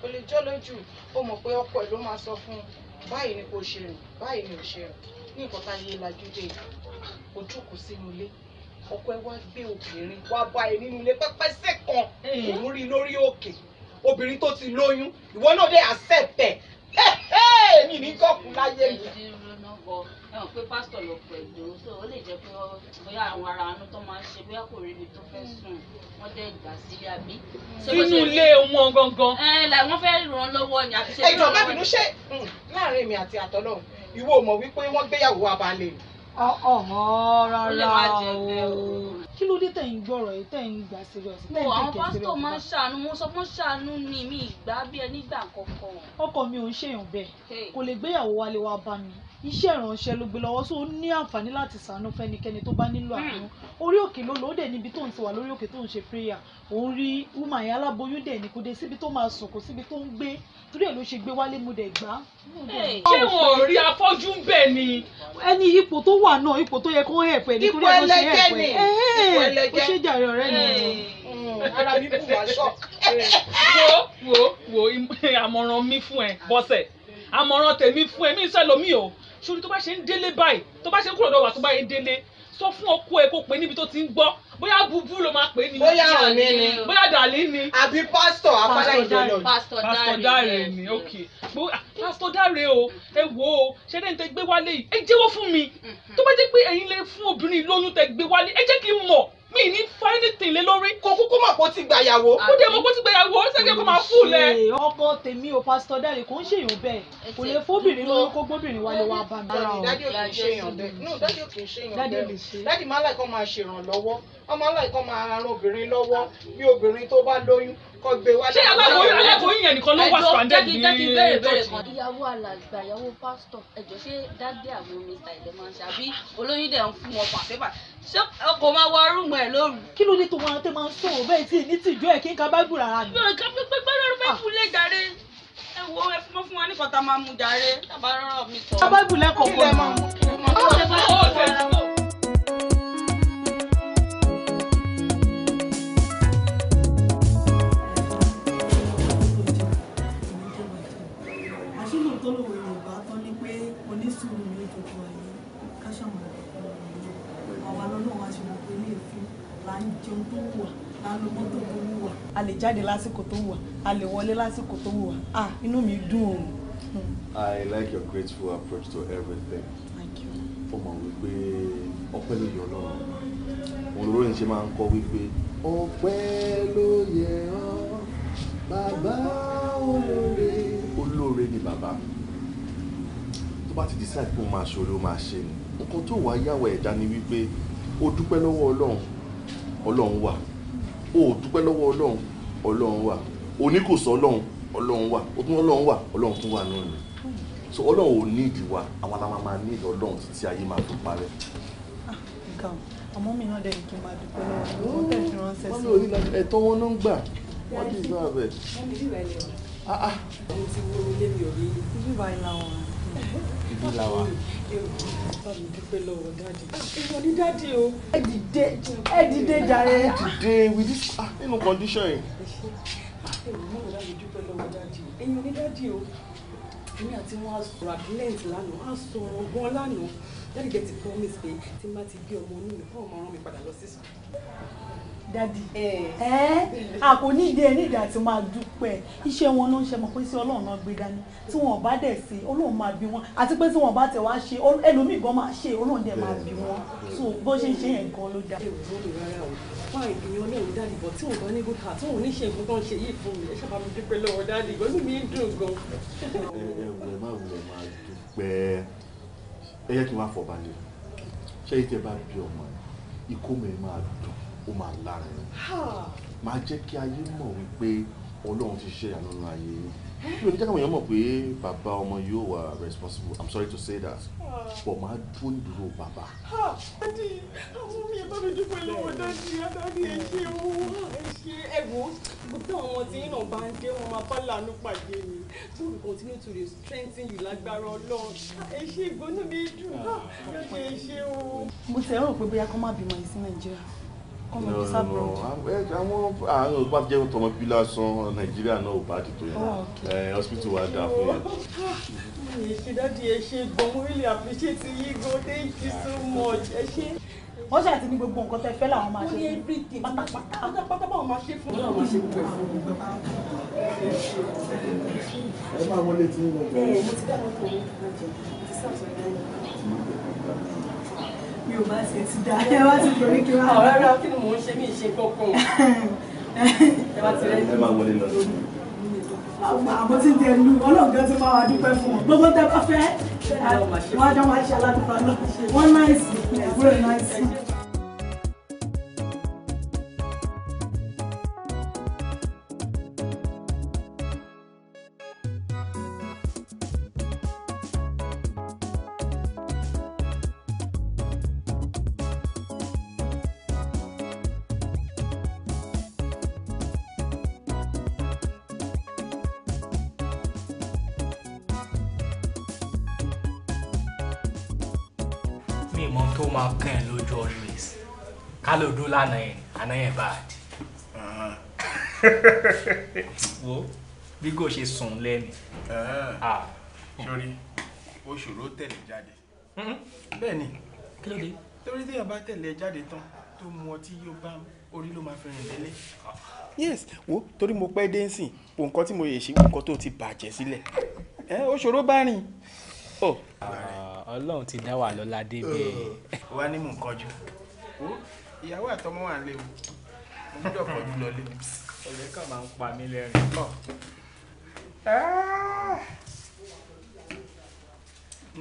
Speaker 2: kò lè jọ́ lójú ó mọ̀ pé ọkọ ẹ̀ ló máa sọ fún un báyìí ni kò ṣe rìn báyìí ni ò ṣe rìn ní nǹkan tá a yé lajú dé ojú kò sínú ilé ọkọ ẹ wá gbé obìnrin wá bá ẹ nínú ilé pẹpẹ sẹkàn hmm. òun rí lórí òkè obìnrin tó ti lóyún ìwọ náà dé accept ẹ mi ní gọkùn láyé
Speaker 3: mi ọkọ ẹ̀wọ̀n pé pásítọ̀ lọ pẹ̀lú so ó lè jẹ́ pé bóyá àwọn ara àánú tó máa ń ṣe bóyá kò ríbi tó fẹ́ sùn wọ́n dẹ̀ gbà sílé àbí.
Speaker 2: sínú ilé wọn gangan.
Speaker 3: ẹ ẹ làwọn fẹ́ ràn lọ́wọ́ ni àfi ṣe. ẹjọ bẹẹ bínú ṣe
Speaker 2: hmm, láàrin èmi àti àtọlọ ìwọ mọ̀ wípé wọ́n gbéyàwó wa balẹ̀ rárá o kí ló dé tẹ̀ ń gbọ́rọ̀ yìí tẹ̀ ń gbà serious tẹ̀ ń tẹ̀kẹ̀ serious. àwọn pásítọ̀
Speaker 3: máa ń ṣàánú mo sọ fún ṣàánú ni mi ìgbà bí ẹni gbà kọ̀ọ̀kan. ọkọ mi ò ń ṣèyàn bẹ́ẹ̀ kò lè gbéyàwó wálé wá bá mi
Speaker 2: iṣẹ́ ìrànṣẹ́ ló gbé lọ́wọ́ so ó ní àǹfààní láti sànú fẹ́nikẹ́ni tó bá nílò hmm. àánú orí òkè ló lò ó dẹ̀ níbi tó ń ti wà lórí òkè tó ń ṣe prayer òun rí wúmà yẹn aláboyún dẹ̀ ní kò síbi tó máa sùn kò síbi tó ń gbé torí ẹ̀ ló ṣe gbé wálé mu dẹ̀ gbá. ṣé wọn ò rí afọ́jú ń bẹ̀ ni. ẹni ipò tó wà náà ipò tó yẹ kó hẹ̀pẹ̀ ní torí ẹ̀ ló ṣe hẹ̀pẹ̀ ó ṣe jàre ọ̀rẹ́ mi hmm, ara mi sórí tó bá ṣe ń délé báyìí tó bá ṣe ń kúrò lọ́wọ́ tó bá yẹ délé sọ fún ọkọ ẹ kó pè níbi tó ti ń gbọ́ bóyá búbú ló máa pè ní. bóyá òní ni bóyá dàlí ni. àbí pásítọ̀ afárá ìdọ́lọ́dún. pásítọ̀ dáre ni ok ah, pásítọ̀ dáre o ẹ wo o ṣé lẹ́yìn tẹ gbé wálé yìí ẹ jẹ́wọ́ fún mi mm-hmm. tó bá jẹ́ pé ẹ̀yin lè fún obìnrin lóyún tẹ gbé wálé ẹ jẹ́ kí n mọ̀ mi ní fáínítì lé lórí kò kúkú mọ̀ kó ti gbàyàwó kó dé mọ̀ kó ti gbàyàwó ó sẹ́kẹ̀ kó máa fú lẹ̀. ọkọ tèmi ò pásítọ̀ dáre kò ń ṣèyàn bẹ́ẹ̀ kò lè fóbìnrin lórí kó gbóbìnrin wálé wá bá mi. dádì ò kì í ṣèyàn bẹ́ẹ̀ no dádì ò kì í ṣèyàn bẹ́ẹ̀ dádì máa láìkọ́ máa ṣèrànlọ́wọ́ ọmọ aláìkọ́ máa ran obìnrin lọ́wọ́ bí obìnrin tó bá lóyún kọ́ gbé wá. ṣé aláboyún aláboyún yẹn nìkan ló wà stranded ní ìjọsìn.
Speaker 3: ìyàwó alàgbà ìyàwó pásítọ̀ ẹ̀jọ̀ ṣé dádì àwọn mr ìdẹ́mọ̀ ṣàbí olóyún dẹ̀ ń fún wọn pàṣípàṣẹ ṣé ọkọ̀ máa wọ
Speaker 2: rúùmù ẹ̀ lóru. kí ló dé tó máa tó máa ń sọ̀rọ̀ bẹ́ẹ̀ tí ní tìjú ẹ̀ kí n ká bá gbùrà rà mí.
Speaker 3: ká pé pẹ́ẹ́rẹ́ ló fẹ́ fúnlé jàre ẹ wo ẹ fún fún wa ní kọ́ta máa mú jàre tábà rọrọ mi sọ.
Speaker 2: tábà gbùlẹ̀ kọ̀ọ̀kan. lè jáde lásìkò tó wà a lè wọlé lásìkò tó wà ah inú mi dùn o. I like your grateful approach to everything. Thank you. ó mọ̀ wípé ọpẹ́ ló yọ lọ́rùn olórin ṣe máa ń kọ́ wípé
Speaker 1: ọpẹ́ ló yẹ ọ́ bàbá olóore
Speaker 2: olóore ni bàbá tó bá ti decide pé ó máa ṣe olóò máa ṣe ni nǹkan tó wàá yàwọ̀ ẹ̀dá ni wípé o dúpẹ́ lọ́wọ́ ọlọ́run ọlọ́run wà o dúpẹ́ lọ́wọ́ ọlọ́run ọlọ́run wà oní kò sọ ọlọ́run ọlọ́run wà ó tún ọlọ́run wà ọlọ́run tún wà náà ni so ọlọ́run ò ní ìdí wa àwọn aláwa máa ní ìdí ọlọ́run títí ayé máa tó parẹ́. Ah, àmọ́ mi náà dẹ̀ kí n máa dúpẹ́ lọ́wọ́ ló tẹ̀ fi ránṣẹ́ sí i. ẹ̀tọ́ wọn náà ń gbà wọ́n ti sọ àbẹ̀ bí la wa. ìwọ ni dáàdi o. ẹ dìde jàre. ẹ with this nínú condition yìí. ẹ̀yin o èmi àti wọn sọ̀rọ̀ agreement lánàá a sọ̀rọ̀ lánàá dáàdi jẹ́ promise pé tí n bá ti bí ọmọ inú fún ọmọ ọ̀rọ̀ mi padà lọ sí sùn dádì eh? ẹ àpò nídìí ẹ nídìí àti máa dúpẹ́ iṣẹ́ wọn ló ń ṣe mọ̀ pé sí ọlọ́run náà gbé dání tí wọn bá dẹ̀ ṣe ọlọ́run máa bí wọn àti pé tí wọn bá tẹ̀ wá ṣe ẹlòmíì gan máa ṣe ọlọ́run dẹ̀ máa bí wọn so bó ṣe ń ṣe yẹn gan ló dá. fún ìgbìyànjú ọlọ́run dádì bọ̀ tí òun bá ní good heart tí òun ní ṣe nǹkan tó ń ṣe yìí fún mi ẹ ṣábà mi dúpẹ́ lọ́wọ́ dádì ìgbọ́n mi ń dùn gan. ẹ ẹ wẹ má wẹ má dúpẹ́ ẹ yẹ kí n wá fọ̀ balẹ̀ ṣé ìtẹ́ bá bí ọmọ ìkómọ ẹ máa dùn ó máa lára
Speaker 1: ẹ̀
Speaker 2: máa jẹ́ kí ayé mọ̀ wípé ọlọ́run ti ṣe ìyanu ayé mi ò ní jẹ́ káwọn èèyàn mọ̀ pé bàbá ọmọ yóò wà responsible i'm sorry to say that but máa dúró ìdúró bàbá. dadi àwọn mi ẹ bá mi dúpẹ́ lọ́wọ́ dadi adadi ẹ ṣe o ẹ ṣe ẹ wo gbogbo àwọn ọmọ tí yín náà bá ń dé wọn máa bá lànà pàdé mi so we continue to dey strengthen you lágbára ọlọ́run ẹ ṣe ìgbóná mi dùn dadi ẹ ṣe o. mo tẹ̀ ẹ́ rò pé bóyá kó má bímọ yìí sí nàìjíríà kọ́mọ bí sábúrò. Ah, àwọn àwọn ah, jẹ́ tọmọ bí lásán nàìjíríà náà ò bá ti tó yẹn oh, eh, hospital wa dáa fún yẹn. ìṣèdájú ah, ẹ ṣe gan really appreciate yín gan thank you so much ẹ ṣe wọ́n ṣe àti ní gbogbo nǹkan tẹ fẹ́ làwọn máa ṣe fún mi pátápátá báwọn máa ṣe fún mi. ẹ máa wọlé tí mo bẹ̀rẹ̀. ẹ mo ti dáná tó o mi ò bá ṣe ti dá ẹ wá ti torí kí wá. ọ̀rọ̀ rẹ
Speaker 4: kí ni mò ń ṣe mí ṣe kọ́kọ́ ẹ máa wọlé lọ.
Speaker 2: àmọ́ tí ń tẹ lu ọlọ́ọ̀gá ti máa wá dúpẹ́ fún ọ gbogbo tẹ bá fẹ́ wọ́n á jọ máa ṣe aládùúgbò náà wọ́n náà ìsìn ìgbúrò náà ìsìn.
Speaker 4: lánàá yẹn àná yẹn bad. Uh-huh. wo
Speaker 2: bí kò ṣe sùn lẹ́nu. Uh-huh. Ah. sori o ṣòro tẹ̀lé jáde. Mm-hmm. bẹ́ẹ̀ ni kí ló dé. torí tí yàrá tẹ̀lé jáde tán tó mu ọtí yóò bá orí ló máa fi rìn yes wo torí mo pẹ́ dé ń sìn o nǹkan tí mo yè ṣe nǹkan tó ti bàjẹ́ sílẹ̀ ẹ o ṣòro bá rìn. Ah, ọlọ́run ti dá wà lọ́ládé bẹ́ẹ̀. wá ní mò ń kọjú ìyàwó àtọmọ wà lé o mo gbọ́dọ̀ pọ̀ jù lọ lé. ọ̀rẹ́ kan máa ń pa mí lẹ́rìn. nígbà ah.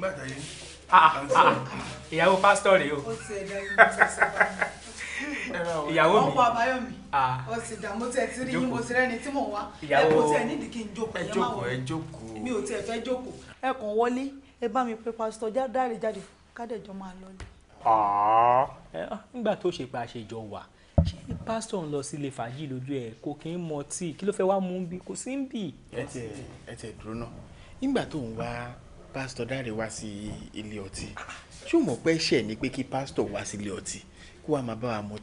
Speaker 2: tá a yé.
Speaker 4: Ah, ah, ìyàwó pásítọ̀ rèé o. ó ti ẹ̀dá ìgbà tó sọ ìyàwó mi ọkọ
Speaker 2: àbáyọmí ọsẹ ìdààmú tẹ ti rí yín mo ti rẹni tí mò ń wá ẹkọ tẹ nídìí kí n jókòó ẹ jókòó ẹ jókòó mi ò tiẹ̀ fẹ́ jókòó. ẹ kàn wọlé ẹ bá mi pe pásítọ̀ dáre jáde kádẹjọ máa lọ ni. Ah, nígbà tó ṣe pa àṣejọ wà ṣé pásítọ̀ ń lọ sílé fàájì lójú ẹ̀ kò kí ń mọ tí kí ló fẹ́ wá mú bí kò sí ń bì. ẹ tẹ ẹ dúró náà nígbà tó ń wá pásítọ̀ dáre wá sí ilé ọtí ṣé o mọ̀ pé kí pásítọ̀ wá sí ilé ọtí kó wàá máa bá wa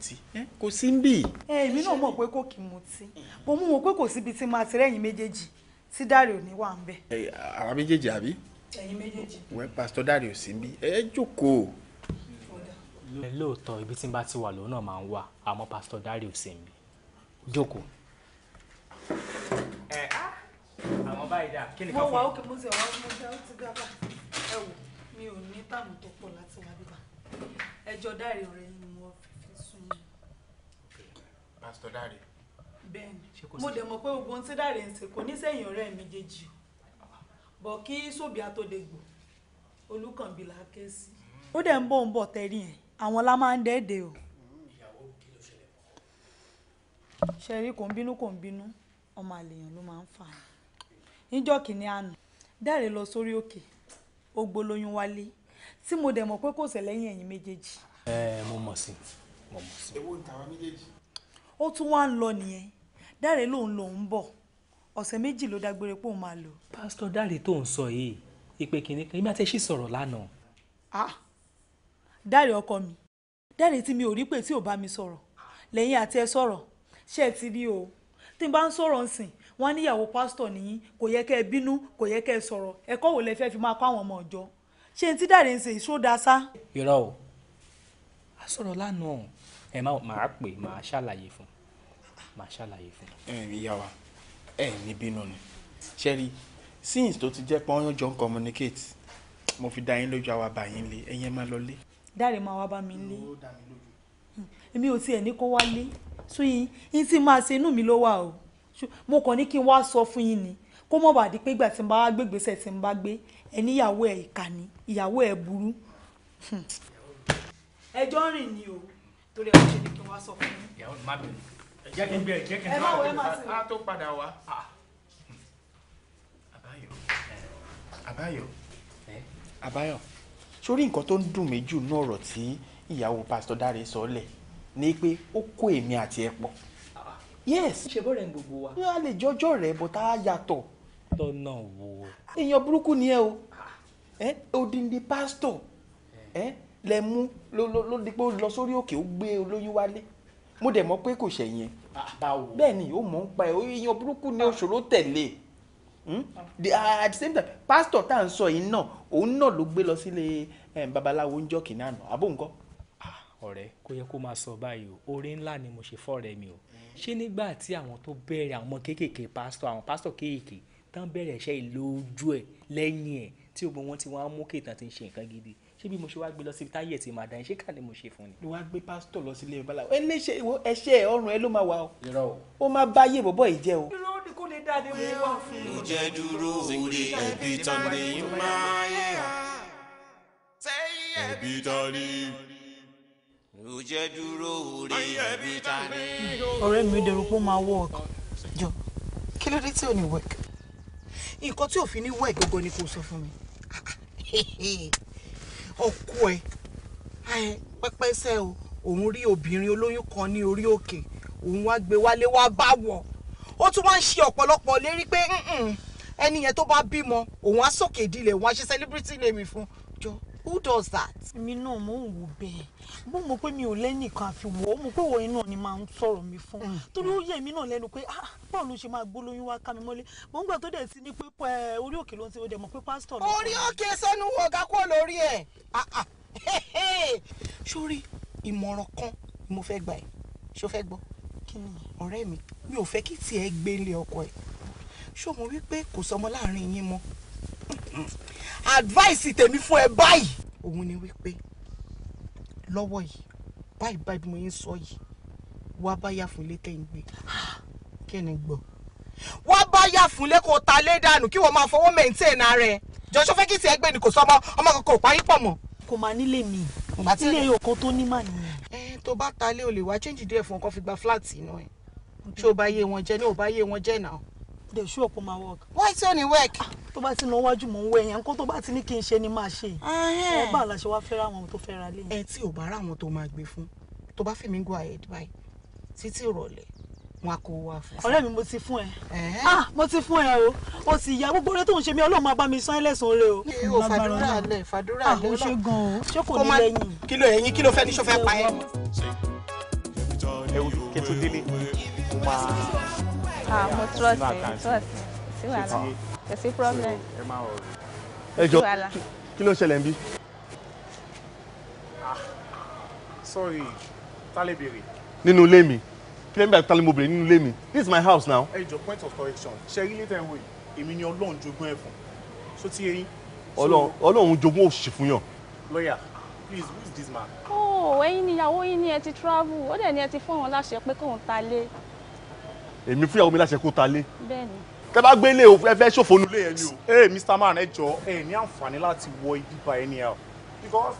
Speaker 2: kò sí ń èmi náà mọ̀ pé kò kì tí mo mú wọn pé kò síbi tí máa ti méjèèjì tí dáre ò ní wà ń bẹ̀. lóòótọ́ ibi tí n bá ti wà lòun náà máa ń wà
Speaker 4: àmọ́ pásítọ̀ dárí ò sí mi jókòó. ẹ á àwọn báyìí dà kí nìkan fún mi. mo wà òkè
Speaker 3: mo ti wà mo jẹ́ ó ti gábà ẹ wò mi
Speaker 2: ò ní táàmù tó pọ̀ láti wá bíbá ẹjọ́ dárí ọ̀rẹ́ ni mo fi sún mi. pásítọ̀ dárí. bẹ́ẹ̀ni mo dẹ̀ mọ̀ pé gbogbo ohun tí dárí ń ṣe kò ní sẹ́yìn ọ̀rẹ́ mi jẹ́jì o bọ̀ kí sóbìá tó de gbò ké sí. Hmm. ó dẹ̀ ń bọ̀ ń bọ̀ tẹ́rí yẹn àwọn la máa ń dédé o ṣẹ̀rí kò ń bínú kò ń bínú ọmọ àlèyàn ló máa ń fà á
Speaker 3: níjọ́ kìíní àná dáre lọ sórí òkè ó gbólóyún
Speaker 2: wálé tí mo dẹ̀ mọ̀ pé kò lẹ́yìn ẹ̀yìn méjèèjì. ẹ mo mọ̀ sí mọ̀ sí. ó tún wá ń lọ nìyẹn dáre lòun lòun bọ̀ ọ̀sẹ̀ méjì ló dágbére pé òun máa lò. pásítọ̀ dáre tó ń yìí ìpè kìnnìkan ìgbà sọ̀rọ̀ lánàá. Ah! dáre ọkọ mi dáre tí mi ò rí pé tí ò bá mi sọ̀rọ̀ lẹ́yìn àti ẹ sọ̀rọ̀ ṣé ẹ ti rí o tí n bá ń sọ̀rọ̀ nsìn wọ́n níyàwó pásítọ̀ nìyí kò yẹ kẹ́ ẹ bínú kò yẹ kẹ́ ẹ sọ̀rọ̀ ẹ̀kọ́ wo lẹ fẹ́ fi máa kọ́ àwọn ọmọ ọ̀jọ́ ṣé n tí dáre ń ṣe ìṣódà sá. irọ́ o a sọ̀rọ̀ lánàá
Speaker 4: ẹ má máa pè máa ṣàlàyé fún máa ṣàlàyé fún. ẹ ẹ ìyá wa ẹ ní bínú
Speaker 2: ni ṣẹ́rí since tó ti jẹ́ pé wọ́n jọ ń communicate mo fi dá yín lójú àwa bàyín lé ẹ̀yẹ́ máa lọ lé dáre máa wá bá mi lé hmm. èmi ò tiẹ̀ ní kó wá lé so yín yín tí máa ṣe inú mi ló wà o mo kàn ní kí n wá sọ fún yín ni kó mọ̀ bàdí pé ìgbà tí n bá wá gbé gbèsè tí n bá gbé ẹ níyàwó ẹ̀ ìkà ni ìyàwó ẹ̀ burú. Hmm. ẹjọ́ rìn ni o torí ẹ̀ ṣe ni kí n wá sọ
Speaker 4: fún yín. ìyàwó mi má bẹ̀rẹ̀ ẹ jẹ́ kí n bẹ̀rẹ̀ jẹ́ kí n tó padà wá. àbáyọ àbáyọ àbáyọ
Speaker 2: sórí nǹkan tó ń dùn mí jù ní ọ̀rọ̀ tí ìyàwó pásítọ̀ Dáre sọ lẹ̀ ni pé ó kó èmi àti ẹ pọ̀. yes. ṣe bọ́ọ̀rẹ̀ ń gbogbo wa. a lè jọjọ́ rẹ̀ bó tá a yàtọ̀. lọ́nà wo. èèyàn burúkú ni ẹ o odindi pásítọ̀ lẹ mú ló di pé ó lọ sórí òkè ó gbé olóyún wálé mo dẹ̀ mọ̀ pé kò ṣẹ̀yìn ah, bẹ́ẹ̀ ni ó mọ̀ ń pa ẹ̀ èèyàn burúkú ni ah. òṣòro tẹ̀lé hmm? at the same time pastor tá à ń sọ yìí náà òun náà ló gbé lọ sílé ẹ̀ ń babaláwo ń jọ́ kìnnà nù àbó nǹkan. Ah, ọ̀rẹ́ kò yẹ kó máa sọ báyìí o oore ńlá ni mo ṣe fọ́ọ̀rẹ́ mi o ṣé nígbà tí àwọn tó bẹ̀rẹ̀ àwọn ọmọ kéékèèké pásítọ̀ àwọn pásítọ̀ kéékèèké tán bẹ̀rẹ̀ iṣẹ́ ìlójú ẹ̀ lẹ́yìn ẹ̀ tí gbogbo wọn ti wá mú kéètàn ti ń ṣe nǹkan gidi ṣé bí mo ṣe wá gbé lọ síbi táyé ti máa dá iṣẹ́ kà ni mo ṣe fún ni. ni wàá gbé pásítọ̀ lọ sílé babaláwo ẹlẹ́ṣẹ̀ ìwọ ẹṣẹ́ ọrùn ẹ ló máa wà o. irọ́ o. ó máa bá yé bọ̀bọ̀ yìí jẹ́ o. irọ́ ni kò lè dáadé mú wá. ìjẹ́dúró òde ẹ̀bí tán ni máa yẹ ẹbí ta ni. ló jẹ́ dúró ọ̀rẹ́ mi dẹ̀rù pé ó máa work jọ kí ló dé tí ò ní work nǹkan tí òfin ní work gbogbo ni kò sọ fún mi ọkọ ẹ pẹpẹsẹ o òun rí obìnrin olóyún kan ní orí òkè òun wá gbé wálé wá bá wọ ó tún wá ń ṣe ọ̀pọ̀lọpọ̀ lérí pé ẹni yẹn tó bá bímọ òun á sókè ìdílé òun á ṣe celebrity name fún jọ who does that. èmi náà mò ń wò bẹ́ẹ̀ bó mo pé mi ò lẹ́nìkan àfiwò ó mo pé òun náà ni màá ń sọ̀rọ̀ mi fún mm, torí ó mm. yẹ èmi náà lẹ́nu pé ah báwo ló ṣe máa gbólóyún wá ká mi mọ́lé mò ń gbà tó dẹ̀ sí ní pípẹ́ orí òkè ló ń ṣe ó dẹ̀ mọ̀ pé pásítọ̀ náà. orí òkè sọnù ọ̀gá kúrò lórí ẹ̀ ah, ah, sórí ìmọ̀ràn kan ni mo fẹ́ gbà ẹ́ ṣó fẹ́ gbọ́ ọ̀rẹ́ mi mi ò fẹ́ kí tiẹ̀ gbélé ọkọ ẹ̀ ṣó mo wí pé kò sọmọ láàrin yín mọ́ advice tèmi fún ẹ báyìí òun ni wípé lọ́wọ́ yìí báyìí báyìí bí mo yín sọ yìí wá bá yà fún ilé tẹ̀yìn gbé ah, kẹ́ni gbọ́ wá bá yà fún ilé kó ta lé dànù kí wọ́n máa fọwọ́ maintain ara jọ sọ fẹ́ kí tiẹ̀ gbé ni kò sọ ọmọ ọmọ kankan ò parí pọ̀ mọ́. kò máa nílé mi ilé ọkọ tó ní màá nìyẹn. ẹ tó bá ta lé o lè wá change díẹ̀ fún ọkọ fi gba flat náà ẹ ṣé o bá yé wọn jẹ ní o bá yé wọn jẹ náà dey show up on my work. why tí ò ní work. Ah, tó bá ti lọ wájú mò ń wẹ yẹn nǹkan tó bá ti ní kí n ṣe ni máa ṣe. ẹ bá àlàṣe wá fẹ́ ra àwọn tó fẹ́ ra lẹ́yìn. ẹ tí ò bá ra àwọn tó máa gbé fún tó bá fẹ́ mi go ahead báyìí títí ìrọ̀lẹ́ wọn kò wá fún. ọ̀rẹ́ mi mo ti fún ẹ. ah mo ti fún ẹ o o sì ya gbogbo oore tó ń ṣe mí ọlọ́run máa mi san ẹlẹ́sàn oore o. mi ò fàdúrà lẹ fàdúrà lẹ ah, ọlọ́run. àwọn ṣe gan o ṣé kò ní lẹ́yìn. kí ló ẹ̀yin pa ẹ ah mo trust me trust me sí wàhálà kò sí problem ẹ jọ kí ló ṣẹlẹ̀ ń bí. sorry tálẹ̀ bèrè. nínú ilé mi kí lẹ́yìn bá tálẹ̀ mo bèrè nínú ilé mi this is my house now. ẹ jọ point of correction ṣe ilé tẹ̀ ń wò yìí èmi ni ọlọ́run jogún ẹ̀ fún so ti eyín. ọlọ́run jogún òṣì fún yàn. lọ́ọ̀yà please who is this man.
Speaker 3: oh ẹ̀yin níyàwó yín ni ẹ ti travel ó dẹ̀ ni ẹ ti fún wọn láṣẹ pé kóun
Speaker 2: èmi fúyà omi láṣẹ kó ta lé. bẹ́ẹ̀ni. tẹ bá gbélé o fẹ́ ṣòfò nulẹ̀ yẹn ni o. ee Mr. Man ẹ jọ ẹ ní àǹfààní láti wọ ibi bá ẹ ní ẹ o because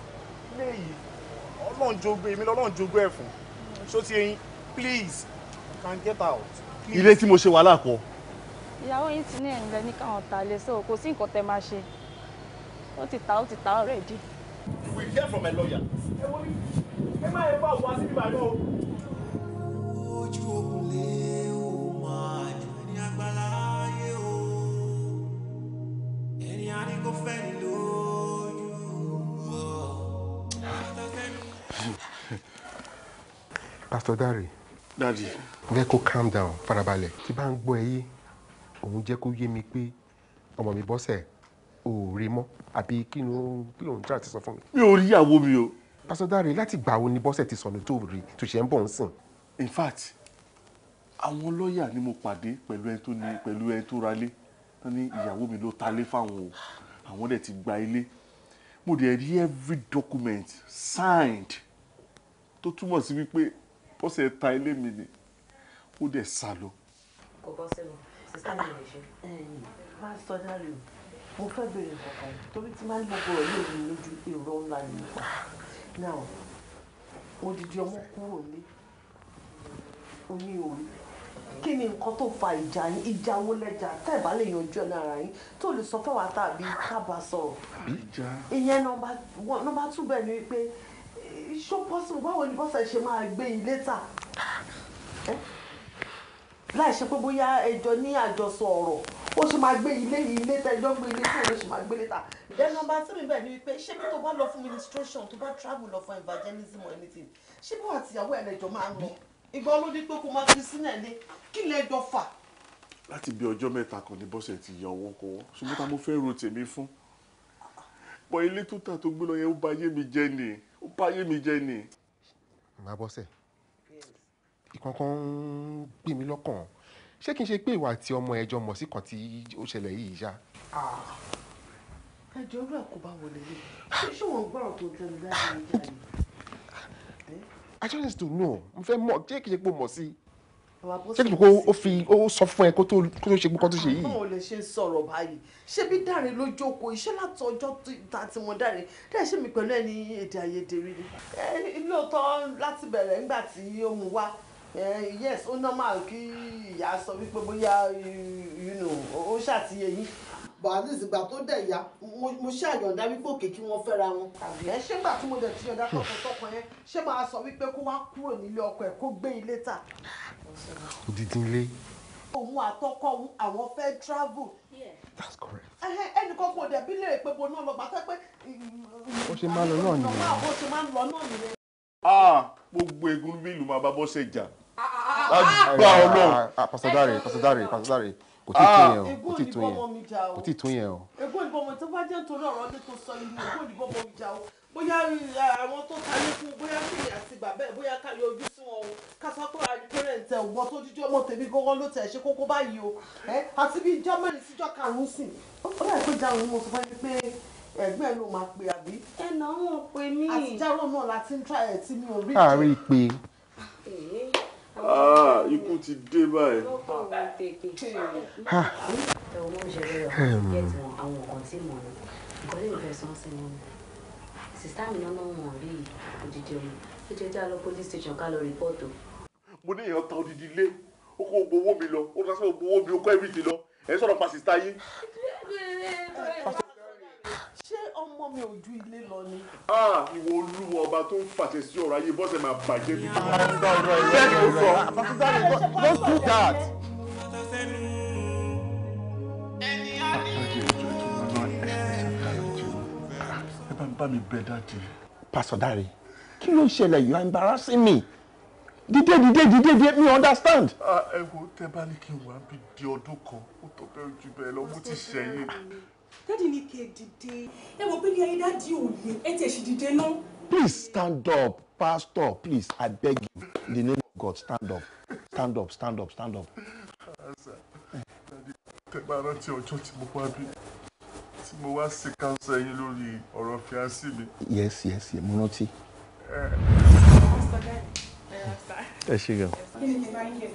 Speaker 2: ọlọ́run jogún èmi lọ́lọ́run jogún ẹ̀ fún ti eyín please you can get out. ilé tí mo ṣe wàhálà kọ.
Speaker 3: ìyàwó yín ti ní ẹ̀yìn lẹ ní káwọn ta lé so kò sí nǹkan tẹ máa ṣe ó ti ta ó ti ta already.
Speaker 2: you hear from a lawyer. ẹ má yẹ fún àwọn àti bíbá náà. ojú ogun lè wọ. Pastor Dari, Daddy. Jẹ́ kó calm down farabalẹ̀. Tí bá ń gbọ́ ẹ yé, òun jẹ́ kó yé mi pé ọmọ mi bọ́sẹ̀ ò rí mọ́ àbí kí ló kí ló ń tíra ti sọ fún mi. Mi ò rí ìyàwó mi o. Pastor Dari, láti gbà wo ni bọ́sẹ̀ ti sọnù tó rí tó ṣe ń bọ̀ ń sìn. In fact, àwọn lọ́ọ̀yà ni mo pàdé pẹ̀lú ẹni tó ní pẹ̀lú ẹni tó ra lé tán ní ìyàwó mi ló talé fáwọn o àwọn dẹ̀ ti gba ilé mo dẹ̀ rí every document signed tó túmọ̀ sí wípé bọ́sẹ̀ ta ilé mi ni ó dẹ̀ sá lọ.
Speaker 3: kò bọ́ sẹ́nu sísá
Speaker 2: máa sọ dáre o mo fẹ́ bèrè kankan torí tí máa ń gbogbo ọ̀rọ̀ yóò ní lójú èrò ńlá mi nípa náà odidi ọmọ kúrò ní oní òní kí ni nǹkan tó fa ìjà yín ìjà wo lẹ́jà tẹ́ ẹ̀ bá lè yanjú ẹ̀ lára yín tó lè sọ fáwa tàbí kábà sọ̀rọ̀ ìyẹn nọ́mbà tún bẹ́ẹ̀ ni pé ṣó possible báwo ni bọ́sẹ̀ ṣe máa gbé ilé tà láì ṣe pé bóyá ẹjọ́ ní àjọsọ ọ̀rọ̀ ó ṣe máa gbé ilé ilé tẹjọ́ gbé ilé tí òun ṣe máa gbélé ta. then nọ́mbà tí mi bẹ́ẹ̀ ni wípé ṣé bí tó bá lọ fún ministration tó bá travel lọ fún evangelism or anything ṣé bí wàá tìyàwó ẹ̀ lẹ́jọ́ máa ń lọ ìgbà olóde pé kó máa fi sílẹ̀ lé kí lè jọ fà. láti bí ọjọ́ mẹ́ta kan ní bọ́sẹ̀ ti ya ọwọ́ kọ́wọ́ ṣùgbọ́n tá mo fẹ́ ro tèmi fún pọ ilé tó tà tó gbé lọ yẹn ó bà ayé mi jẹ́ ni ó bà ayé mi jẹ́ ni. màá bọ́sẹ̀ ìkankan ń gbé mi lọ́kàn ṣé kí n ṣe pé ìwà àti ọmọ ẹjọ́ mọ̀ sí kan tí ó ṣẹlẹ̀ yìí ṣá. ẹjọ́ rẹ̀ kò bá wọlé lé ṣé wọ́n gbọ́rọ̀ tó ń tẹnu dáadáa yìí. I just need to know mo fẹ́ mọ̀ ṣé kìí ṣe pé mo mọ̀ sí i ṣé kìí ṣe pé ó fi ó sọ fún ẹ kó tó kó tó ṣe kó tó ṣe yìí. báwo lè ṣe ń sọ̀rọ̀ báyìí ṣé bí Dáre ló jókòó iṣẹ́ láti ọjọ́ ta ti wọn Dáre Dáre ṣé mi pẹ̀lú ẹni èdè àìyedè rí ni. lóòótọ́ láti bẹ̀rẹ̀ ńgbà tí ó mú wá yes ó normal kí ìyá sọ wípé bóyá ó ṣàtìyẹ yín bàálìsì ìgbà tó dẹ̀ yá mo ṣe àyọ̀ǹda wípé òkè kí wọ́n fẹ́ra wọn. àbí ẹ ṣé gbà tí mo dẹ̀ ti yọ̀ǹda tọkọ tọkọ yẹn ṣé máa sọ wípé kó wá kúrò nílé ọkọ ẹ̀ kó gbé ilé tà. odidi ilé. òun àtọkọ àwọn fẹ́ travel. that's correct. ẹnìkan kò dẹ̀ bí lè pé bo náà lọ gbà pé. ó ṣe máa ń lọ náà nìyẹn. ó ṣe máa ń lọ náà nìyẹn. gbogbo egun bílù máa bá bọ́ ṣèjà. lágbà ọlọ́run. Ah, ah, ah, pàṣẹ
Speaker 1: dáre kò tí tún yẹn o ah, kò tí tún yẹn kò tí tún yẹn o.
Speaker 2: ègbó ìbọn tó bá jẹ́ nítorí ọ̀rọ̀ ọdún tó sọ ìlú ègbó ìbọn ọmọ o bóyá àwọn tó ta ní fún bóyá kí àti bàbá bóyá ká yọjú sí wọn o ká sọ pé àdìpẹ́rẹ́ǹtẹ̀ ògbọ́n tó jíjọ́ ọmọ tèmi gángan ló tẹ̀ ṣe kókó báyìí o àti bí Germany síjọ́ karùn-ún sìn ó dàbí pé jáwé mo sọ fún pé ẹgbẹ́ ló máa pe àbí. ẹnà wọn pe mí. àtijọ́ náà láti ń tra ẹ̀ tí mi ò rí. àárí pe. Ah, ikú ti dé báyìí. ọmọ ìṣẹ̀lẹ̀ rẹ̀ yẹ̀tì wọn àwọn nǹkan tí mò ń lò nǹkan lè fẹ́ sọ́n sí wọn.
Speaker 3: sìstá mi police station ká lọ rìpọ́ọ̀tù.
Speaker 2: mo ní èèyàn ta odidi ilé ó kó gbowó mi lọ ó dá sọ́wọ́ gbowó mi ó kọ́ ẹ̀rí ti lọ ẹ̀ sọ̀rọ̀ pa sìstá yìí ọmọ mi ò ju ilé lọ ni. ìwọ olúwo ọba tó ń fàṣẹ sí ọ̀rọ̀ ayé bọ́sẹ̀ máa bàjẹ́ bí. bẹ́ẹ̀ ni ó sọ. no, do that. ẹ bá ń bá mi bẹ dáàdì. pásọ̀ dáre kí ló ń ṣẹlẹ̀ you are embarrassing me dídé dídé dídé dídé mi understand. ẹ wo tẹ bá ní kí n wá bí di ọdún kan ó tọ́ bẹ́ẹ̀ ju bẹ́ẹ̀ lọ mo ti ṣẹ̀yìn dáàdì ní kí ẹ dìde ẹ mọ̀ pé ní ayé dáàdì ò lè ẹ tẹ̀ sì dìde náà. please stand up pastor please i beg you in the name of god stand up stand up stand up stand up. tẹ bá rántí ọjọ́ tí mo wá bí tí mo wá sí kánsá yín lórí ọ̀rọ̀ fíansì mi. yes yes yes mo rántí. ẹ ṣe gan. kí ni kí n bá yẹ?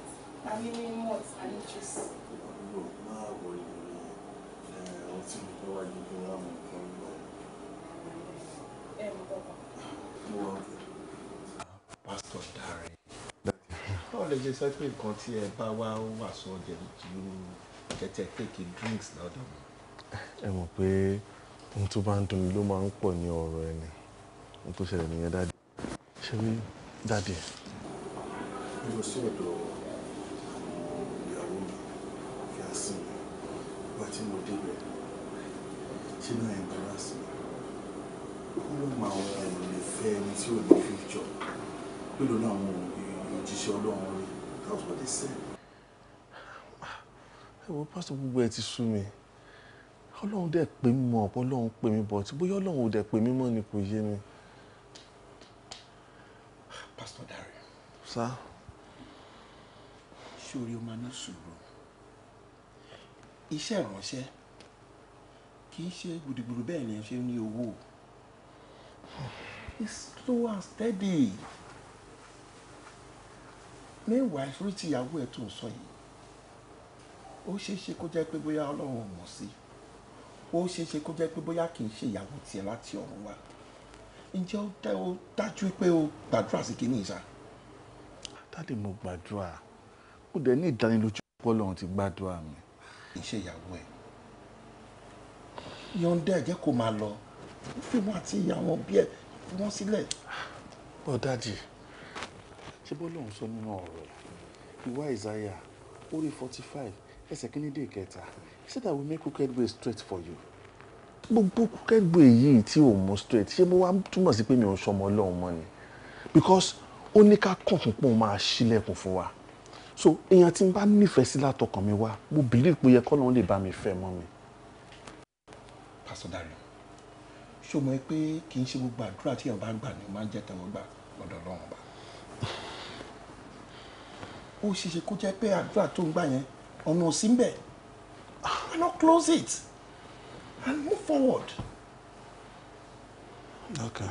Speaker 2: I mean, what? I need juice
Speaker 1: tí mo fẹ́ wájú kí wọ́n mú nǹkan lọ.
Speaker 2: mo wá pásítọ̀ dáre. báwo lè ṣe sọ pé nǹkan tí ẹ bá wá wà sọ jẹ ju kẹtẹ kéèkì drinks lọ́dọ̀ mi. ẹ mọ̀ pé ohun tó bá ń dùn mí ló máa ń pọ̀ ní ọ̀rọ̀ ẹni ohun tó ṣẹlẹ̀ nìyẹn dáadé ṣé wí dáadé. mo sí ọ̀dọ̀ ìyàwó mi kí a sinmi bá tí mo débẹ̀ sínú embarrassment ó ló mọ àwọn ẹ̀rọ lè fẹ́ ẹni tí ò ní future pẹ̀lú náà àwọn òjíṣẹ́ ọlọ́run rí that's what they said. ẹ wo pásítọ̀ gbogbo ẹ ti sú mi ọlọ́run dẹ̀ pè mí mọ́ ọ̀pọ̀ ọlọ́run pè mí bọ̀ tí bóyá ọlọ́run ò dẹ̀ pè mí mọ́ ni kò yé mi. pásítọ̀ Dare. sá. ṣé orí o máa ní sùúrù iṣẹ́ ìránṣẹ́ kì ṣe gbùdùgbùdù bẹ́ẹ̀ ni ẹ ṣe ní owó it's slow and steady meanwhile sórí ti ìyàwó ẹ tó ń sọ yìí ó ṣeé ṣe kó jẹ́ pé bóyá ọlọ́run ò mọ̀ sí ó ṣeé ṣe kó jẹ́ pé bóyá kì í ṣe ìyàwó tiẹ̀ láti ọ̀run wa ǹjẹ́ ó dájú pé ó gbàdúrà sí kínní ìṣá. dáàdì mo gbàdúrà ó dẹ̀ ní ìdánilójú pé ọlọ́run ti gbàdúrà mi. ìṣe ìyàwó ẹ̀ yọ̀ǹda ẹ̀jẹ̀ kò máa lọ fi wọn àti ìyàwó bí ẹ fi wọn sílẹ̀. bọ́dájì ṣé bó lóun sọ nínú ọ̀rọ̀ ìwà ìsáyà orí forty five ẹsẹ̀ kínní dé ìkẹta he said that we make crooked way straight for you gbogbo crooked way yìí tí ò mú straight ṣé mo wá túmọ̀ sí pé mi ò sọmọ ọlọ́run mọ́ ni because ó ní ká kàn fún pé òun máa ṣílẹ̀kùn fún wa so èèyàn tí n bá nífẹ̀ẹ́ sí látọkàn mi wá mo believe pé ó yẹ kọ́ lóun lè bá mi fẹ́ mọ́ mi sọdá rẹ ṣó pé kì í ṣe gbogbo àdúrà tí èèyàn gbà ni máa ń jẹ́ tẹ̀wọ́ gbà lọ́dọ̀ Ọlọ́run ọba ó ṣe kó jẹ́ pé àdúrà tó ń gbà yẹn ọ̀nà òsì ah, why not close it and move forward. okay.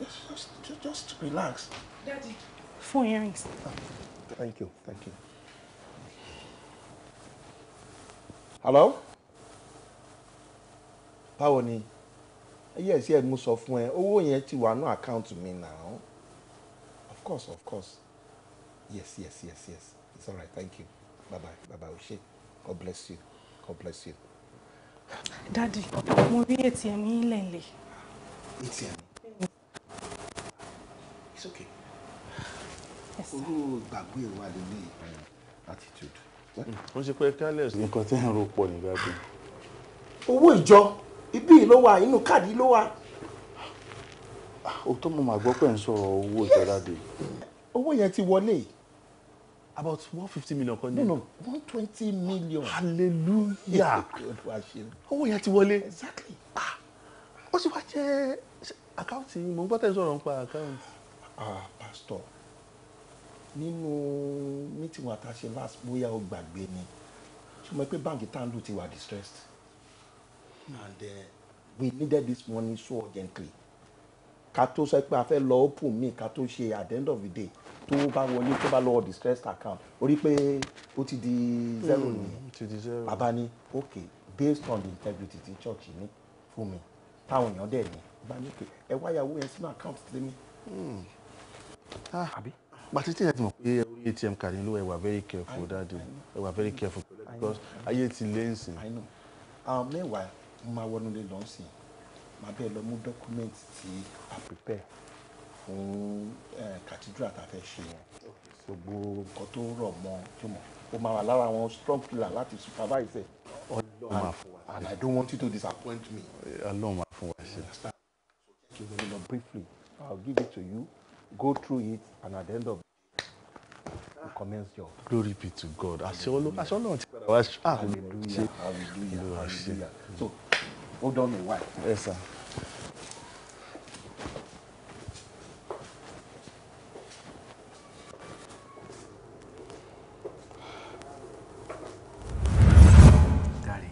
Speaker 2: just just, just relax. daddy four earrings. thank you thank you. hello báwo ni yes yes mo sọ fún ẹ owó yẹn ti wà ní àkáǹtì mi now of course of course yes yes yes yes it's alright thank you bye bye bye bye o god bless you god bless you. dadi mo rí atm yín lẹ́lẹ̀. atm it's okay olú gbàgbé wa lè ní attitude. wọ́n ṣe pé careless nǹkan tí ń ro pọ̀ nígbà tó. owó ìjọ ibi ló wà inú káàdì ló wà. òótọ́ mo máa gbọ́ pé ń sọ owó ìjọba dé. owó yẹn ti wọlé. about one fifty million kan ní. no no one twenty million. hallelujah. owó yẹn ti wọlé. exactly. Ah, ó sì wá jẹ́ àkáǹtì mo ń gbọ́ tẹ̀ sọ̀rọ̀ nípa àkáǹtì. ah pastor nínú mítìwọ̀n àtàṣe last bóyá o gbàgbé ni ṣùgbọ́n pé báǹkì tá à ń lù ti wà distressed and uh, we needed this money so urgently ká tó sọ pé a fẹ́ lọ open mi ká tó ṣe at the end of the day tó bá wọlé tó bá lọ́wọ́ distressed account orí pé ó ti di zero hmm, nìyẹn bàbá ni ok based on the integrity ti church ní fún mi táwọn èèyàn dẹ̀ ní bá mi pé ẹ wáyàwó yẹn sínú account tèmi. Hmm. Ah, àbí pàtí tí ẹ ti mọ̀ pé orí atm card ló ẹ wà very careful dáadé ẹ wà very careful because ayé ti lé nsìn. mẹ́wàá um, mo wọnú ilé lọ sí bẹ́ẹ̀ lọ mú dọ́kúmẹ́ǹtì tí a prepare fún eh, cathedral tá ṣe yẹn gbogbo nǹkan tó rọ̀ mọ́ jùmọ̀ ó máa wà lára àwọn strong pillar láti supervise ẹ̀ ọlọ́run máa fún wa and I don't want you to disappoint me. ọlọ́run máa fún wa ṣe. kí ló lọ briefly I'll give it to you go through it and at the end of you commence your. glory be to God àṣẹ ọlọ́run ti padà wá ṣe. hallelujah hallelujah hallelujah so Hold on a while. Yes, sir. Daddy,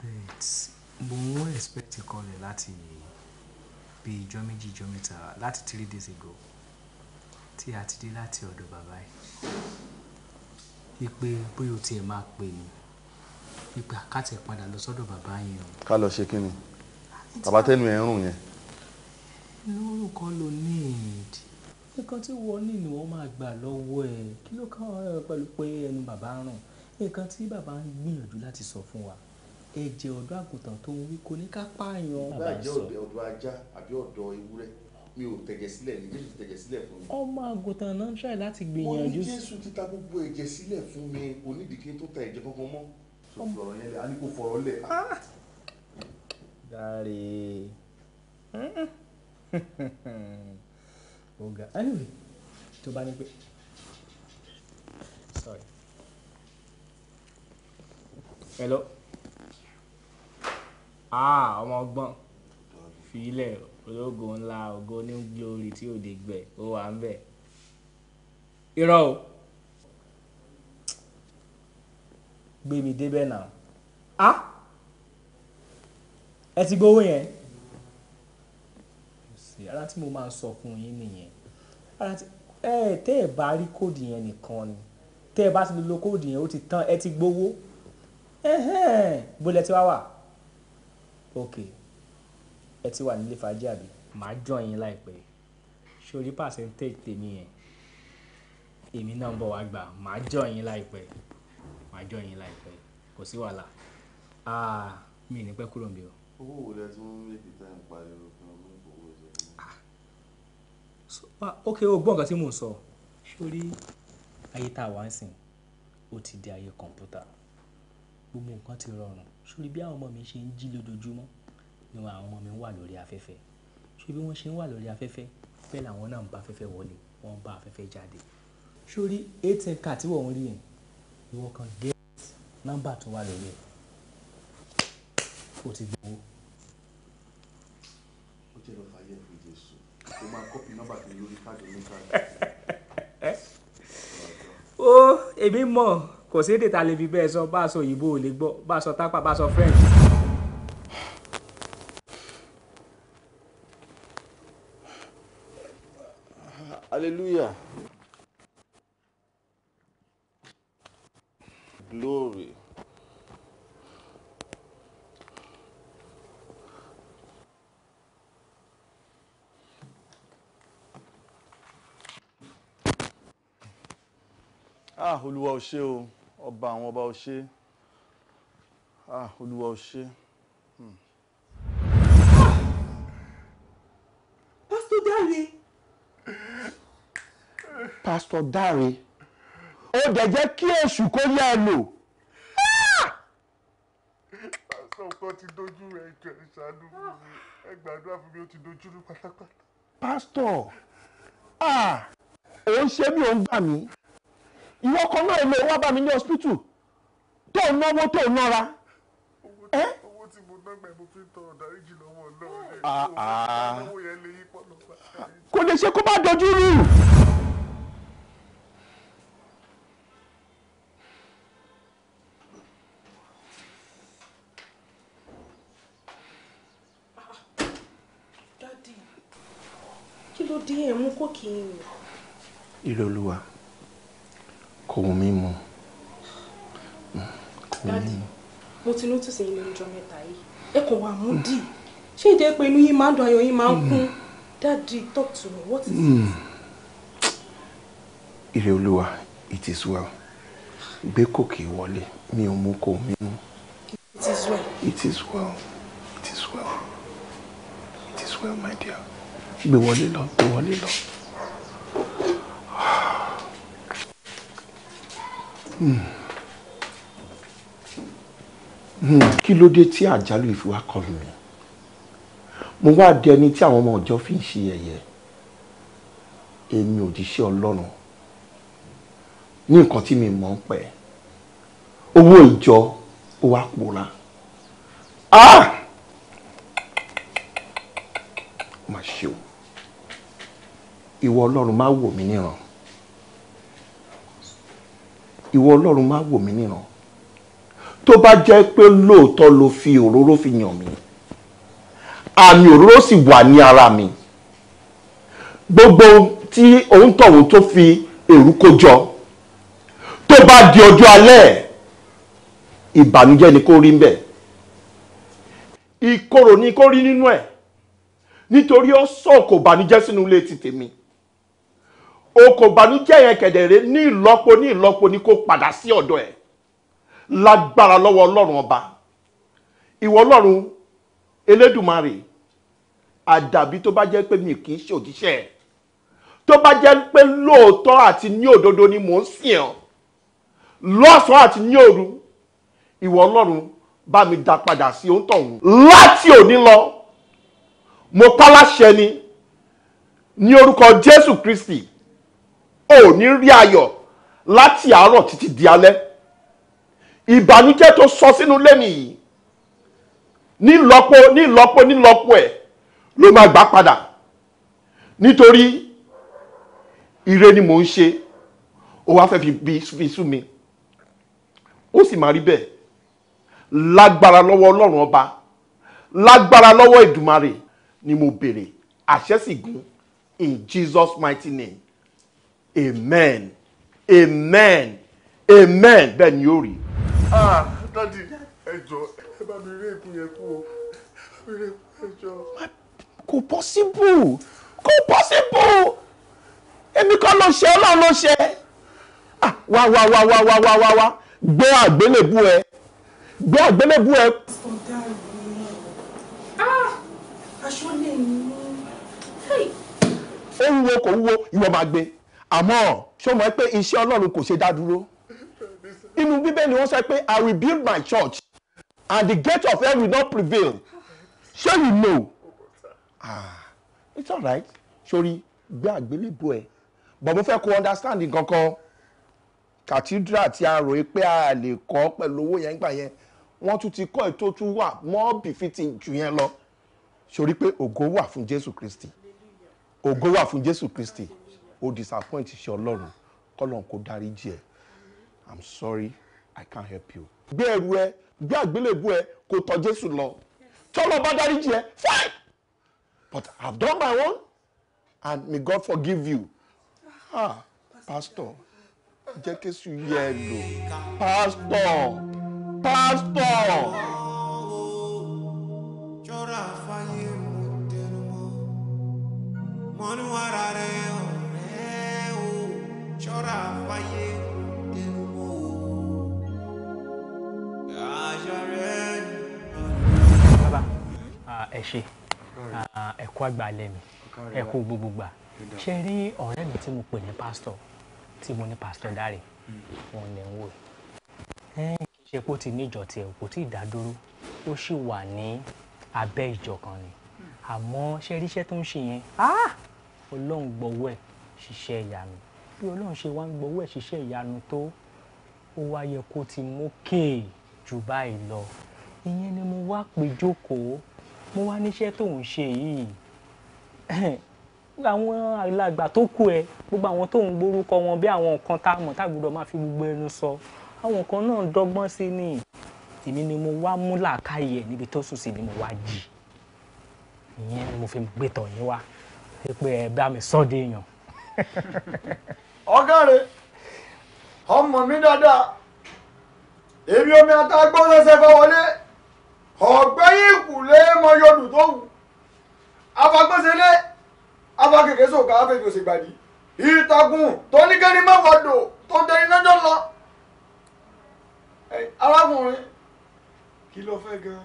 Speaker 4: but mo ń expect call láti bí ijọ́ méjì ijọ́ mẹ́ta láti three days ago tí a ti dé láti ọ̀dọ̀ bàbá yìí. Wípé bóyá o tiẹ̀ máa pè mí pípé àkàtì padà lọ sọ́dọ̀ bàbá yẹn o.
Speaker 2: ká lọ ṣe kí ni bàbá tẹnu ẹ ń rùn yẹn. lóòrùn kan ló need nǹkan tí wọ́n ní ni wọ́n máa gbà lọ́wọ́ ẹ̀ kí ló kàn án pẹ̀lú pé ẹnu bàbá ń rùn nǹkan tí bàbá ń gbìyànjú láti sọ fún wa ẹ̀jẹ̀ ọ̀dọ́ àgùntàn tó ń wí kò ní ká pààyàn. bàbá jẹ́ ọ̀dọ́ ajá àbí ọ̀dọ́ ewúrẹ́ mi ò tẹ̀jẹ̀ sílẹ̀ ní jésù tẹ̀jẹ̀ sílẹ̀ fún mi. ọmọ àgùntàn náà ń ṣàì láti gbìyànjú. wọ́n ní jésù ti ta gbogbo ẹ̀jẹ̀ sílẹ̀ fún mi kò nídìí kí n tó ta ẹ̀jẹ̀ kankan mọ́ kò fọ̀rọ̀ yẹn lẹ̀ a ní kò fọ̀rọ̀ lẹ̀. dáre ah. ọ̀gá anyway tó bá ní pé sorry hello ah ọmọ ọgbọ́n fìlẹ̀ ológo ńlá ògo ní glory tí ò lè gbẹ ó wà ń bẹ̀ irọ́ o. gbé mi débẹ̀ náà á ah! ẹ ti gbowó yẹn ara tí mo máa sọ fún yín nìyẹn ara tí ẹ tẹ́ ẹ bá rí kóòdù yẹn nìkan ni tẹ́ ẹ bá ti lo kóòdù yẹn ó ti tán ẹ ti gbowó bólẹ̀ tí wá wà ok ẹ ti wà nílé fàájì àbí
Speaker 4: màá jọ yín láìpẹ́ sórí percentage tèmi yẹn èmi náà ń bọ̀ wá gbà màá jọ yín láìpẹ́ máa jọ yín kò sí wàhálà mi ní pẹ́ kúrò níbí o.
Speaker 2: owó wo lẹ tún méjì tá ń pariwo fún ọmọ ìfowó ìjọba. Ah, ah, ok o gbọ́ nǹkan tí mò ń sọ sórí ayé tá a wá ń sìn ó ti di ayé kọ̀ǹpútà gbogbo nǹkan ti rọrùn sórí bí àwọn ọmọ mi ṣe ń jí lójoojúmọ́ ni àwọn ọmọ mi wà lórí afẹ́fẹ́ ṣé bí wọ́n ṣe ń wà lórí afẹ́fẹ́ bẹ́ẹ̀ làwọn náà ń bá afẹ́fẹ́ wọlé wọ́n ń bá afẹ́fẹ́ jáde sórí atm card tí wọ́n ń rí yẹn ìwọ kan get nọ́mbà tó wà lórí ẹ̀ o ti gbowó. ó jẹ́ lọ fàyè fún jésù ó máa kọ́pì nọ́mbà tó lórí káàdì ní káàdì. ó èmi mọ̀ kò sí èdè ta lè fi bẹ́ẹ̀ sọ bá a sọ òyìnbó ò lè gbọ́ bá a sọ tápà bá a sọ french. hallelujah. glory. ah olúwa o ṣé o ọba àwọn ọba o ṣé ah olúwa o ṣé. Hmm. Pastor Dare. Pastor Dare ó dẹ̀ jẹ́ kí èṣù kó yá ẹ lò. pásítọ̀ kan ti dojú rẹ̀ ìjọ ìṣàánú mi ẹ gbàdúrà fún mi ó ti dojú rú pátápátá. pásítọ̀ ò ń ṣe mí ò ń gbà mí ìwọ kan náà lè wá bá mi ní hospital tó ń náwó tó ń nára. owó tí mo ná gbà fi ń tọrọ dáríjì lọ́wọ́ ọlọ́run ẹ̀ kó lè ṣe kó bá dojú rú. di ẹ̀ mú kókì yín o. ìrẹ́ olúwa kò wù mí mu. dádì
Speaker 3: mo ti nótù sí ilé ọjọ́ mẹ́ta yìí ẹ kò wà mú dì ṣé ìdẹ́ pé inú yín máa ń dùn ayọ̀ yín máa ń kún
Speaker 2: dádì talk to me what is it. ìrẹ́ hmm. olúwa it is well gbé kókì wọlé mi ò mú kò mí mu. it is well. it is well. it is well. it is well my dear gbé wọlé lọ gbé wọlé lọ. Hmm. Hmm. kí ló dé tí àjálù ìfiwá kọlù mi mo wá di ẹni tí àwọn ọmọ ọjọ́ fi ń ṣe yẹ̀yẹ́ èmi òjíṣẹ́ ọlọ́run ní nǹkan tí mi mọ̀ ń pẹ́ owó ìjọ ó wá pòórá. Ah! ìwọ ọlọ́run má wò mí níran ìwọ ọlọ́run má wò mí níran tó bá jẹ́ pé lóòótọ́ ló fi òróró fi yàn mí àmì òróró sì wà ní ara mi gbogbo tí òun tọ̀hún tó fi èrú kó jọ tó bá di ọjọ́ alẹ́ ìbànújẹ́ ni kó rí ń ìkorò ni kó rí nínú ẹ̀ nítorí ó sọ̀kò bànújẹ́ sínú ilé ti tèmi okò ìbànújẹ́ yẹn kẹ̀dẹ̀rẹ́ ní ìlọ́po ní ìlọ́po ni kó padà sí ọ̀dọ̀ ẹ̀ lágbára lọ́wọ́ ọlọ́run ọba ìwọ ọlọ́run elédùmarè àdàbí tó bá jẹ́ pé mi kì í ṣe òjíṣẹ́ ẹ̀ tó bá jẹ́ pé lóòótọ́ àti ní òdodo ni mò ń sìn ọ́ lọ́sàn-án àti ní òru ìwọ ọlọ́run bá mi dá padà sí òǹtọ̀hún láti òní lọ mo pa láṣẹ ni ní orúkọ jésù kristi ò ní rí ayọ̀ láti àárọ̀ títí di alẹ́ ìbànújẹ́ tó sọ sínú lẹ́nu yìí nílọ́po nílọ́po nílọ́po ẹ̀ ló máa gbà padà nítorí ire ni mò ń ṣe ó wá fẹ́ fi sú mi ó sì máa rí bẹ́ẹ̀ lágbára lọ́wọ́ ọlọ́run ọba lágbára lọ́wọ́ ìdùmarè ni mo béèrè àṣẹ sì gún in Jesus mighty name amen amen amen bẹ́ẹ̀ ni yóò rí. Ah, dadi ẹjọ ẹ bá mi rí èkú yẹn kú o mi rí ẹjọ. kò possible kò possible èmi kọ́ ló ṣe ọlọ́run ló ṣe ah, wá wá wá wá wá wá wá wá gbé àgbélébú ẹ gbé àgbélébú ẹ. Ah, ó ń wo kò ń wo ìwọ máa gbé àmọ́ ṣó mọ̀ pé iṣẹ́ ọlọ́run kò ṣe dá dúró inú bíbélì wọ́n sọ pé i will build my church and the gate of hell will not prevail ṣé you know ah it's alright sori gbé àgbélébù ẹ but mo fẹ́ kó understand nǹkan kan cathedral tí a rò pé a lè kọ́ pẹ̀lú owó yẹn gbà yẹn wọ́n tún ti kọ́ ètò tún wà mọ́ befitting jù yẹn lọ sori pé ògo wà fún Jésù Kristi ògo wà fún Jésù Kristi o disappoint ṣe ọlọ́run kọ́lọ́n kò dáríjì ẹ̀ i'm sorry i can't help you. gbé ẹrù ẹ gbé àgbélébù ẹ kò tọ̀ jésù lọ tọ́lọ́ bá dáríjì ẹ fine but i've done my own and may god forgive you ah pastor jẹ́ kí èsù yẹ ẹ lò pastor pastor.
Speaker 3: Money, what I
Speaker 2: ẹ ṣe ah, ẹ kú àgbàlẹ̀ mi ẹ kú gbogbo gbà ṣe rí ọ̀rẹ́ mi tí mo pè ní pásítọ̀ tí mo ní pásítọ̀ Dáre wọn hmm. lè ń wò ẹ kì í ṣe kó ti níjọ tiẹ̀ kò tí ì dá dúró ó sì wà ní abẹ́ ìjọ kan ni hmm. àmọ́ ṣe rí iṣẹ́ tó ń ṣe yẹn Ọlọ́run gbọ́wọ́ ẹ̀ ṣiṣẹ́ ìyanu bí Ọlọ́run ṣe wá ń gbọ́wọ́ ẹ̀ ṣiṣẹ́ ìyanu tó ó wá kó ti mókè jù báyìí lọ ìyẹn ni mo wá pè jókòó mo wá níṣẹ́ tó ń ṣe yìí àwọn alàgbà tó kú ẹ gbogbo àwọn tó ń gbórúkọ wọn bí àwọn nǹkan tá a mọ̀ tágbọ́dọ̀ máa fi gbogbo ẹnu sọ àwọn nǹkan náà dọ́gbọ́n sí ni èmi ni mo wá mú làákàyè ẹ níbi tó sùn sí ni mo wá jì ìyẹn ni mo fi gbé yín wá pé ẹ bá mi sọ́ de èèyàn. ọ̀gá
Speaker 1: ọmọ mi dáadáa èmi omi àtàgbọ́n lọ́sẹ̀ fọwọ́lé ọgbà ìkùlé mọ yọdù tó wù afagbésẹlẹ afakèké sòkà afẹjọsẹ gbàdí ìtàkùn tóníkẹni mẹwàá dò tó ń tẹni lọjọ lọ arákùnrin kí ló fẹ́ gan.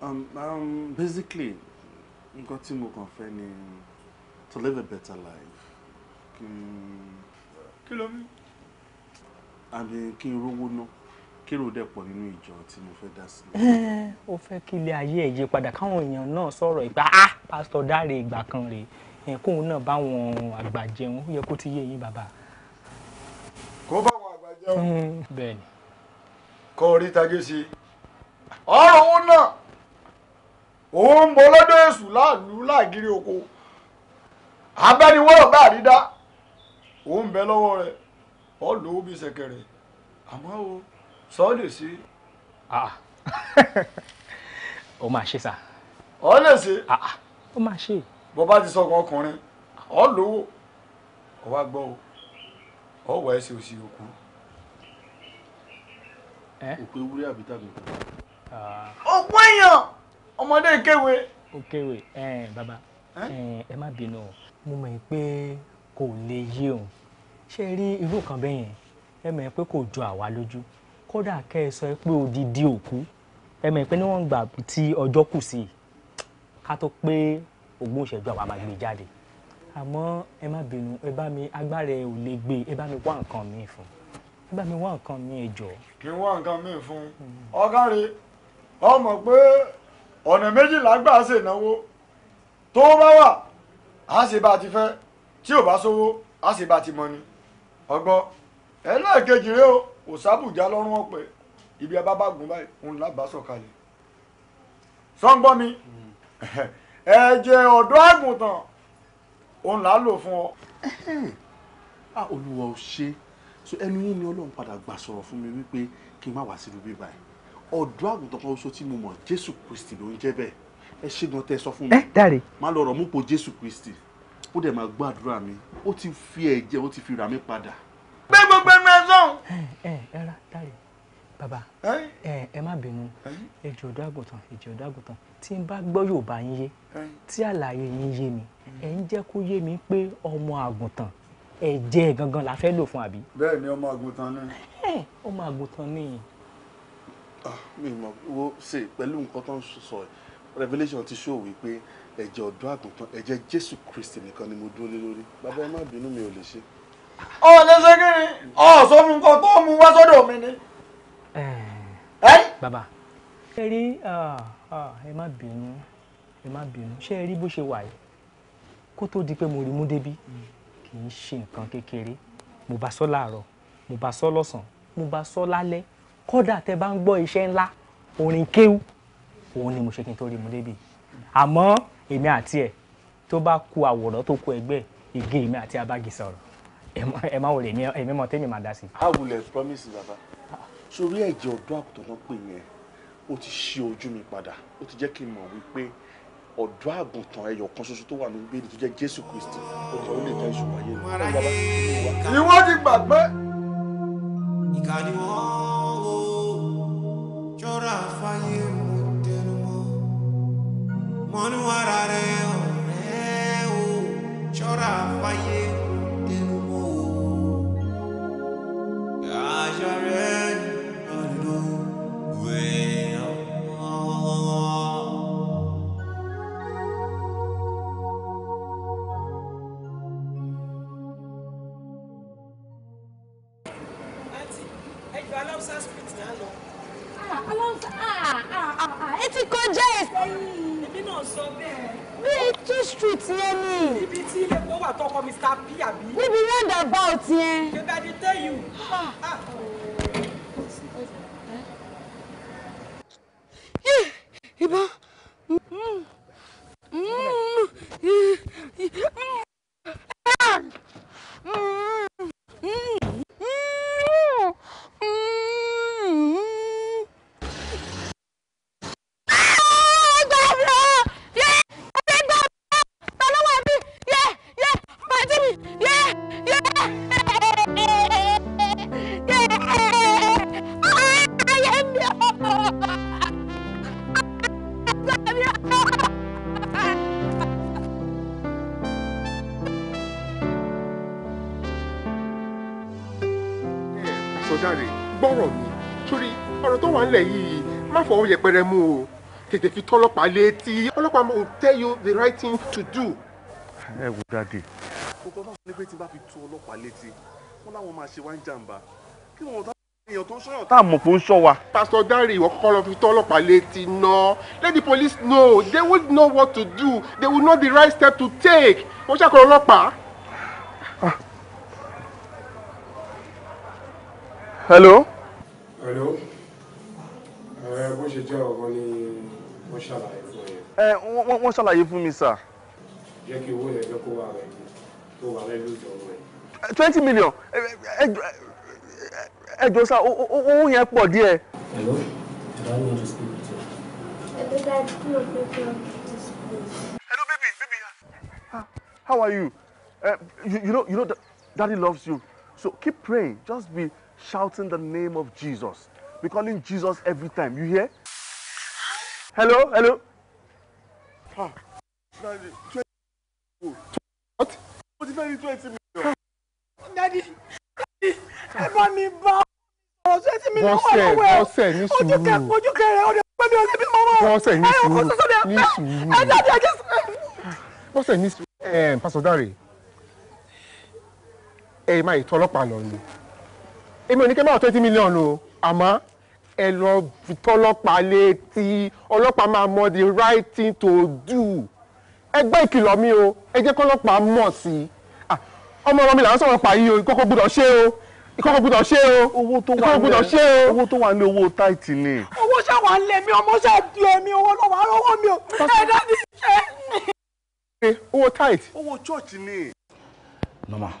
Speaker 2: Um, um, basically, nǹkan tí mo kàn fẹ́ ni to live a better life. Kí ló mú? and eh, kí n rówó ná kérò dẹ̀ pọ̀ nínú ìjọ tí mo fẹ́ dá sí. ó fẹ́ kí ilé ayé ẹ̀ yí padà káwọn èèyàn náà sọ̀rọ̀ ìgbà ah, ah pásítọ̀ Dáre ìgbà kan rè é kóun náà bá wọn àgbà jẹun ó yẹ kó ti yé yín bàbá. kó bá wọn àgbà jẹun. bẹ́ẹ̀ni. kó
Speaker 1: orí tajé ṣe ọ̀rọ̀ òun náà òun ń bọ lọ́dọ̀ èṣù láàlú láàgiri oko abẹ́niwọ̀n bá rí òun bẹ lọ́wọ́ rẹ̀ ọ lówó bíi ṣẹ̀kẹ̀rẹ̀ àmọ́ o sọ ọ lè ṣe. Ah, ah.
Speaker 4: ó máa ṣe sà.
Speaker 1: ọ lè ṣe. Ah, ó máa ṣe. bó bá ti sọkàn ọkùnrin ọ lówó ọ wá gbọ́ o
Speaker 2: ọ wà ẹ ṣe òsì òkú. òkú ewúrẹ́ àbí tàbí òkú. òkú èèyàn ọmọdé kéwe. o kéwe bàbá ẹ má bínú mo mọ̀ pé kò lè yé òun ṣe rí irú kan bẹ́ẹ̀ yẹn ẹ mọ̀ pé kò jọ àwa lójú kódà kẹ́ ẹ sọ pé odidi òkú ẹ mọ̀ pé níwọ̀n gbà tí ọjọ́ kù sí i ká tó pé ogún ìṣẹ́jú àwa máa gbé e jáde
Speaker 4: àmọ́ ẹ má bínú ẹ bá mi agbára ẹ ò lè gbé e. ẹ bá mi wá nǹkan mi fún ẹ bá mi wá nǹkan mi ẹ jọ.
Speaker 2: kì í wá nǹkan mi
Speaker 1: fún hmm. ọ̀gáre ọmọ pé ọ̀nà méjìlá gbà ṣe náwó tó bá wà á ṣe bá ti fẹ́ tí ò bá sówó á ṣe bá ti mọ ni ọgbọ́ ẹlẹ́ẹ̀kejì rẹ o òsàbùjá lọ́rùn ọ̀pẹ ibi abábàgùn báyìí òun lábà sọ̀kalẹ̀ sọ́ngbọ́n mi hmm.
Speaker 2: ẹ̀jẹ̀ ọ̀dọ́ àgùntàn òun là á lò fún ọ. olúwa ò ṣe so ẹnu yín ni ọlọ́run padà gbà sọ̀rọ̀ fún mi wípé kí n má wá sílùú bíbá ẹ̀ ọ̀dọ́ àgùntàn kan ṣoṣo tí mo mọ̀ jésù kristi ló ń jẹ́ bẹ́ẹ̀ ẹ ṣé gan tẹ́ sọ fún mi má lọ rọ̀ mú po jésù kristi kó dẹ̀ máa gbàdúrà mi ó ti fi ẹ̀jẹ̀ ó ti fi rà mí padà. gbé gbogbo ẹnu ẹ sọ̀hún. ẹ ẹ ẹ ra dáre bàbá ẹ ẹ má bínú ẹjọ ọdọ àgùntàn ẹjọ ọdọ àgùntàn tí n bá gbọ́ Yorùbá yín yé tí àlàyé yín yé mi ẹ ń jẹ́ kó yé mi pé ọmọ àgùntàn ẹ̀jẹ̀ gangan la fẹ́ lò fún àbí. bẹ́ẹ̀ ni ọmọ àgùntàn ni. ọmọ àgùntàn ni. Ah, mi ò mọ̀ wo ṣe pẹ̀lú nǹkan tó ń sọ revelation ti show wípé ẹ̀jẹ̀ ọ̀dọ́ àgùntàn ẹ̀jẹ̀ jésù kristi nìkan ni mo dúró lé lórí bàbá ẹ má bínú mi ò lè ṣe.
Speaker 1: ọ lè ṣe kí ni ọ sọ fún nǹkan tó mú wá sọ́dọ̀ mi ni.
Speaker 2: bàbá ṣe rí ẹ má bínú ẹ má bínú ṣe rí bó ṣe wà yìí kó tó di pé mo rí mú débí kì í ṣe nǹkan kékeré mo bá sọ láàárọ̀ mo bá sọ lọ́sàn mo bá sọ lálẹ́ kódà tẹ bá ń gbọ́ iṣẹ́ ńlá orin kéwú òun ni mo ṣe kí n tó rí mu débi àmọ́ èmi àti ẹ̀ tó bá ku àwòrán tó ku ẹgbẹ́ ìgé èmi àti abági sọ̀rọ̀ ẹ má wọlé èmi mọ tẹ́mi máa dá sí. a wulẹ̀ promise bàbá sórí ẹ̀jẹ̀ ọ̀dọ́ àgùntàn náà pè yẹn ó ti ṣí ojú mi padà ó ti jẹ́ kí n mọ̀ wípé ọ̀dọ́ àgùntàn ẹyọ kan ṣoṣo tó wà ní bíbélì tó jẹ́ jésù kristi ọ̀dọ́ ó lè ta ìṣòro ayé
Speaker 1: ìwọ ti gbàgbé.
Speaker 2: ìkànnì wọn ò
Speaker 1: jọra fáyé wọ́n ní wọ́n ara
Speaker 3: rẹ̀ ọ̀rẹ́ o ṣọ́ra fáyé dẹnu
Speaker 2: tètè fi tọ́lọ́pàá létí ọlọ́pàá mo tell you the right thing to do. ẹ wo dáadé. gbogbo ọlọ́run ní pé tí n bá fi tó ọlọ́pàá létí wọ́n láwọn máa ṣe wá ń jàǹbá kí wọ́n tó èèyàn tó ń ṣọ́yàn tá a mọ̀ pé ó ń ṣọ́ wa. pásítọ̀ dárì ìwọ kọ́ fi tọ́ ọlọ́pàá létí ná let the police know they would know what to do they would know the right step to take wọ́n ṣàkóso ọlọ́pàá.
Speaker 1: hello. hello. ẹ bó ṣe jẹ́ ọ̀gbọ́n ni wọ́n ṣàlàyé fún yẹn.
Speaker 2: ẹ wọ́n wọ́n ṣàlàyé fún mi sà.
Speaker 1: jẹ́ kí owó yẹn jẹ́ kó wà rẹ̀ tó wà rẹ̀ lóòótọ́ rẹ̀.
Speaker 2: twenty million ẹ jọ sá owó yẹn pọ̀ díẹ̀. hello do I need to speak with you. hello dad no thank you. hello baby baby ah, how are you? Uh, you you know you know daddy loves you so keep praying just be shouting the name of Jesus be calling Jesus every time you hear hello hello. What? what? if I need ní twenty million. daddy, dadi ẹ bá mi bá ọ̀rọ̀ twenty million wà lọ́wọ́ ẹ ojú kẹ ojú kẹ rẹ ọdẹ pẹ́ mi ọdẹ bí mo wọ̀ ọ́ ẹ ọkọ̀ sọ́sọ́ dẹ ẹ dadi ẹ jẹ́ bọ́sẹ̀ ní sùúrù pásọ̀ dáre ẹ máa ètò ọlọ́pàá lọ ni èmi ò ní kẹ́ máa twenty million o àmọ́ ẹ lọ tọ́lọ́pàá létí ọlọ́pàá máa mọ the right thing to do ẹ gbọ́ ìkìlọ̀ mi o ẹ jẹ́ kọ́lọ́pàá mọ̀ sí i ọmọ ọmọ mi làwọn sọ̀rọ̀ pa yìí o ìkọ́kọ́ gbọ́dọ̀ ṣe o ìkọ́kọ́ gbọ́dọ̀ ṣe o owó tó wà ní owó tó wà ní owó táìtì ni. owó ṣàwà ń lẹ̀ mí ọmọ ṣàdí ẹ̀mí owó lọ́wọ́ arọ́wọ́ mi o ẹ̀ dábì ṣe. Eh, owó táìtì. owó chọ́ọ̀chì ni. normal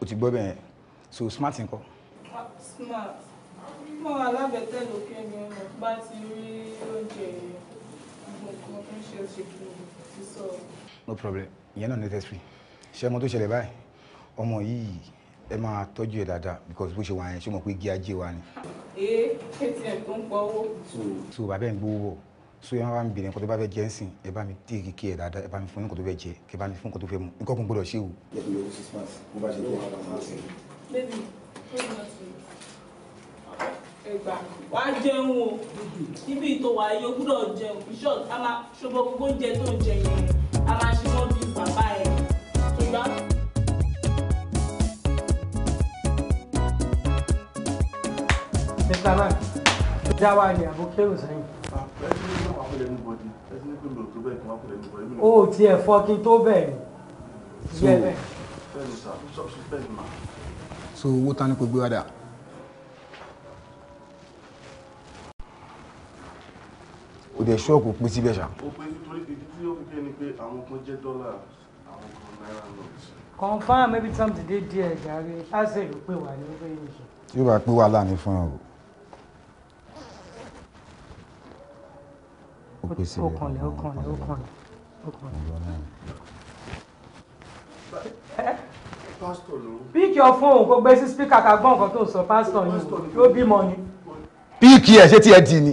Speaker 2: o ti gbọ́ bẹ́ẹ̀ so smart nǹkan. smart mọ alábẹ̀tẹ̀ lókè ni bá ti rí oúnjẹ nǹkan tó ń ṣe ṣe kí n ti sọ. no problem ìyẹn náà necessary ṣé ọmọ tó ṣẹlẹ̀ báyìí ọmọ yìí ẹ máa tọ́jú ẹ̀ dáadáa because bó ṣe wà yẹn ṣé mo pé gí ajé wa ni.
Speaker 4: ee atm tó ń pọ owó.
Speaker 2: so bàbá ẹ̀ ń gbowó wọ̀ so yẹn wá ń bèrè nǹkan tó bá fẹ́ jẹ́ ńsìn ẹ bá mi tèèrè kí ẹ dáadáa ẹ bá mi fún nǹkan tó fẹ́ jẹ kẹ bá mi fún nǹkan tó fẹ́ mu nǹkan kan gbọ́dọ̀ ṣe o. yẹ kí o yọ six months bó bá ṣe jẹ́ ọ̀rọ̀ àwọn àṣẹ. bébì ó yọ sí i ẹgbà wà á jẹun o níbi ìtò wà yóò gbúdọ̀ jẹun bishop a máa ṣọbọ gbogbo oúnjẹ tó jẹ
Speaker 3: yẹn a máa ṣe wọ́n bí bàbá ẹ̀ tó gbá.
Speaker 1: mr man ìjà wa ni àbókẹ́rù sẹ́yìn ah, o ti ẹ kí n tó bẹ́ẹ̀ ni.
Speaker 2: so owó ta ni kò gbé wá dà. o dẹ̀ ṣọ́ọ̀kù pín síbẹ̀ ṣá. ó pé nítorí ìdí tí ó fi jẹ́ pé àwọn kan jẹ́ dọ́là àwọn kan náírà Pick your phone kó gbé sí speaker ká gbọ́ nǹkan tó sọ pásítọ̀ yìí ó bímọ ni. Píìkì ẹ̀ ṣé tí ẹ dì ni?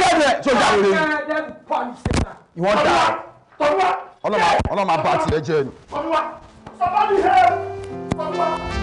Speaker 2: hundred naira tó yà wèrè yìí ìwọ dà my ọlọ́mà bá tiẹ̀ jẹ́ ni.